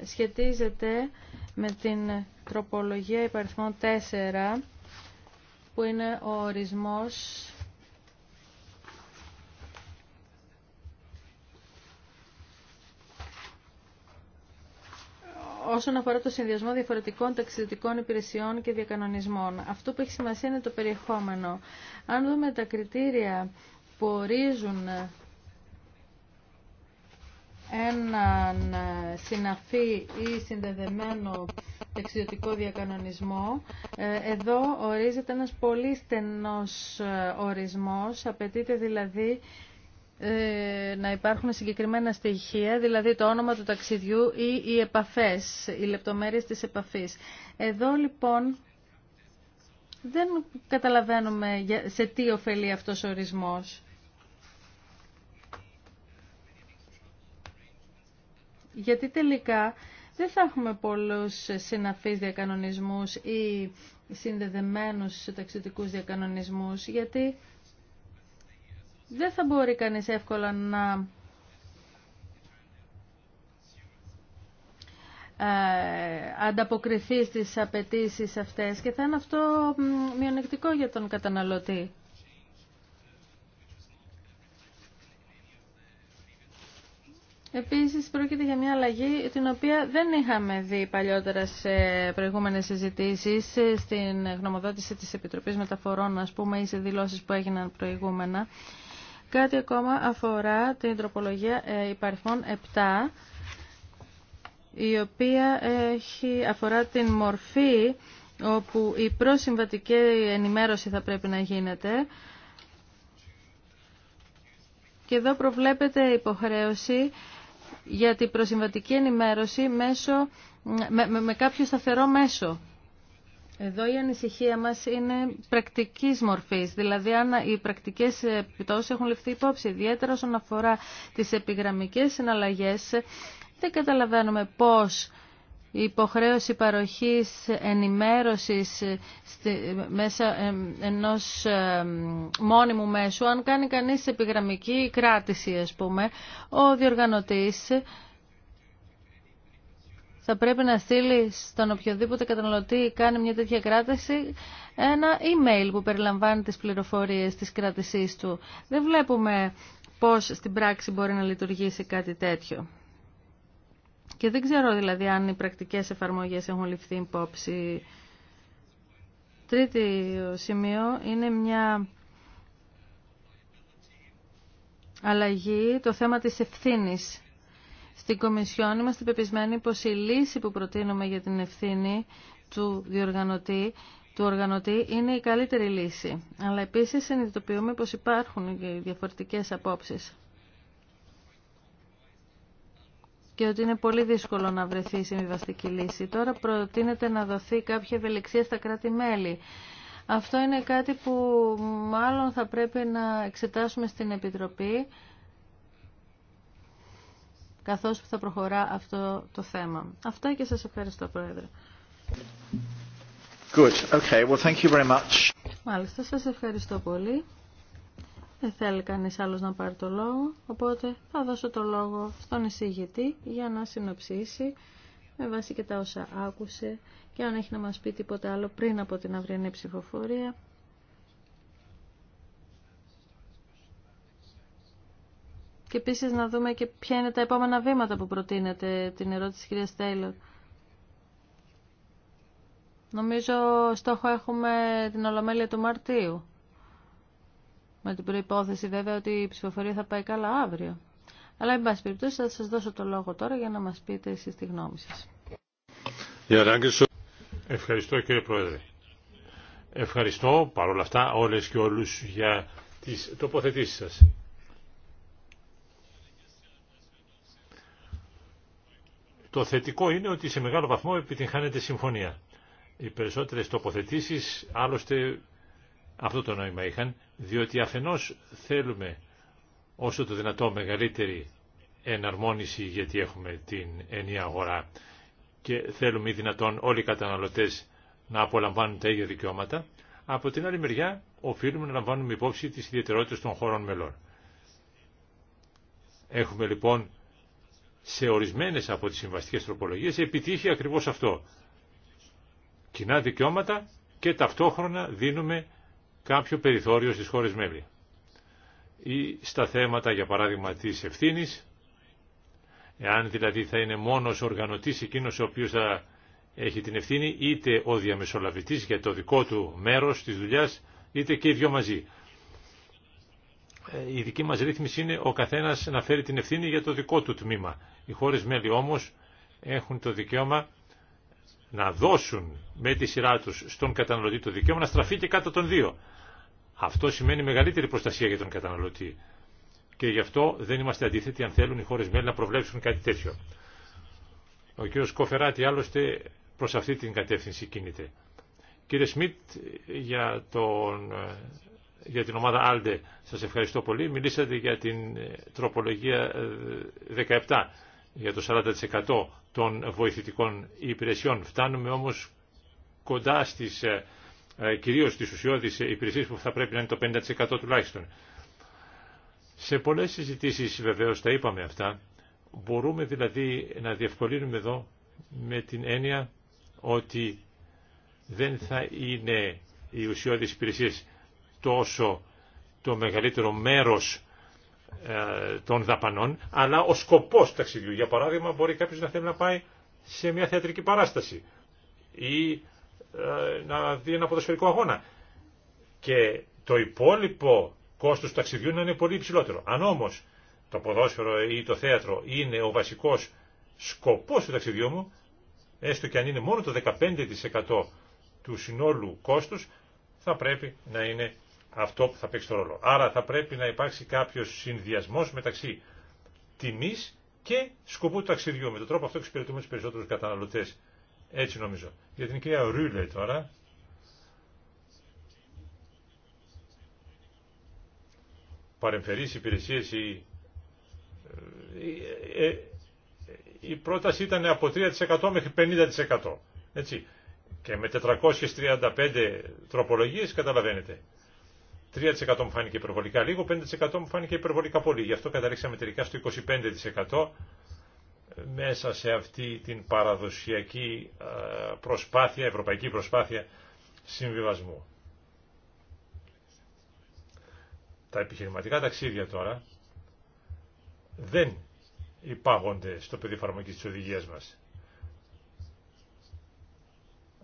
σχετίζεται με την τροπολογία υπαριθμών 4 που είναι ο ορισμός όσον αφορά το συνδυασμό διαφορετικών ταξιδιωτικών υπηρεσιών και διακανονισμών. Αυτό που έχει σημασία είναι το περιεχόμενο. Αν δούμε τα κριτήρια που ορίζουν έναν συναφή ή συνδεδεμένο ταξιδιωτικό διακανονισμό. Ε, εδώ ορίζεται ένας πολύ στενός ε, ορισμός, απαιτείται δηλαδή ε, να υπάρχουν συγκεκριμένα στοιχεία, δηλαδή το όνομα του ταξιδιού ή οι επαφές, οι λεπτομέρειες της επαφής. Εδώ λοιπόν δεν καταλαβαίνουμε σε τι ωφελεί αυτός ο ορισμός. Γιατί τελικά δεν θα έχουμε πολλούς συναφείς διακανονισμούς ή συνδεδεμένους ταξιδικούς διακανονισμούς, γιατί δεν θα μπορεί κανείς εύκολα να ε, ανταποκριθεί στις απαιτήσει αυτές και θα είναι αυτό μειονεκτικό για τον καταναλωτή. Επίσης πρόκειται για μια αλλαγή την οποία δεν είχαμε δει παλιότερα σε προηγούμενες συζητήσεις ε, στην γνωμοδότηση της Επιτροπής Μεταφορών ας πούμε ή σε δηλώσεις που έγιναν προηγούμενα. Κάτι ακόμα αφορά την τροπολογία ε, υπαριθμών 7 η οποία έχει, αφορά την μορφή όπου η προσυμβατική ενημέρωση θα πρέπει να γίνεται. Και εδώ προβλέπεται υποχρέωση για την προσυμβατική ενημέρωση μέσω, με, με κάποιο σταθερό μέσο. Εδώ η ανησυχία μας είναι πρακτικής μορφής, δηλαδή αν οι πρακτικές επιπτώσεις έχουν ληφθεί υπόψη, ιδιαίτερα όσον αφορά τις επιγραμμικές συναλλαγές, δεν καταλαβαίνουμε πώς η υποχρέωση παροχής ενημέρωσης μέσα ε, ενός ε, μόνιμου μέσου, αν κάνει κανείς επιγραμμική κράτηση, α πούμε, ο διοργανωτής θα πρέπει να στείλει στον οποιοδήποτε καταναλωτή κάνει μια τέτοια κράτηση ένα email που περιλαμβάνει τις πληροφορίες της κράτησής του. Δεν βλέπουμε πώς στην πράξη μπορεί να λειτουργήσει κάτι τέτοιο. Και δεν ξέρω δηλαδή αν οι πρακτικές εφαρμογές έχουν ληφθεί υπόψη. Τρίτη σημείο είναι μια αλλαγή το θέμα της ευθύνης στην Κομισιόν είμαστε πεπισμένοι πως η λύση που προτείνουμε για την ευθύνη του διοργανωτή του οργανωτή είναι η καλύτερη λύση. Αλλά επίσης συνειδητοποιούμε πως υπάρχουν διαφορετικές απόψεις. και ότι είναι πολύ δύσκολο να βρεθεί η συμβιβαστική λύση. Τώρα προτείνεται να δοθεί κάποια ευελιξία στα κράτη-μέλη. Αυτό είναι κάτι που μάλλον θα πρέπει να εξετάσουμε στην Επιτροπή καθώς που θα προχωρά αυτό το θέμα. Αυτά και σας ευχαριστώ Πρόεδρε. Good. Okay. Well, thank you very much. Μάλιστα, σας ευχαριστώ πολύ. Δεν θέλει κανείς άλλος να πάρει το λόγο, οπότε θα δώσω το λόγο στον εισηγητή για να συνοψίσει με βάση και τα όσα άκουσε και αν έχει να μας πει τίποτα άλλο πριν από την αυριανή ψηφοφορία. και επίση να δούμε και ποια είναι τα επόμενα βήματα που προτείνετε την ερώτηση κύρια κυρίας Νομίζω στόχο έχουμε την Ολομέλεια του Μαρτίου. Με την προϋπόθεση βέβαια ότι η ψηφοφορία θα πάει καλά αύριο. Αλλά, εν πάση περιπτώσει, θα σας δώσω το λόγο τώρα για να μας πείτε εσείς τη γνώμη σας. Ευχαριστώ κύριε Πρόεδρε. Ευχαριστώ παρόλα αυτά όλες και όλους για τις τοποθετήσεις σας. Το θετικό είναι ότι σε μεγάλο βαθμό επιτυγχάνεται συμφωνία. Οι περισσότερες τοποθετήσεις άλλωστε αυτό το νόημα είχαν, διότι αφενός θέλουμε όσο το δυνατό μεγαλύτερη εναρμόνιση γιατί έχουμε την ενία αγορά και θέλουμε οι δυνατόν όλοι οι καταναλωτές να απολαμβάνουν τα ίδια δικαιώματα, από την άλλη μεριά οφείλουμε να λαμβάνουμε υπόψη τις ιδιαιτερότητες των χωρών μελών. Έχουμε λοιπόν σε ορισμένες από τις συμβαστικές τροπολογίες επιτύχει ακριβώς αυτό. Κοινά δικαιώματα και ταυτόχρονα δίνουμε κάποιο περιθώριο στις χώρες μέλη. Ή στα θέματα, για παράδειγμα, της ευθύνη, εάν δηλαδή θα είναι μόνος οργανωτής εκείνος ο οποίος θα έχει την ευθύνη, είτε ο διαμεσολαβητής για το δικό του μέρος της δουλειάς, είτε και οι δυο μαζί. Ε, η δική μας ρύθμιση είναι ο καθένας να φέρει την ευθύνη για το δικό του τμήμα. Οι χώρες μέλη όμως έχουν το δικαίωμα να δώσουν με τη σειρά τους στον καταναλωτή το δικαίωμα να στραφεί και κάτω των δύο. Αυτό σημαίνει μεγαλύτερη προστασία για τον καταναλωτή. Και γι' αυτό δεν είμαστε αντίθετοι αν θέλουν οι χώρες μέλη να προβλέψουν κάτι τέτοιο. Ο κ. Κοφεράτη άλλωστε προς αυτή την κατεύθυνση κινείται. Κύριε Σμιτ, για τον ε, για την ομάδα Άλντε. Σας ευχαριστώ πολύ. Μιλήσατε για την ε, τροπολογία 17, ε, για το 40% των βοηθητικών υπηρεσιών. Φτάνουμε όμως κοντά στις, ε, κυρίως στις ουσιώδεις υπηρεσίες που θα πρέπει να είναι το 50% τουλάχιστον. Σε πολλές συζητήσεις βεβαίως τα είπαμε αυτά. Μπορούμε δηλαδή να διευκολύνουμε εδώ με την έννοια ότι δεν θα είναι οι ουσιώδεις υπηρεσίες τόσο το μεγαλύτερο μέρος ε, των δαπανών, αλλά ο σκοπός ταξιδιού. Για παράδειγμα, μπορεί κάποιος να θέλει να πάει σε μια θεατρική παράσταση ή ε, να δει ένα ποδοσφαιρικό αγώνα. Και το υπόλοιπο κόστος ταξιδιού να είναι πολύ υψηλότερο. Αν όμως το ποδόσφαιρο ή το θέατρο είναι ο βασικός σκοπός του ταξιδιού μου, έστω και αν είναι μόνο το 15% του συνόλου κόστους, θα πρέπει να είναι αυτό που θα παίξει το ρόλο. Άρα θα πρέπει να υπάρξει κάποιο συνδυασμό μεταξύ τιμή και σκοπού του ταξιδιού. Με τον τρόπο αυτό εξυπηρετούμε του περισσότερους καταναλωτές. Έτσι νομίζω. Για την κυρία Ρούλε τώρα. Παρεμφερείς υπηρεσίες ή ε, ε, η πρόταση ήταν από 3% μέχρι 50%. Έτσι. Και με 435 τροπολογίες καταλαβαίνετε. 3% μου φάνηκε υπερβολικά λίγο, 5% μου φάνηκε υπερβολικά πολύ. Γι' αυτό καταλήξαμε τελικά στο 25% μέσα σε αυτή την παραδοσιακή ε, προσπάθεια, ευρωπαϊκή προσπάθεια συμβιβασμού. Τα επιχειρηματικά ταξίδια τώρα δεν υπάγονται στο πεδίο εφαρμογή της οδηγίας μας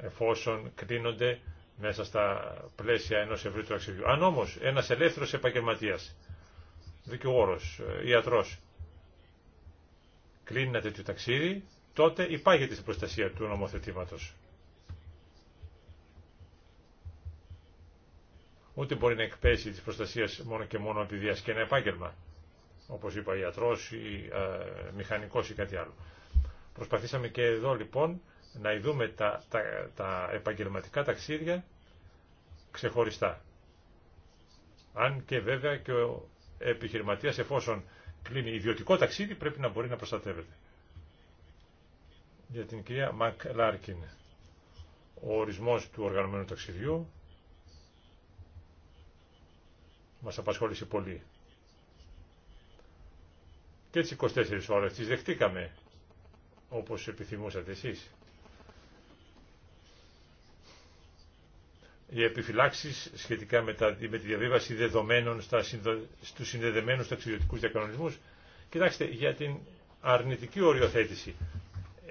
εφόσον κρίνονται μέσα στα πλαίσια ενός ευρύτου αξιδιού. Αν όμως ένας ελεύθερος επαγγελματίας, δικηγόρος, ε, ιατρός, κλείνει ένα τέτοιο ταξίδι, τότε υπάγεται στην προστασία του νομοθετήματος. Ούτε μπορεί να εκπέσει της προστασίας μόνο και μόνο επειδή ασκεί ένα επάγγελμα, όπως είπα ιατρός ή α, ε, μηχανικός ή κάτι άλλο. Προσπαθήσαμε και εδώ λοιπόν να ειδούμε τα, τα, τα επαγγελματικά ταξίδια ξεχωριστά. Αν και βέβαια και ο επιχειρηματίας εφόσον κλείνει ιδιωτικό ταξίδι πρέπει να μπορεί να προστατεύεται. Για την κυρία Μακ Λάρκιν, ο ορισμός του οργανωμένου ταξιδιού μας απασχόλησε πολύ. Και τις 24 ώρες τις δεχτήκαμε όπως επιθυμούσατε εσείς. οι επιφυλάξει σχετικά με, τη διαβίβαση δεδομένων στου συνδεδεμένου ταξιδιωτικού ταξιδιωτικούς Κοιτάξτε, για την αρνητική οριοθέτηση.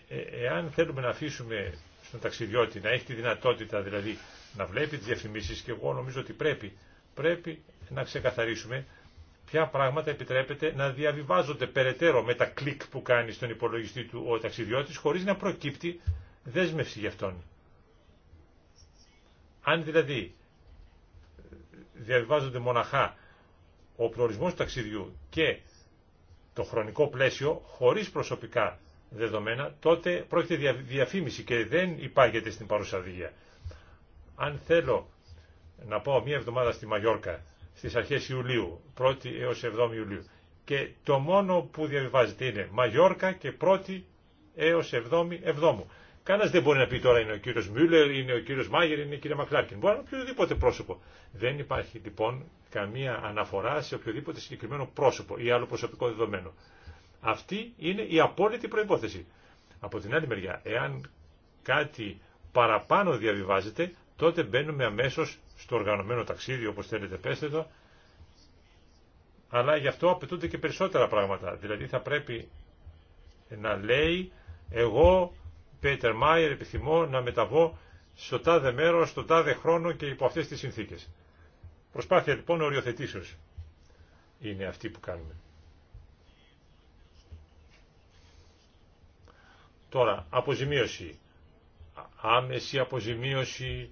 Ε, εάν θέλουμε να αφήσουμε στον ταξιδιώτη να έχει τη δυνατότητα δηλαδή να βλέπει τις διαφημίσει, και εγώ νομίζω ότι πρέπει, πρέπει να ξεκαθαρίσουμε ποια πράγματα επιτρέπεται να διαβιβάζονται περαιτέρω με τα κλικ που κάνει στον υπολογιστή του ο ταξιδιώτη χωρί να προκύπτει δέσμευση γι' αυτόν. Αν δηλαδή διαβιβάζονται μοναχά ο προορισμός του ταξιδιού και το χρονικό πλαίσιο χωρίς προσωπικά δεδομένα, τότε πρόκειται διαφήμιση και δεν υπάγεται στην παρουσαδία. Αν θέλω να πάω μία εβδομάδα στη Μαγιόρκα στις αρχές Ιουλίου, 1η έως 7η Ιουλίου, και το μόνο που διαβιβάζεται είναι Μαγιόρκα και 1η έως 7η Εβδόμου. Κανένα δεν μπορεί να πει τώρα είναι ο κύριο Μιούλερ, είναι ο κύριο Μάγερ, είναι η κυρία Μακλάρκιν. Μπορεί να είναι οποιοδήποτε πρόσωπο. Δεν υπάρχει λοιπόν καμία αναφορά σε οποιοδήποτε συγκεκριμένο πρόσωπο ή άλλο προσωπικό δεδομένο. Αυτή είναι η απόλυτη προπόθεση. Από την άλλη μεριά, εάν κάτι παραπάνω διαβιβάζεται, τότε μπαίνουμε αμέσω στο οργανωμένο ταξίδι, όπω θέλετε πέστε το, αλλά γι' αυτό απαιτούνται και περισσότερα πράγματα. Δηλαδή θα πρέπει να λέει εγώ Πέτερ Μάιερ επιθυμώ να μεταβώ στο τάδε μέρο, στο τάδε χρόνο και υπό αυτέ τι συνθήκε. Προσπάθεια λοιπόν οριοθετήσεω είναι αυτή που κάνουμε. Τώρα, αποζημίωση. Άμεση αποζημίωση,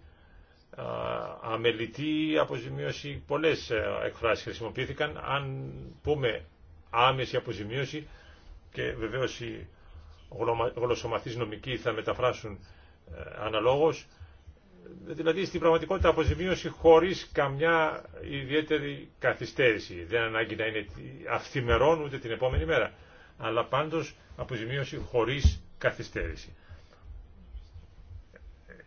αμελητή αποζημίωση, πολλές ε, εκφράσεις χρησιμοποιήθηκαν. Αν πούμε άμεση αποζημίωση και βεβαίως η γλωσσομαθείς νομικοί θα μεταφράσουν ε, αναλόγως. Δηλαδή στην πραγματικότητα αποζημίωση χωρίς καμιά ιδιαίτερη καθυστέρηση. Δεν ανάγκη να είναι αυθημερών ούτε την επόμενη μέρα. Αλλά πάντως αποζημίωση χωρίς καθυστέρηση.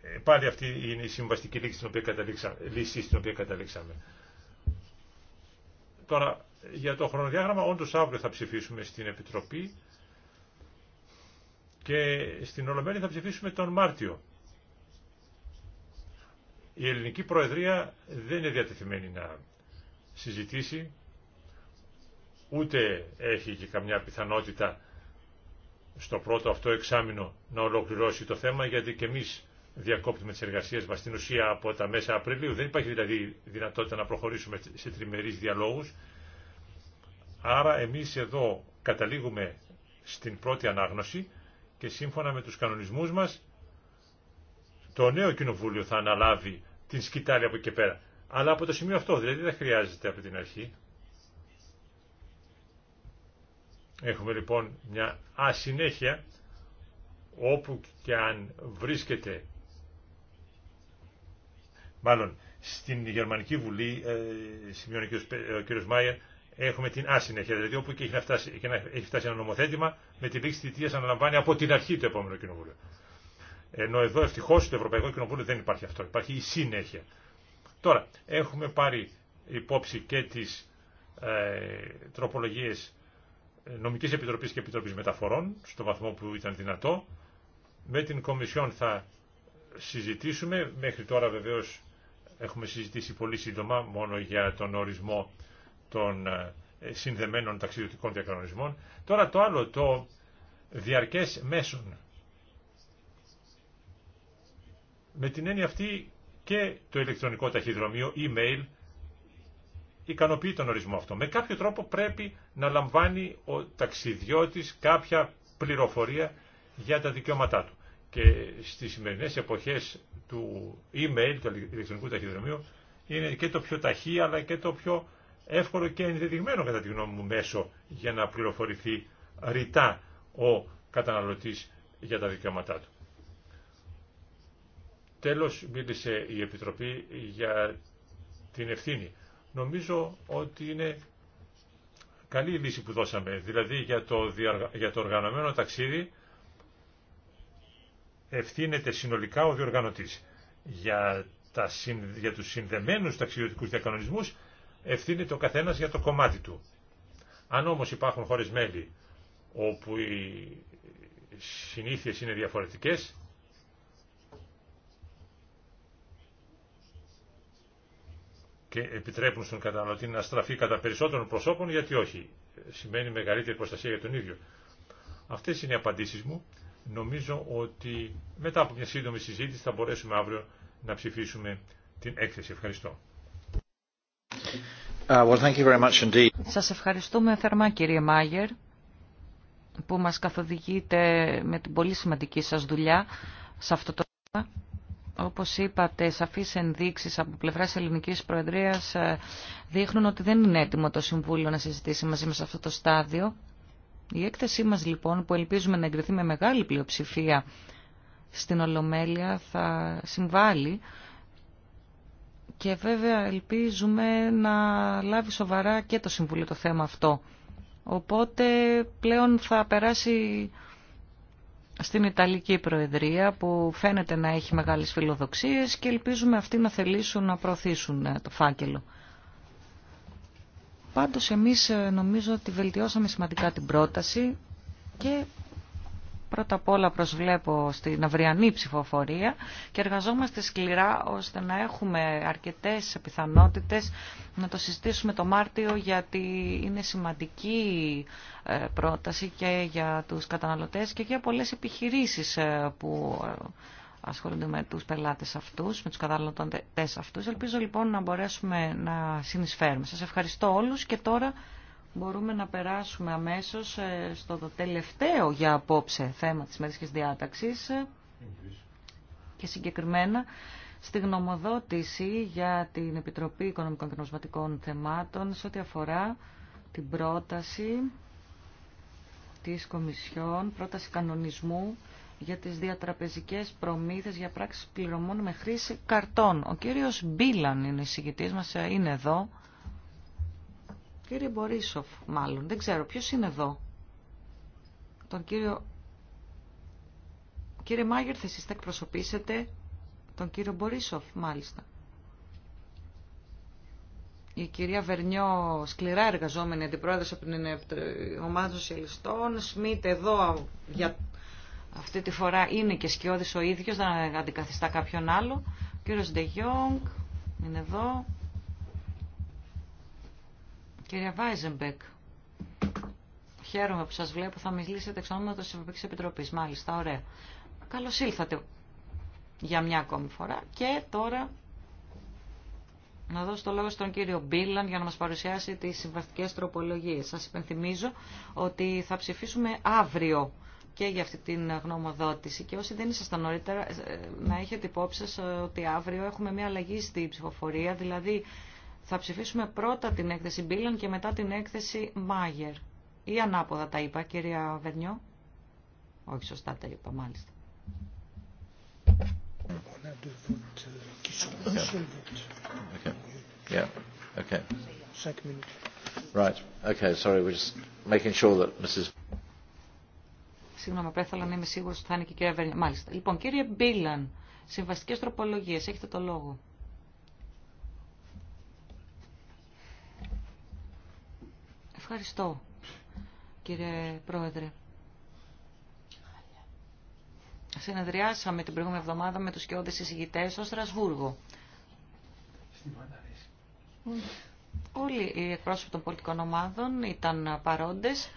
Ε, πάλι αυτή είναι η συμβαστική λύση στην οποία καταλήξαμε. Λύση στην οποία καταλήξαμε. Τώρα, για το χρονοδιάγραμμα, όντως αύριο θα ψηφίσουμε στην Επιτροπή και στην ολομένη θα ψηφίσουμε τον Μάρτιο. Η ελληνική προεδρία δεν είναι διατεθειμένη να συζητήσει, ούτε έχει και καμιά πιθανότητα στο πρώτο αυτό εξάμεινο να ολοκληρώσει το θέμα, γιατί και εμείς διακόπτουμε τις εργασίες μας στην ουσία από τα μέσα Απριλίου. Δεν υπάρχει δηλαδή δυνατότητα να προχωρήσουμε σε τριμερείς διαλόγους. Άρα εμείς εδώ καταλήγουμε στην πρώτη ανάγνωση και σύμφωνα με τους κανονισμούς μας το νέο κοινοβούλιο θα αναλάβει την σκητάλη από εκεί και πέρα. Αλλά από το σημείο αυτό, δηλαδή δεν χρειάζεται από την αρχή. Έχουμε λοιπόν μια ασυνέχεια όπου και αν βρίσκεται μάλλον στην Γερμανική Βουλή ε, σημειώνει ο κ. Μάιερ Έχουμε την ασυνέχεια, δηλαδή όπου και έχει, φτάσει, και έχει ένα νομοθέτημα, με τη λήξη θητεία αναλαμβάνει από την αρχή το επόμενο κοινοβούλιο. Ενώ εδώ ευτυχώ το Ευρωπαϊκό Κοινοβούλιο δεν υπάρχει αυτό, υπάρχει η συνέχεια. Τώρα, έχουμε πάρει υπόψη και τι ε, τροπολογίε Νομική Επιτροπή και Επιτροπή Μεταφορών, στο βαθμό που ήταν δυνατό. Με την Κομισιόν θα συζητήσουμε. Μέχρι τώρα βεβαίω έχουμε συζητήσει πολύ σύντομα μόνο για τον ορισμό των ε, συνδεμένων ταξιδιωτικών διακανονισμών. Τώρα το άλλο, το διαρκές μέσον. Με την έννοια αυτή και το ηλεκτρονικό ταχυδρομείο, email, ικανοποιεί τον ορισμό αυτό. Με κάποιο τρόπο πρέπει να λαμβάνει ο ταξιδιώτης κάποια πληροφορία για τα δικαιώματά του. Και στις σημερινές εποχές του email, του ηλεκτρονικού ταχυδρομείου, είναι και το πιο ταχύ αλλά και το πιο εύκολο και ενδεδειγμένο κατά τη γνώμη μου μέσο για να πληροφορηθεί ρητά ο καταναλωτής για τα δικαιώματά του. Τέλος μίλησε η Επιτροπή για την ευθύνη. Νομίζω ότι είναι καλή η λύση που δώσαμε, δηλαδή για το, για το οργανωμένο ταξίδι ευθύνεται συνολικά ο διοργανωτής. Για, τα, για τους συνδεμένους ταξιδιωτικούς διακανονισμούς ευθύνεται ο καθένας για το κομμάτι του. Αν όμως υπάρχουν χώρες μέλη όπου οι συνήθειες είναι διαφορετικές, και επιτρέπουν στον καταναλωτή να στραφεί κατά περισσότερων προσώπων, γιατί όχι. Σημαίνει μεγαλύτερη προστασία για τον ίδιο. Αυτές είναι οι απαντήσεις μου. Νομίζω ότι μετά από μια σύντομη συζήτηση θα μπορέσουμε αύριο να ψηφίσουμε την έκθεση. Ευχαριστώ. Uh, σας ευχαριστούμε θερμά κύριε Μάγερ που μας καθοδηγείτε με την πολύ σημαντική σας δουλειά σε αυτό το θέμα. Όπως είπατε, σαφείς ενδείξεις από πλευράς ελληνικής προεδρίας ε, δείχνουν ότι δεν είναι έτοιμο το Συμβούλιο να συζητήσει μαζί μας αυτό το στάδιο. Η έκθεσή μας λοιπόν που ελπίζουμε να εγκριθεί με μεγάλη πλειοψηφία στην Ολομέλεια θα συμβάλλει και βέβαια ελπίζουμε να λάβει σοβαρά και το Συμβούλιο το θέμα αυτό. Οπότε πλέον θα περάσει στην Ιταλική Προεδρία που φαίνεται να έχει μεγάλες φιλοδοξίες και ελπίζουμε αυτοί να θελήσουν να προωθήσουν ε, το φάκελο. Πάντως εμείς ε, νομίζω ότι βελτιώσαμε σημαντικά την πρόταση και Πρώτα απ' όλα προσβλέπω στην αυριανή ψηφοφορία και εργαζόμαστε σκληρά ώστε να έχουμε αρκετές πιθανότητες να το συζητήσουμε το Μάρτιο γιατί είναι σημαντική ε, πρόταση και για τους καταναλωτές και για πολλές επιχειρήσεις ε, που ε, ασχολούνται με τους πελάτες αυτούς, με τους καταναλωτές αυτούς. Ελπίζω λοιπόν να μπορέσουμε να συνεισφέρουμε. Σας ευχαριστώ όλους και τώρα μπορούμε να περάσουμε αμέσως ε, στο τελευταίο για απόψε θέμα της μέρης διάταξης και συγκεκριμένα στη γνωμοδότηση για την Επιτροπή Οικονομικών και Θεμάτων σε ό,τι αφορά την πρόταση της Κομισιόν, πρόταση κανονισμού για τις διατραπεζικές προμήθειες για πράξεις πληρωμών με χρήση καρτών. Ο κύριος Μπίλαν είναι μας, ε, είναι εδώ. Κύριε Μπορίσοφ, μάλλον. Δεν ξέρω ποιος είναι εδώ. Τον κύριο... Κύριε Μάγερ, θα εσείς θα εκπροσωπήσετε τον κύριο Μπορίσοφ, μάλιστα. Η κυρία Βερνιό, σκληρά εργαζόμενη αντιπρόεδρος από την ομάδα σοσιαλιστών, Σμιτ εδώ για αυτή τη φορά είναι και σκιώδης ο ίδιος, δεν αντικαθιστά κάποιον άλλο. Ο κύριος Ντεγιόγκ είναι εδώ. Κυρία Βάιζεμπεκ, χαίρομαι που σας βλέπω. Θα μιλήσετε εξ ονόματος της Ευρωπαϊκής Επιτροπής. Μάλιστα, ωραία. Καλώς ήλθατε για μια ακόμη φορά. Και τώρα να δώσω το λόγο στον κύριο Μπίλαν για να μας παρουσιάσει τις συμβαστικές τροπολογίες. Σας υπενθυμίζω ότι θα ψηφίσουμε αύριο και για αυτή την γνωμοδότηση. Και όσοι δεν ήσασταν νωρίτερα, ε, να έχετε υπόψη ότι αύριο έχουμε μια αλλαγή στη ψηφοφορία, δηλαδή θα ψηφίσουμε πρώτα την έκθεση Μπίλαν και μετά την έκθεση Μάγερ. Ή ανάποδα τα είπα, κυρία Βερνιό. Όχι, σωστά τα είπα, μάλιστα. Συγγνώμη, πέθαλα να είμαι σίγουρος ότι θα είναι και η κυρία Βερνιό. Μάλιστα. Λοιπόν, κύριε Μπίλαν, συμβαστικές τροπολογίες, έχετε το λόγο. Ευχαριστώ, κύριε Πρόεδρε. Συνεδριάσαμε την προηγούμενη εβδομάδα με τους σκιώδες εισηγητές στο Στρασβούργο. Όλοι οι εκπρόσωποι των πολιτικών ομάδων ήταν παρόντες.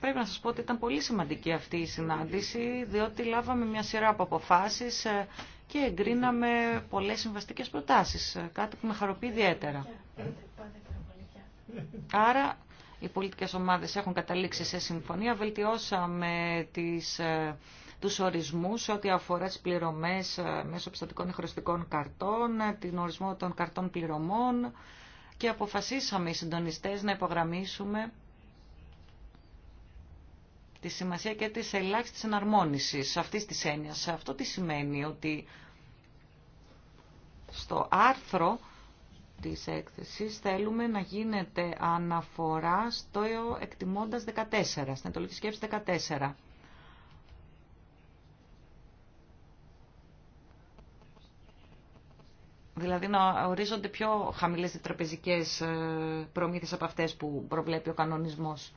Πρέπει να σας πω ότι ήταν πολύ σημαντική αυτή η συνάντηση, διότι λάβαμε μια σειρά από αποφάσεις ε, και εγκρίναμε πολλές συμβαστικέ προτάσεις, κάτι που με χαροποιεί ιδιαίτερα. Άρα οι πολιτικές ομάδες έχουν καταλήξει σε συμφωνία, βελτιώσαμε τις, ε, τους ορισμούς ό,τι αφορά τις πληρωμές ε, μέσω πιστοτικών χρηστικών καρτών, ε, την ορισμό των καρτών πληρωμών και αποφασίσαμε οι συντονιστές να υπογραμμίσουμε τη σημασία και της ελάχιστης εναρμόνισης αυτής της έννοιας. Αυτό τι σημαίνει ότι στο άρθρο της έκθεσης θέλουμε να γίνεται αναφορά στο εκτιμώντας 14, στην εντολική Σκέψη 14. Δηλαδή να ορίζονται πιο χαμηλές τραπεζικές ε, προμήθειες από αυτές που προβλέπει ο κανονισμός.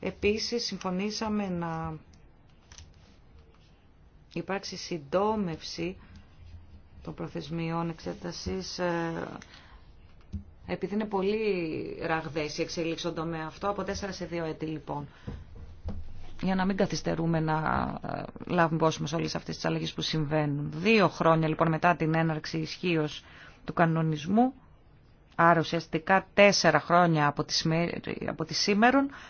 Επίσης συμφωνήσαμε να υπάρξει συντόμευση των προθεσμιών εξέτασης ε, επειδή είναι πολύ ραγδαίες οι εξελίξεις στον τομέα αυτό, από 4 σε 2 έτη λοιπόν. Για να μην καθυστερούμε να ε, λάβουμε πόσο μας όλες αυτές τις αλλαγές που συμβαίνουν. Δύο χρόνια λοιπόν μετά την έναρξη ισχύω του κανονισμού Άρα ουσιαστικά τέσσερα χρόνια από τη, από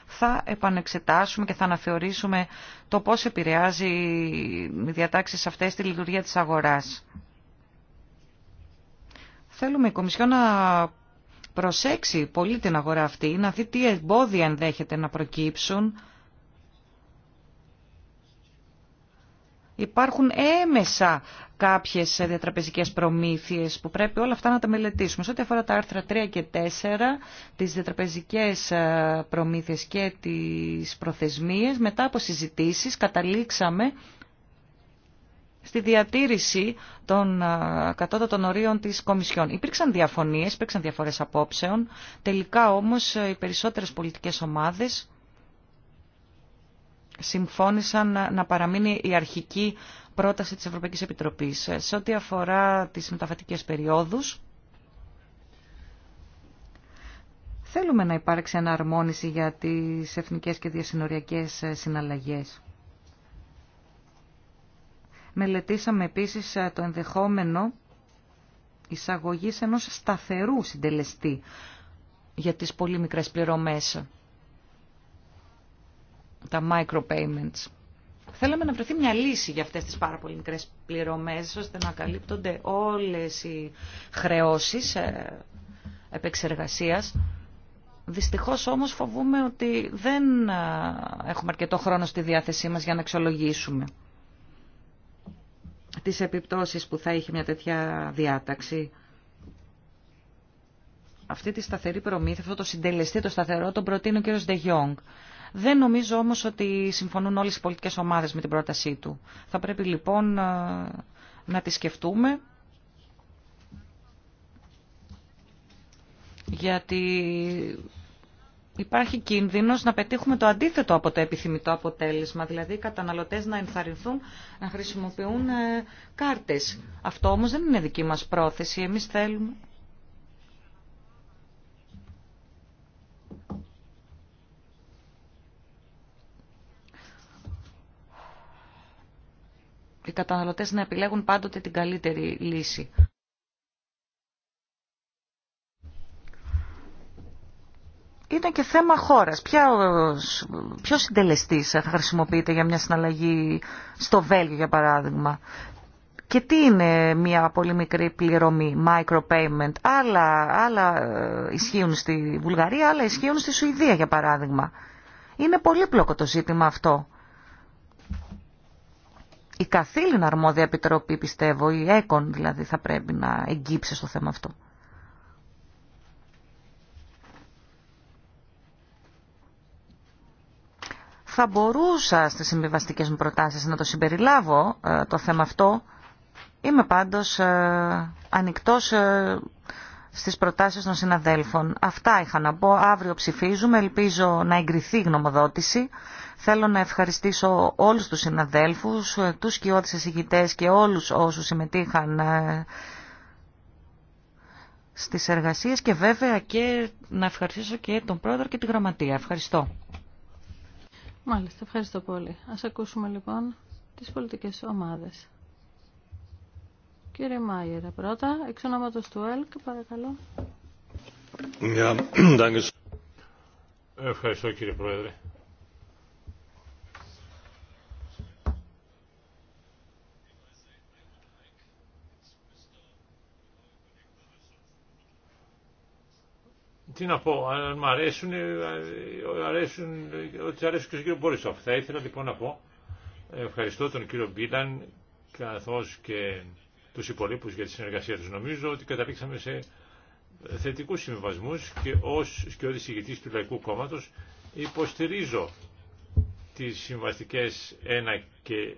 θα επανεξετάσουμε και θα αναθεωρήσουμε το πώς επηρεάζει οι διατάξεις αυτές τη λειτουργία της αγοράς. Θέλουμε η Κομισιό να προσέξει πολύ την αγορά αυτή, να δει τι εμπόδια ενδέχεται να προκύψουν υπάρχουν έμεσα κάποιες διατραπεζικές προμήθειες που πρέπει όλα αυτά να τα μελετήσουμε. Σε ό,τι αφορά τα άρθρα 3 και 4, τις διατραπεζικές ε, προμήθειες και τις προθεσμίες, μετά από συζητήσεις καταλήξαμε στη διατήρηση των ε, κατώτατων ορίων της Κομισιόν. Υπήρξαν διαφωνίες, υπήρξαν διαφορές απόψεων. Τελικά όμως ε, οι περισσότερες πολιτικές ομάδες συμφώνησαν να παραμείνει η αρχική πρόταση της Ευρωπαϊκής Επιτροπής. Ε, σε ό,τι αφορά τις μεταβατικές περιόδους, θέλουμε να υπάρξει αναρμόνιση για τις εθνικές και διασυνοριακές ε, συναλλαγές. Μελετήσαμε επίσης ε, το ενδεχόμενο εισαγωγής ενός σταθερού συντελεστή για τις πολύ μικρές πληρωμές τα micropayments. Θέλαμε να βρεθεί μια λύση για αυτές τις πάρα πολύ μικρές πληρωμές, ώστε να καλύπτονται όλες οι χρεώσεις ε, επεξεργασίας. Δυστυχώς όμως φοβούμε ότι δεν ε, έχουμε αρκετό χρόνο στη διάθεσή μας για να εξολογήσουμε τις επιπτώσεις που θα είχε μια τέτοια διάταξη. Αυτή τη σταθερή προμήθεια, αυτό το συντελεστή, το σταθερό, τον προτείνει ο κ. Δεν νομίζω όμως ότι συμφωνούν όλες οι πολιτικές ομάδες με την πρότασή του. Θα πρέπει λοιπόν ε, να τη σκεφτούμε. Γιατί υπάρχει κίνδυνος να πετύχουμε το αντίθετο από το επιθυμητό αποτέλεσμα, δηλαδή οι καταναλωτές να ενθαρρυνθούν να χρησιμοποιούν ε, κάρτες. Αυτό όμως δεν είναι δική μας πρόθεση. Εμείς θέλουμε οι καταναλωτές να επιλέγουν πάντοτε την καλύτερη λύση. Είναι και θέμα χώρας. Ποιος, συντελεστή θα χρησιμοποιείται για μια συναλλαγή στο Βέλγιο, για παράδειγμα. Και τι είναι μια πολύ μικρή πληρωμή, micropayment. Άλλα, άλλα ε, ισχύουν στη Βουλγαρία, άλλα ισχύουν στη Σουηδία, για παράδειγμα. Είναι πολύπλοκο το ζήτημα αυτό η καθήλυνα αρμόδια επιτροπή, πιστεύω, η ΕΚΟΝ δηλαδή, θα πρέπει να εγκύψει στο θέμα αυτό. Θα μπορούσα στις συμβιβαστικές μου προτάσεις να το συμπεριλάβω ε, το θέμα αυτό. Είμαι πάντως ε, ανοιχτός ε, στις προτάσεις των συναδέλφων. Αυτά είχα να πω. Αύριο ψηφίζουμε. Ελπίζω να εγκριθεί η γνωμοδότηση Θέλω να ευχαριστήσω όλους τους συναδέλφους, ε, τους κοιότητες εισηγητές και όλους όσους συμμετείχαν ε, στις εργασίες και βέβαια και να ευχαριστήσω και τον πρόεδρο και τη γραμματεία. Ευχαριστώ. Μάλιστα, ευχαριστώ πολύ. Ας ακούσουμε λοιπόν τις πολιτικές ομάδες. Κύριε Μάιερα, πρώτα, εξ ονόματος του ΕΛΚ, παρακαλώ. Ευχαριστώ κύριε Πρόεδρε. τι να πω, αν μου αρέσουν, αρέσουν, ότι αρέσουν και στον κύριο Μπόρισοφ. Θα ήθελα λοιπόν να πω, ευχαριστώ τον κύριο Μπίλαν, καθώς και τους υπολείπους για τη συνεργασία τους. Νομίζω ότι καταλήξαμε σε θετικούς συμβασμούς και ως ο ηγητής του Λαϊκού Κόμματος υποστηρίζω τις συμβαστικές 1 και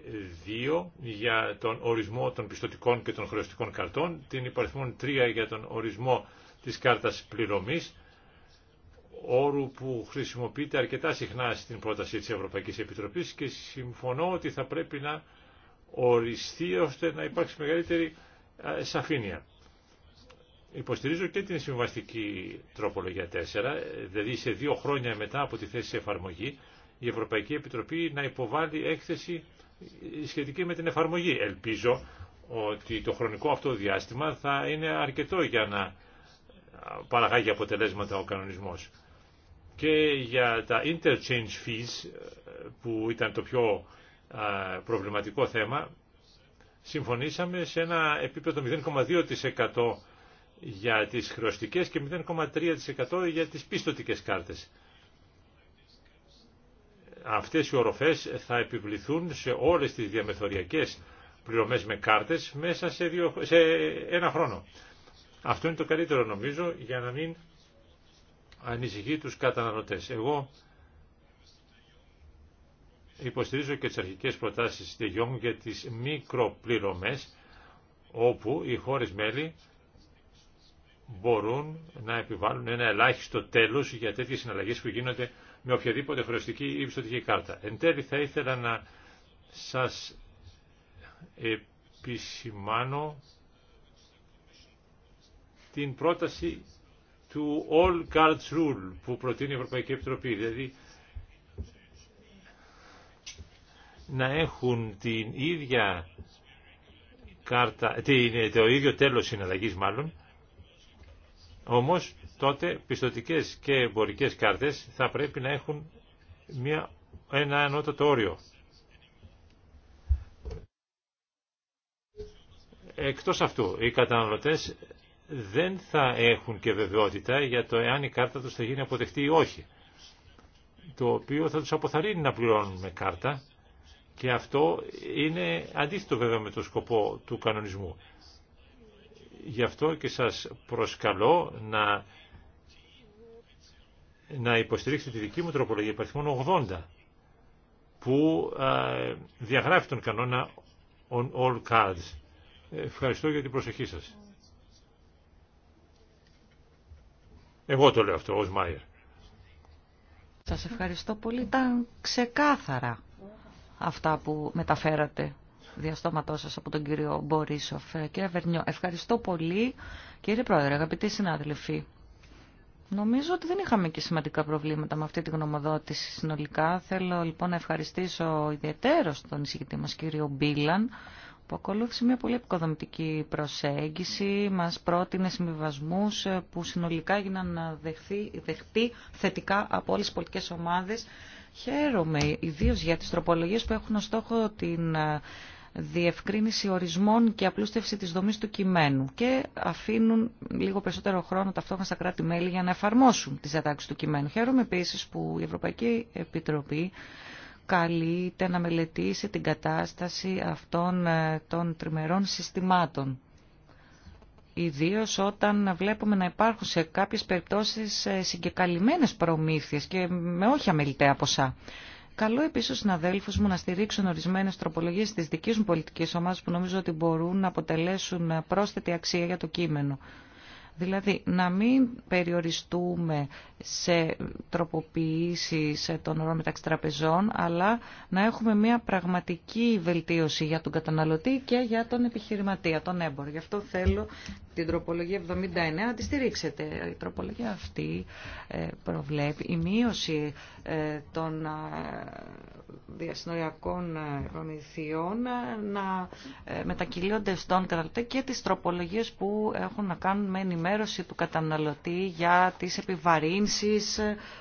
2 για τον ορισμό των πιστοτικών και των χρεωστικών καρτών, την υπαριθμόν 3 για τον ορισμό της κάρτας πληρωμής όρου που χρησιμοποιείται αρκετά συχνά στην πρόταση της Ευρωπαϊκής Επιτροπής και συμφωνώ ότι θα πρέπει να οριστεί ώστε να υπάρξει μεγαλύτερη σαφήνεια. Υποστηρίζω και την συμβαστική τροπολογία 4, δηλαδή σε δύο χρόνια μετά από τη θέση εφαρμογή, η Ευρωπαϊκή Επιτροπή να υποβάλει έκθεση σχετική με την εφαρμογή. Ελπίζω ότι το χρονικό αυτό διάστημα θα είναι αρκετό για να παραγάγει αποτελέσματα ο κανονισμός και για τα interchange fees που ήταν το πιο προβληματικό θέμα συμφωνήσαμε σε ένα επίπεδο 0,2% για τις χρεωστικές και 0,3% για τις πιστοτικές κάρτες. Αυτές οι οροφές θα επιβληθούν σε όλες τις διαμεθοριακές πληρωμές με κάρτες μέσα σε, δύο, σε ένα χρόνο. Αυτό είναι το καλύτερο νομίζω για να μην ανησυχεί τους καταναλωτές. Εγώ υποστηρίζω και τις αρχικές προτάσεις της Γιόγκ για τις μικροπληρωμές, όπου οι χώρες μέλη μπορούν να επιβάλλουν ένα ελάχιστο τέλος για τέτοιες συναλλαγές που γίνονται με οποιαδήποτε χρεωστική ή πιστοτική κάρτα. Εν τέλει θα ήθελα να σας επισημάνω την πρόταση του All Guards Rule που προτείνει η Ευρωπαϊκή Επιτροπή, δηλαδή να έχουν την ίδια κάρτα, το ίδιο τέλος συναλλαγής μάλλον, όμως τότε πιστοτικές και εμπορικές κάρτες θα πρέπει να έχουν μια, ένα ανώτατο όριο. Εκτός αυτού, οι καταναλωτές δεν θα έχουν και βεβαιότητα για το εάν η κάρτα τους θα γίνει αποδεκτή ή όχι. Το οποίο θα τους αποθαρρύνει να πληρώνουν με κάρτα και αυτό είναι αντίθετο βέβαια με το σκοπό του κανονισμού. Γι' αυτό και σας προσκαλώ να, να υποστηρίξετε τη δική μου τροπολογία υπαριθμών 80 που διαγράφει τον κανόνα on all cards. Ευχαριστώ για την προσοχή σας. Εγώ το λέω αυτό, ως Μάιερ. Σας ευχαριστώ πολύ. Ήταν ξεκάθαρα αυτά που μεταφέρατε διαστόματός σας από τον κύριο Μπορίσοφ. Κύριε Βερνιό, ευχαριστώ πολύ. Κύριε Πρόεδρε, αγαπητοί συνάδελφοι, νομίζω ότι δεν είχαμε και σημαντικά προβλήματα με αυτή τη γνωμοδότηση συνολικά. Θέλω λοιπόν να ευχαριστήσω ιδιαίτερο τον εισηγητή μας κύριο Μπίλαν, που ακολούθησε μια πολύ επικοδομητική προσέγγιση, μας πρότεινε συμβιβασμού ε, που συνολικά έγιναν ε, δεχτεί θετικά από όλες τις πολιτικές ομάδες. Χαίρομαι ιδίως για τις τροπολογίες που έχουν ως στόχο την ε, διευκρίνηση ορισμών και απλούστευση της δομής του κειμένου και αφήνουν λίγο περισσότερο χρόνο ταυτόχρονα στα κράτη-μέλη για να εφαρμόσουν τις διατάξεις του κειμένου. Χαίρομαι επίσης που η Ευρωπαϊκή Επιτροπή καλείται να μελετήσει την κατάσταση αυτών ε, των τριμερών συστημάτων. Ιδίω όταν βλέπουμε να υπάρχουν σε κάποιες περιπτώσεις ε, συγκεκαλυμμένες προμήθειες και με όχι αμεληταία ποσά. Καλό επίσης συναδέλφους μου να στηρίξουν ορισμένες τροπολογίες της δικής μου πολιτικής ομάδας που νομίζω ότι μπορούν να αποτελέσουν ε, πρόσθετη αξία για το κείμενο. Δηλαδή να μην περιοριστούμε σε τροποποιήσεις των όρων μεταξύ τραπεζών, αλλά να έχουμε μια πραγματική βελτίωση για τον καταναλωτή και για τον επιχειρηματία, τον έμπορο. Γι' αυτό θέλω την τροπολογία 79 να τη στηρίξετε. Η τροπολογία αυτή ε, προβλέπει η μείωση ε, των ε, διασυνοριακών προμηθειών ε, ε, να ε, μετακυλίονται στον καταναλωτή και τις τροπολογίες που έχουν να κάνουν με ενημέρωση του καταναλωτή για τις επιβαρύνσεις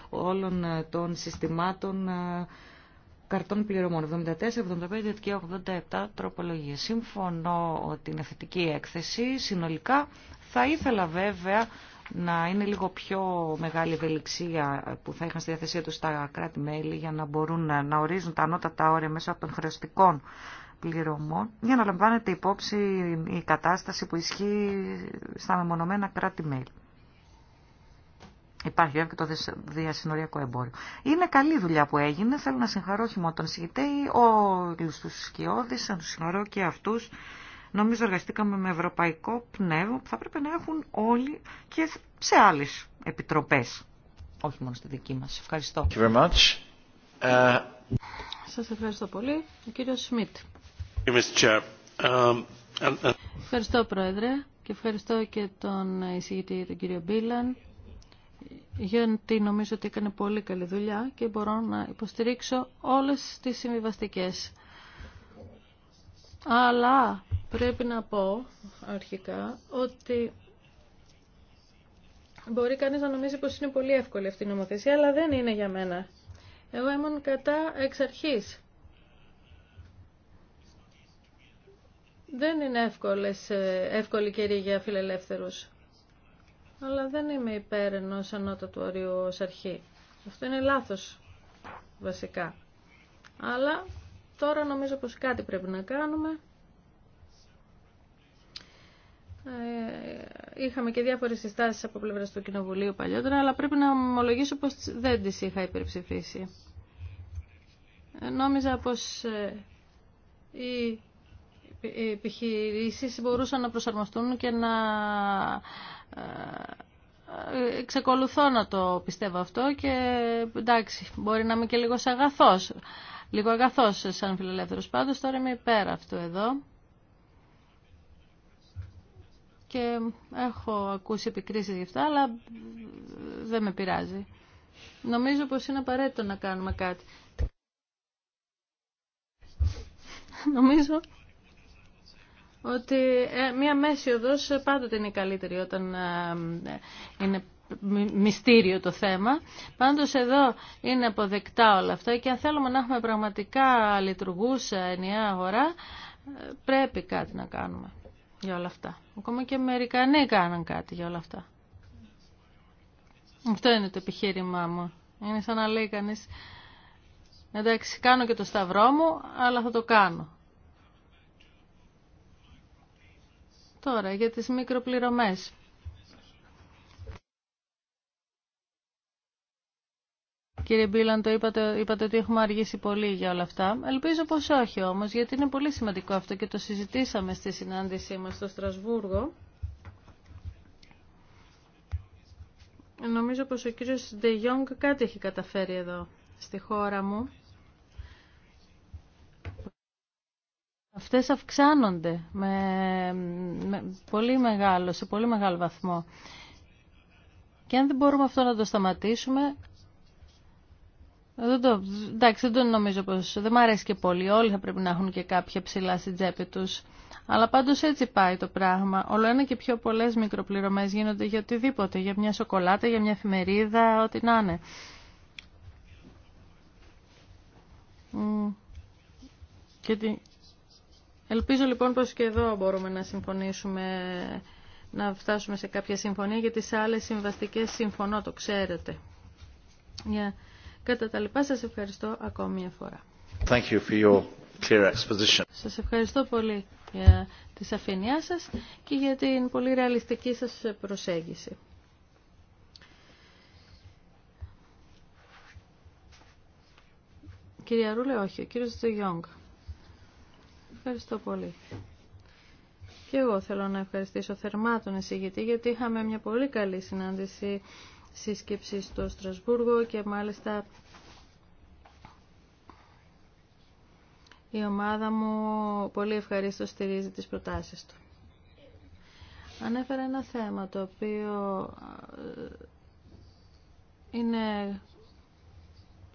όλων των συστημάτων καρτών πληρωμών. 74, 75 και 87 τροπολογίες. Σύμφωνο την είναι έκθεση. Συνολικά θα ήθελα βέβαια να είναι λίγο πιο μεγάλη ευελιξία που θα είχαν στη διαθεσία τους τα κράτη-μέλη για να μπορούν να ορίζουν τα ανώτατα όρια μέσω των χρεωστικών πληρωμών για να λαμβάνεται υπόψη η κατάσταση που ισχύει στα μεμονωμένα κράτη-μέλη. Υπάρχει βέβαια και το διασυνοριακό εμπόριο. Είναι καλή δουλειά που έγινε. Θέλω να συγχαρώ όχι μόνο τον συγκεκριτή, όλου του σκιώδει, να συγχαρώ και αυτού Νομίζω εργαστήκαμε με ευρωπαϊκό πνεύμα που θα πρέπει να έχουν όλοι και σε άλλες επιτροπές. Όχι μόνο στη δική μας. Ευχαριστώ. Thank Uh... Σας ευχαριστώ πολύ. Ο κύριος Σμιτ. Um, ευχαριστώ Πρόεδρε και ευχαριστώ και τον εισηγητή τον κύριο Μπίλαν γιατί νομίζω ότι έκανε πολύ καλή δουλειά και μπορώ να υποστηρίξω όλες τις συμβιβαστικέ. Αλλά Πρέπει να πω αρχικά ότι μπορεί κανείς να νομίζει πως είναι πολύ εύκολη αυτή η νομοθεσία, αλλά δεν είναι για μένα. Εγώ ήμουν κατά εξ αρχής. Δεν είναι εύκολες, ε, εύκολη καιρή για φιλελεύθερους. Αλλά δεν είμαι υπέρ ενός ανώτατου όριου ως αρχή. Αυτό είναι λάθος, βασικά. Αλλά τώρα νομίζω πως κάτι πρέπει να κάνουμε ε, είχαμε και διάφορες συστάσεις από πλευράς του Κοινοβουλίου παλιότερα, αλλά πρέπει να ομολογήσω πως δεν τις είχα υπερψηφίσει. Ε, νόμιζα πως ε, οι επιχειρήσεις μπορούσαν να προσαρμοστούν και να εξακολουθώ να το πιστεύω αυτό και εντάξει μπορεί να είμαι και λίγο αγαθός λίγο αγαθός σαν φιλελεύθερος πάντως τώρα είμαι υπέρ αυτού εδώ και έχω ακούσει επικρίσεις γι' αυτά, αλλά δεν με πειράζει. Νομίζω πως είναι απαραίτητο να κάνουμε κάτι. Νομίζω ότι ε, μία μέση οδός πάντοτε είναι καλύτερη όταν ε, είναι μυστήριο το θέμα. Πάντως εδώ είναι αποδεκτά όλα αυτά και αν θέλουμε να έχουμε πραγματικά λειτουργούσα ενιαία αγορά ε, πρέπει κάτι να κάνουμε για όλα αυτά. Ακόμα και οι Αμερικανοί κάναν κάτι για όλα αυτά. Αυτό είναι το επιχείρημά μου. Είναι σαν να λέει κανεί. εντάξει κάνω και το σταυρό μου, αλλά θα το κάνω. Τώρα για τις μικροπληρωμές. Κύριε Μπίλαν, το είπατε, είπατε ότι έχουμε αργήσει πολύ για όλα αυτά. Ελπίζω πως όχι όμως, γιατί είναι πολύ σημαντικό αυτό και το συζητήσαμε στη συνάντησή μας στο Στρασβούργο. Νομίζω πως ο κύριος Ντεγιόγκ κάτι έχει καταφέρει εδώ, στη χώρα μου. Αυτές αυξάνονται με, με πολύ μεγάλο, σε πολύ μεγάλο βαθμό. Και αν δεν μπορούμε αυτό να το σταματήσουμε, δεν το, εντάξει, δεν το νομίζω πως... Δεν μ' αρέσει και πολύ. Όλοι θα πρέπει να έχουν και κάποια ψηλά στην τσέπη τους. Αλλά πάντως έτσι πάει το πράγμα. Όλο ένα και πιο πολλές μικροπληρωμές γίνονται για οτιδήποτε. Για μια σοκολάτα, για μια εφημερίδα, ό,τι να είναι. Και τι... Ελπίζω λοιπόν πως και εδώ μπορούμε να συμφωνήσουμε, να φτάσουμε σε κάποια συμφωνία, γιατί σε άλλες συμβαστικές συμφωνώ, το ξέρετε. Κατά τα λοιπά σας ευχαριστώ ακόμη μια φορά. Thank you for your clear exposition. Σας ευχαριστώ πολύ για τη σαφήνειά σας και για την πολύ ρεαλιστική σας προσέγγιση. Κυρία Ρούλε, όχι. Ο κύριος Τζεγιόγκ. Ευχαριστώ πολύ. Και εγώ θέλω να ευχαριστήσω θερμά τον εισηγητή γιατί είχαμε μια πολύ καλή συνάντηση σύσκεψη στο Στρασβούργο και μάλιστα η ομάδα μου πολύ ευχαρίστως στηρίζει τις προτάσεις του. Ανέφερα ένα θέμα το οποίο ε, είναι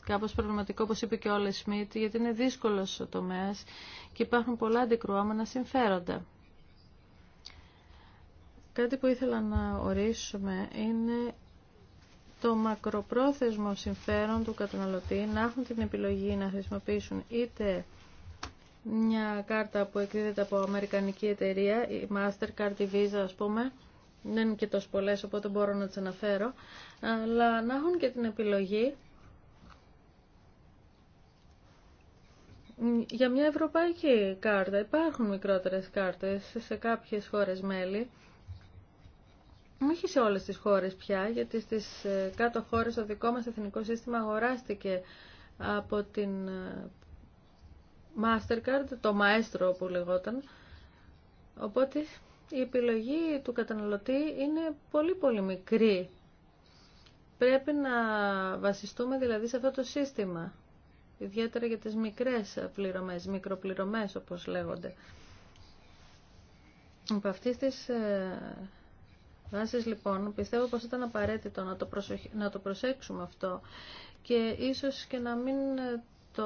κάπως προβληματικό, όπως είπε και ο Όλε Σμιτ, γιατί είναι δύσκολος ο τομέας και υπάρχουν πολλά αντικρουόμενα συμφέροντα. Κάτι που ήθελα να ορίσουμε είναι το μακροπρόθεσμο συμφέρον του καταναλωτή να έχουν την επιλογή να χρησιμοποιήσουν είτε μια κάρτα που εκδίδεται από αμερικανική εταιρεία, η Mastercard, η Visa ας πούμε, δεν είναι και τόσο πολλές οπότε μπορώ να τις αναφέρω, αλλά να έχουν και την επιλογή για μια ευρωπαϊκή κάρτα. Υπάρχουν μικρότερες κάρτες σε κάποιες χώρες μέλη όχι σε όλες τις χώρες πια, γιατί στις ε, κάτω χώρες το δικό μας εθνικό σύστημα αγοράστηκε από την ε, Mastercard, το μαέστρο που λεγόταν. Οπότε η επιλογή του καταναλωτή είναι πολύ πολύ μικρή. Πρέπει να βασιστούμε δηλαδή σε αυτό το σύστημα, ιδιαίτερα για τις μικρές πληρωμές, μικροπληρωμές όπως λέγονται. Από αυτής της ε, Βάσεις λοιπόν, πιστεύω πως ήταν απαραίτητο να το, προσέξουμε αυτό και ίσως και να μην ε, το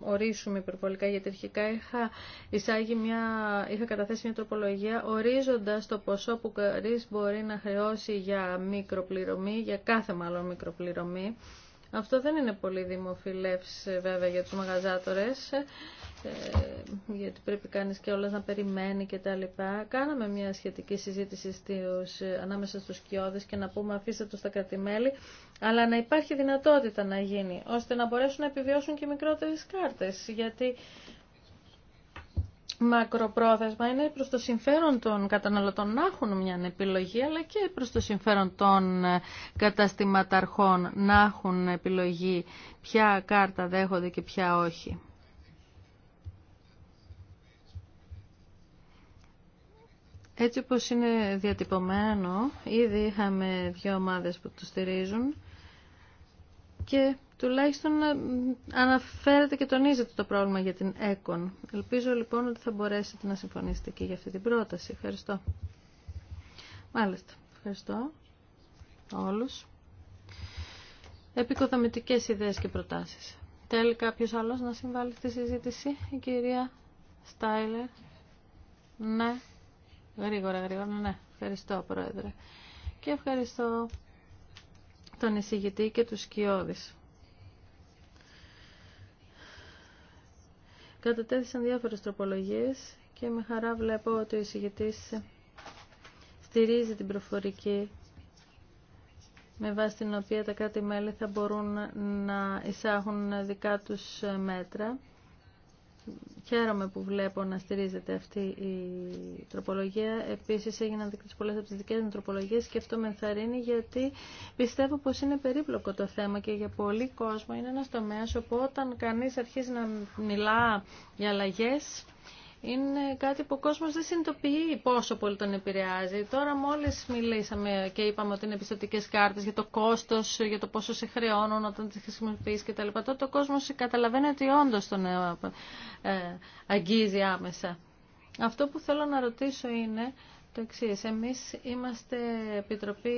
ορίσουμε υπερβολικά, γιατί αρχικά είχα, μια, είχα καταθέσει μια τροπολογία ορίζοντας το ποσό που κανείς μπορεί να χρεώσει για μικροπληρωμή, για κάθε μάλλον μικροπληρωμή, αυτό δεν είναι πολύ δημοφιλεύς ε, βέβαια για τους μαγαζάτορες, ε, γιατί πρέπει κανείς και όλας να περιμένει και τα λοιπά. Κάναμε μια σχετική συζήτηση στους, ε, ανάμεσα στους κοιόδες και να πούμε αφήστε το στα κρατημέλη, αλλά να υπάρχει δυνατότητα να γίνει, ώστε να μπορέσουν να επιβιώσουν και μικρότερες κάρτες, γιατί μακροπρόθεσμα είναι προς το συμφέρον των καταναλωτών να έχουν μια επιλογή αλλά και προς το συμφέρον των ε, καταστηματαρχών να έχουν επιλογή ποια κάρτα δέχονται και ποια όχι. Έτσι όπως είναι διατυπωμένο, ήδη είχαμε δύο ομάδες που το στηρίζουν και τουλάχιστον ε, αναφέρετε και τονίζετε το πρόβλημα για την ΕΚΟΝ. Ελπίζω λοιπόν ότι θα μπορέσετε να συμφωνήσετε και για αυτή την πρόταση. Ευχαριστώ. Μάλιστα. Ευχαριστώ όλους. Επικοδομητικές ιδέες και προτάσεις. Θέλει κάποιος άλλος να συμβάλλει στη συζήτηση, η κυρία Στάιλερ. Ναι. Γρήγορα, γρήγορα, ναι. Ευχαριστώ, Πρόεδρε. Και ευχαριστώ τον εισηγητή και τους σκιώδης. Κατατέθησαν διάφορες τροπολογίες και με χαρά βλέπω ότι ο εισηγητής στηρίζει την προφορική με βάση την οποία τα κράτη-μέλη θα μπορούν να εισάγουν δικά τους μέτρα Χαίρομαι που βλέπω να στηρίζεται αυτή η τροπολογία. Επίσης έγιναν δεκτές πολλές από τις δικές μου τροπολογίες και αυτό με ενθαρρύνει γιατί πιστεύω πως είναι περίπλοκο το θέμα και για πολύ κόσμο είναι ένας τομέας όπου όταν κανείς αρχίζει να μιλά για αλλαγές είναι κάτι που ο κόσμος δεν συνειδητοποιεί πόσο πολύ τον επηρεάζει. Τώρα μόλις μιλήσαμε και είπαμε ότι είναι επιστοτικές κάρτες για το κόστος, για το πόσο σε χρεώνουν όταν τις χρησιμοποιείς κτλ. Τότε ο κόσμος καταλαβαίνει ότι όντως τον ε, ε, αγγίζει άμεσα. Αυτό που θέλω να ρωτήσω είναι το εξή. Εμεί είμαστε επιτροπή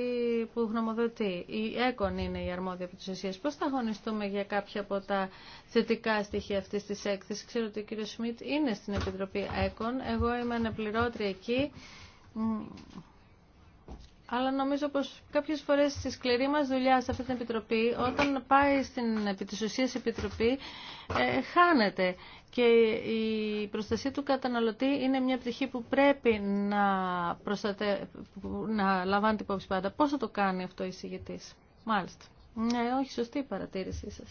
που γνωμοδοτεί. Η ΕΚΟΝ είναι η αρμόδια από τι ουσίε. Πώ θα αγωνιστούμε για κάποια από τα θετικά στοιχεία αυτή τη έκθεση. Ξέρω ότι ο κύριο Σμιτ είναι στην επιτροπή ΕΚΟΝ. Εγώ είμαι αναπληρώτρια εκεί. Αλλά νομίζω πως κάποιες φορές στη σκληρή μας δουλειά σε αυτή την Επιτροπή, όταν πάει στην Επιτροπή, ε, χάνεται και η προστασία του καταναλωτή είναι μια πτυχή που πρέπει να, προστατε... να λαμβάνει την υπόψη πάντα. Πώς θα το κάνει αυτό η συγγετής. Μάλιστα. Ναι, όχι, σωστή η παρατήρησή σας.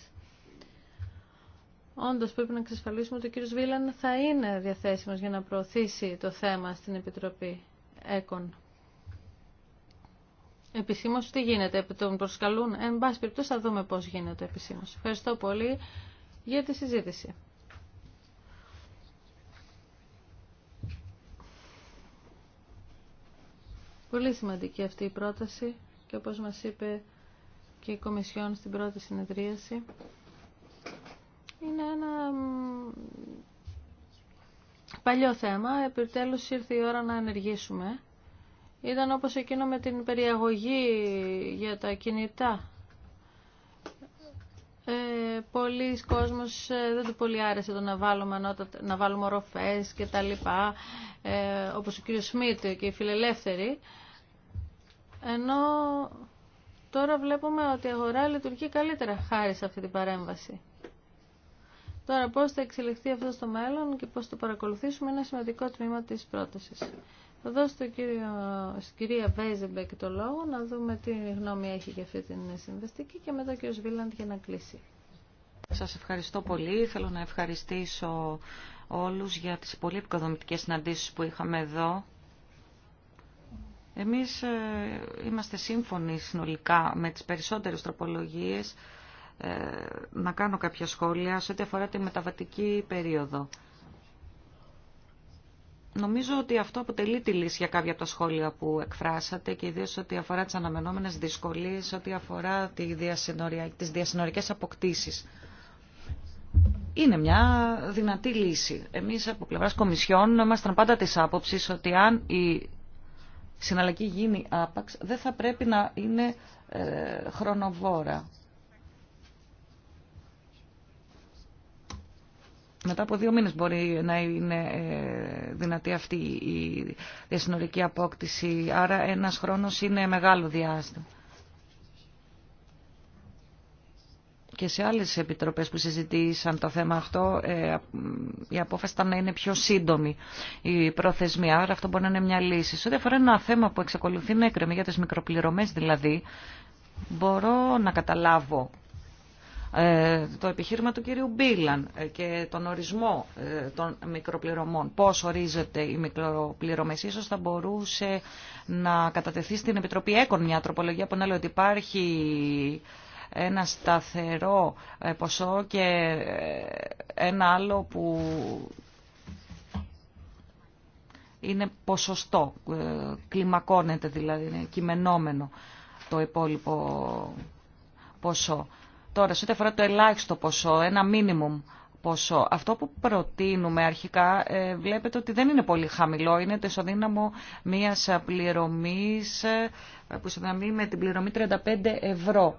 Όντω πρέπει να εξασφαλίσουμε ότι ο κύριος Βίλαν θα είναι διαθέσιμος για να προωθήσει το θέμα στην Επιτροπή ΕΚΟΝ. Επισήμως τι γίνεται, τον προσκαλούν. Εν πάση περιπτώσει θα δούμε πώς γίνεται επισήμως. Ευχαριστώ πολύ για τη συζήτηση. Πολύ σημαντική αυτή η πρόταση και όπως μας είπε και η Κομισιόν στην πρώτη συνεδρίαση είναι ένα παλιό θέμα, επιτέλους ήρθε η ώρα να ενεργήσουμε. Ήταν όπως εκείνο με την περιαγωγή για τα κινητά ε, πολλοί κόσμος ε, δεν του πολύ άρεσε το να βάλουμε, να βάλουμε οροφές και τα λοιπά, ε, όπως ο κύριος Σμίτ και οι φιλελεύθεροι. Ενώ τώρα βλέπουμε ότι η αγορά λειτουργεί καλύτερα χάρη σε αυτή την παρέμβαση. Τώρα πώς θα εξελιχθεί αυτό στο μέλλον και πώς το παρακολουθήσουμε είναι ένα σημαντικό τμήμα της πρότασης. Θα δώσω στην κυρία Βέιζεμπεκ το λόγο να δούμε τι γνώμη έχει για αυτή την συνδεστική και μετά ο κύριο για να κλείσει. Σας ευχαριστώ πολύ. Θέλω να ευχαριστήσω όλους για τις πολύ επικοδομητικές συναντήσεις που είχαμε εδώ. Εμείς ε, είμαστε σύμφωνοι συνολικά με τις περισσότερες τροπολογίες ε, να κάνω κάποια σχόλια σε ό,τι αφορά τη μεταβατική περίοδο. Νομίζω ότι αυτό αποτελεί τη λύση για κάποια από τα σχόλια που εκφράσατε και ιδίως ό,τι αφορά τις αναμενόμενες δυσκολίες, ό,τι αφορά τη διασυνορια... τις διασυνορικές αποκτήσεις. Είναι μια δυνατή λύση. Εμείς από πλευράς Κομισιόν ήμασταν πάντα της άποψης ότι αν η συναλλαγή γίνει άπαξ δεν θα πρέπει να είναι ε, χρονοβόρα. μετά από δύο μήνες μπορεί να είναι ε, δυνατή αυτή η διασυνορική απόκτηση, άρα ένας χρόνος είναι μεγάλο διάστημα. Και σε άλλες επιτροπές που συζητήσαν το θέμα αυτό, ε, η απόφαση ήταν να είναι πιο σύντομη η προθεσμία, άρα αυτό μπορεί να είναι μια λύση. Σε ό,τι αφορά ένα θέμα που εξακολουθεί να εκκρεμεί για τις μικροπληρωμές δηλαδή, μπορώ να καταλάβω ε, το επιχείρημα του κυρίου Μπίλαν ε, και τον ορισμό ε, των μικροπληρωμών, πώς ορίζεται η μικροπληρωμές, ίσως θα μπορούσε να κατατεθεί στην Επιτροπή Έκων μια τροπολογία που να λέει ότι υπάρχει ένα σταθερό ποσό και ένα άλλο που είναι ποσοστό, κλιμακώνεται δηλαδή, είναι κειμενόμενο το υπόλοιπο ποσό. Τώρα, σε ό,τι αφορά το ελάχιστο ποσό, ένα μίνιμουμ ποσό, αυτό που προτείνουμε αρχικά ε, βλέπετε ότι δεν είναι πολύ χαμηλό, είναι το ισοδύναμο μίας πληρωμής ε, που ισοδυναμεί με την πληρωμή 35 ευρώ.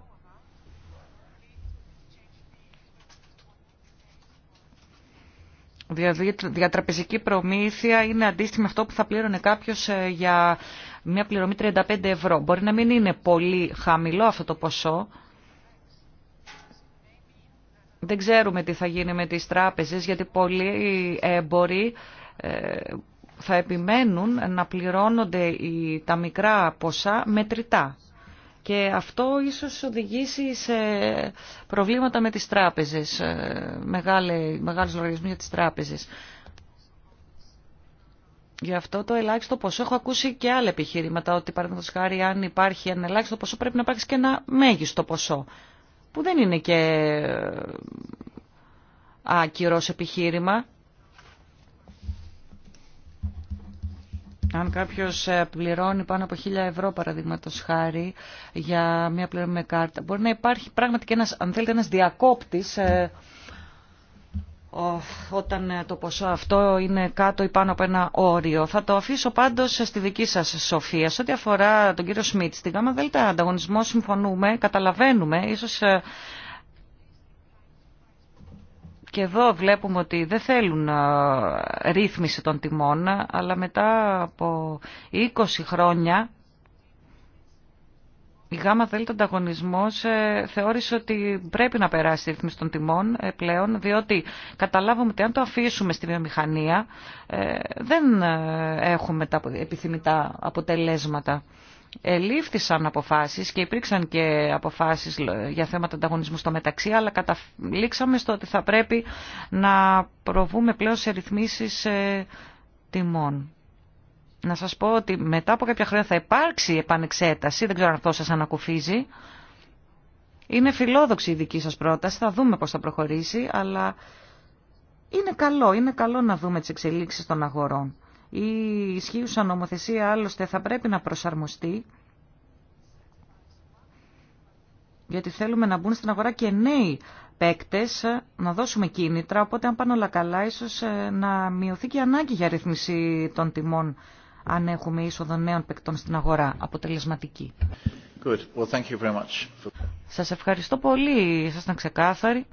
Δηλαδή, διατραπεζική προμήθεια είναι αντίστοιχη με αυτό που θα πλήρωνε κάποιος ε, για μια πληρωμή 35 ευρώ. Μπορεί να μην είναι πολύ χαμηλό αυτό το ποσό, δεν ξέρουμε τι θα γίνει με τις τράπεζες γιατί πολλοί εμποροί ε, θα επιμένουν να πληρώνονται τα μικρά ποσά μετρητά. Και αυτό ίσως οδηγήσει σε προβλήματα με τις τράπεζες, ε, μεγάλε, μεγάλους για τις τράπεζες. Γι' αυτό το ελάχιστο ποσό έχω ακούσει και άλλα επιχείρηματα, ότι παραδείγματος χάρη αν υπάρχει ένα ελάχιστο ποσό πρέπει να υπάρξει και ένα μέγιστο ποσό που δεν είναι και ε, άκυρος επιχείρημα. Αν κάποιος ε, πληρώνει πάνω από 1000 ευρώ, παραδείγματο χάρη, για μια πληρώνη με κάρτα, μπορεί να υπάρχει πράγματι και ένας, αν θέλετε, ένα διακόπτη ε, όταν ε, το ποσό αυτό είναι κάτω ή πάνω από ένα όριο. Θα το αφήσω πάντως στη δική σας σοφία. Σε ό,τι αφορά τον κύριο Σμιτ, στην ΓΑΜΑ ανταγωνισμό συμφωνούμε, καταλαβαίνουμε, ίσως ε, και εδώ βλέπουμε ότι δεν θέλουν ε, ρύθμιση των τιμών, αλλά μετά από 20 χρόνια η ΓΑΜΑ ΔΕΛΤΑ ανταγωνισμός ε, θεώρησε ότι πρέπει να περάσει η ρύθμιση των τιμών ε, πλέον, διότι καταλάβουμε ότι αν το αφήσουμε στη βιομηχανία ε, δεν έχουμε τα επιθυμητά αποτελέσματα. Ελήφθησαν αποφάσεις και υπήρξαν και αποφάσεις για θέματα ανταγωνισμού στο μεταξύ, αλλά καταλήξαμε στο ότι θα πρέπει να προβούμε πλέον σε ρυθμίσεις τιμών να σας πω ότι μετά από κάποια χρόνια θα υπάρξει επανεξέταση, δεν ξέρω αν αυτό σας ανακουφίζει. Είναι φιλόδοξη η δική σας πρόταση, θα δούμε πώς θα προχωρήσει, αλλά είναι καλό, είναι καλό να δούμε τις εξελίξεις των αγορών. Η ισχύουσα νομοθεσία άλλωστε θα πρέπει να προσαρμοστεί, γιατί θέλουμε να μπουν στην αγορά και νέοι παίκτες, να δώσουμε κίνητρα, οπότε αν πάνε όλα καλά ίσως ε, να μειωθεί και η ανάγκη για ρυθμίση των τιμών αν έχουμε είσοδο νέων παικτών στην αγορά, αποτελεσματική. Good. Well, thank you very much. Σας ευχαριστώ πολύ, ήσασταν ξεκάθαροι.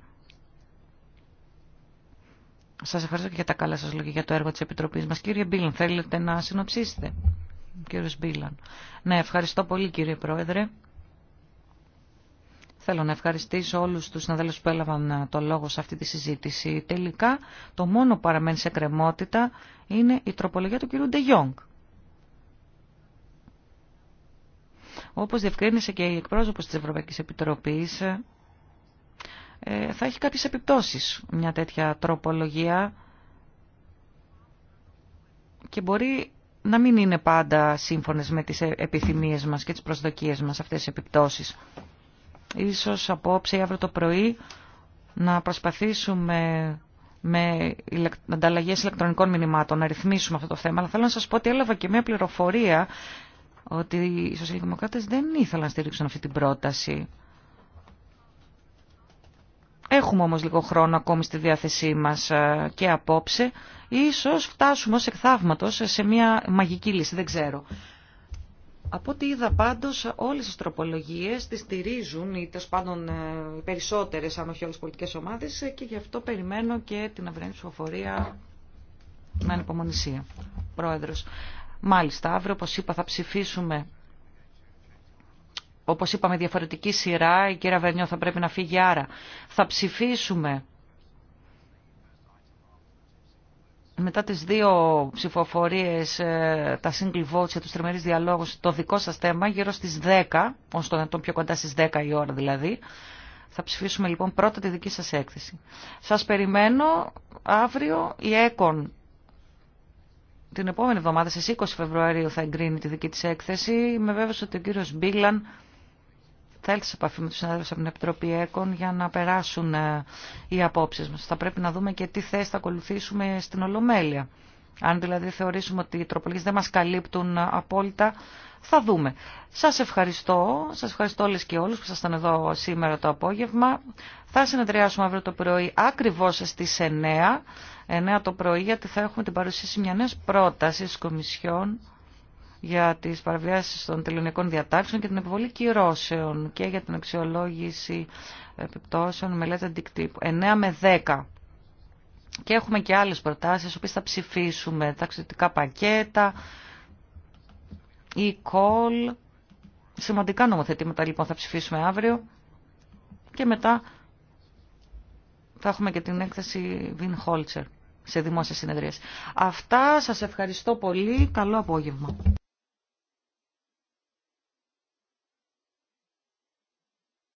Σας ευχαριστώ και για τα καλά σας λόγια για το έργο της Επιτροπής μας. Κύριε Μπίλαν, θέλετε να συνοψίσετε. Κύριος Μπίλαν. Ναι, ευχαριστώ πολύ κύριε Πρόεδρε. Θέλω να ευχαριστήσω όλους τους συναδέλφους που έλαβαν ε, το λόγο σε αυτή τη συζήτηση. Τελικά, το μόνο που παραμένει σε κρεμότητα είναι η τροπολογία του κυρίου Ντεγιόγκ. Όπως διευκρίνησε και η εκπρόσωπος της Ευρωπαϊκής Επιτροπής, ε, θα έχει κάποιες επιπτώσεις μια τέτοια τροπολογία και μπορεί να μην είναι πάντα σύμφωνες με τις επιθυμίες μας και τις προσδοκίες μας αυτές οι επιπτώσεις. Ίσως απόψε ή αύριο το πρωί να προσπαθήσουμε με ανταλλαγέ ηλεκτρονικών μηνυμάτων να ρυθμίσουμε αυτό το θέμα. Αλλά θέλω να σα πω ότι έλαβα και μια πληροφορία ότι οι σοσιαλδημοκράτες δεν ήθελαν να στηρίξουν αυτή την πρόταση. Έχουμε όμως λίγο χρόνο ακόμη στη διάθεσή μας ε, και απόψε. Ίσως φτάσουμε ως εκθαύματος σε μια μαγική λύση, δεν ξέρω. Από ό,τι είδα πάντως όλες τις τροπολογίες τις στηρίζουν ή τέλο πάντων ε, περισσότερες αν όχι όλες τις πολιτικές ομάδες ε, και γι' αυτό περιμένω και την αυριανή ψηφοφορία με ανυπομονησία. Πρόεδρος, Μάλιστα, αύριο, όπως είπα, θα ψηφίσουμε όπως είπαμε, διαφορετική σειρά. Η κυρία Βερνιό θα πρέπει να φύγει άρα. Θα ψηφίσουμε μετά τις δύο ψηφοφορίες, ε, τα single votes και τους τριμερείς διαλόγους, το δικό σας θέμα, γύρω στις 10, ως το πιο κοντά στις 10 η ώρα δηλαδή. Θα ψηφίσουμε λοιπόν πρώτα τη δική σας έκθεση. Σας περιμένω αύριο η ΕΚΟΝ την επόμενη εβδομάδα, στις 20 Φεβρουαρίου, θα εγκρίνει τη δική της έκθεση. Είμαι βέβαιος ότι ο κύριος Μπίλαν θα έλθει σε επαφή με τους συνάδελφους από την Επιτροπή ΕΚΟΝ για να περάσουν ε, οι απόψεις μας. Θα πρέπει να δούμε και τι θέση θα ακολουθήσουμε στην Ολομέλεια. Αν δηλαδή θεωρήσουμε ότι οι τροπολογίες δεν μας καλύπτουν ε, απόλυτα, θα δούμε. Σας ευχαριστώ, σας ευχαριστώ όλες και όλους που ήσασταν εδώ σήμερα το απόγευμα. Θα συνεδριάσουμε αύριο το πρωί ακριβώς στις 9. 9 το πρωί, γιατί θα έχουμε την παρουσίαση μια νέα πρόταση τη Κομισιόν για τι παραβιάσεις των τελωνικών διατάξεων και την επιβολή κυρώσεων και για την αξιολόγηση επιπτώσεων μελέτη αντικτύπου. 9 με 10. Και έχουμε και άλλες προτάσεις, οποίε θα ψηφισουμε ταξιδιτικά ταξιδιωτικά πακέτα, e-call, σημαντικά νομοθετήματα λοιπόν θα ψηφίσουμε αύριο και μετά θα έχουμε και την έκθεση Βιν Χόλτσερ σε δημόσια συνεδρίες. Αυτά σας ευχαριστώ πολύ. Καλό απόγευμα.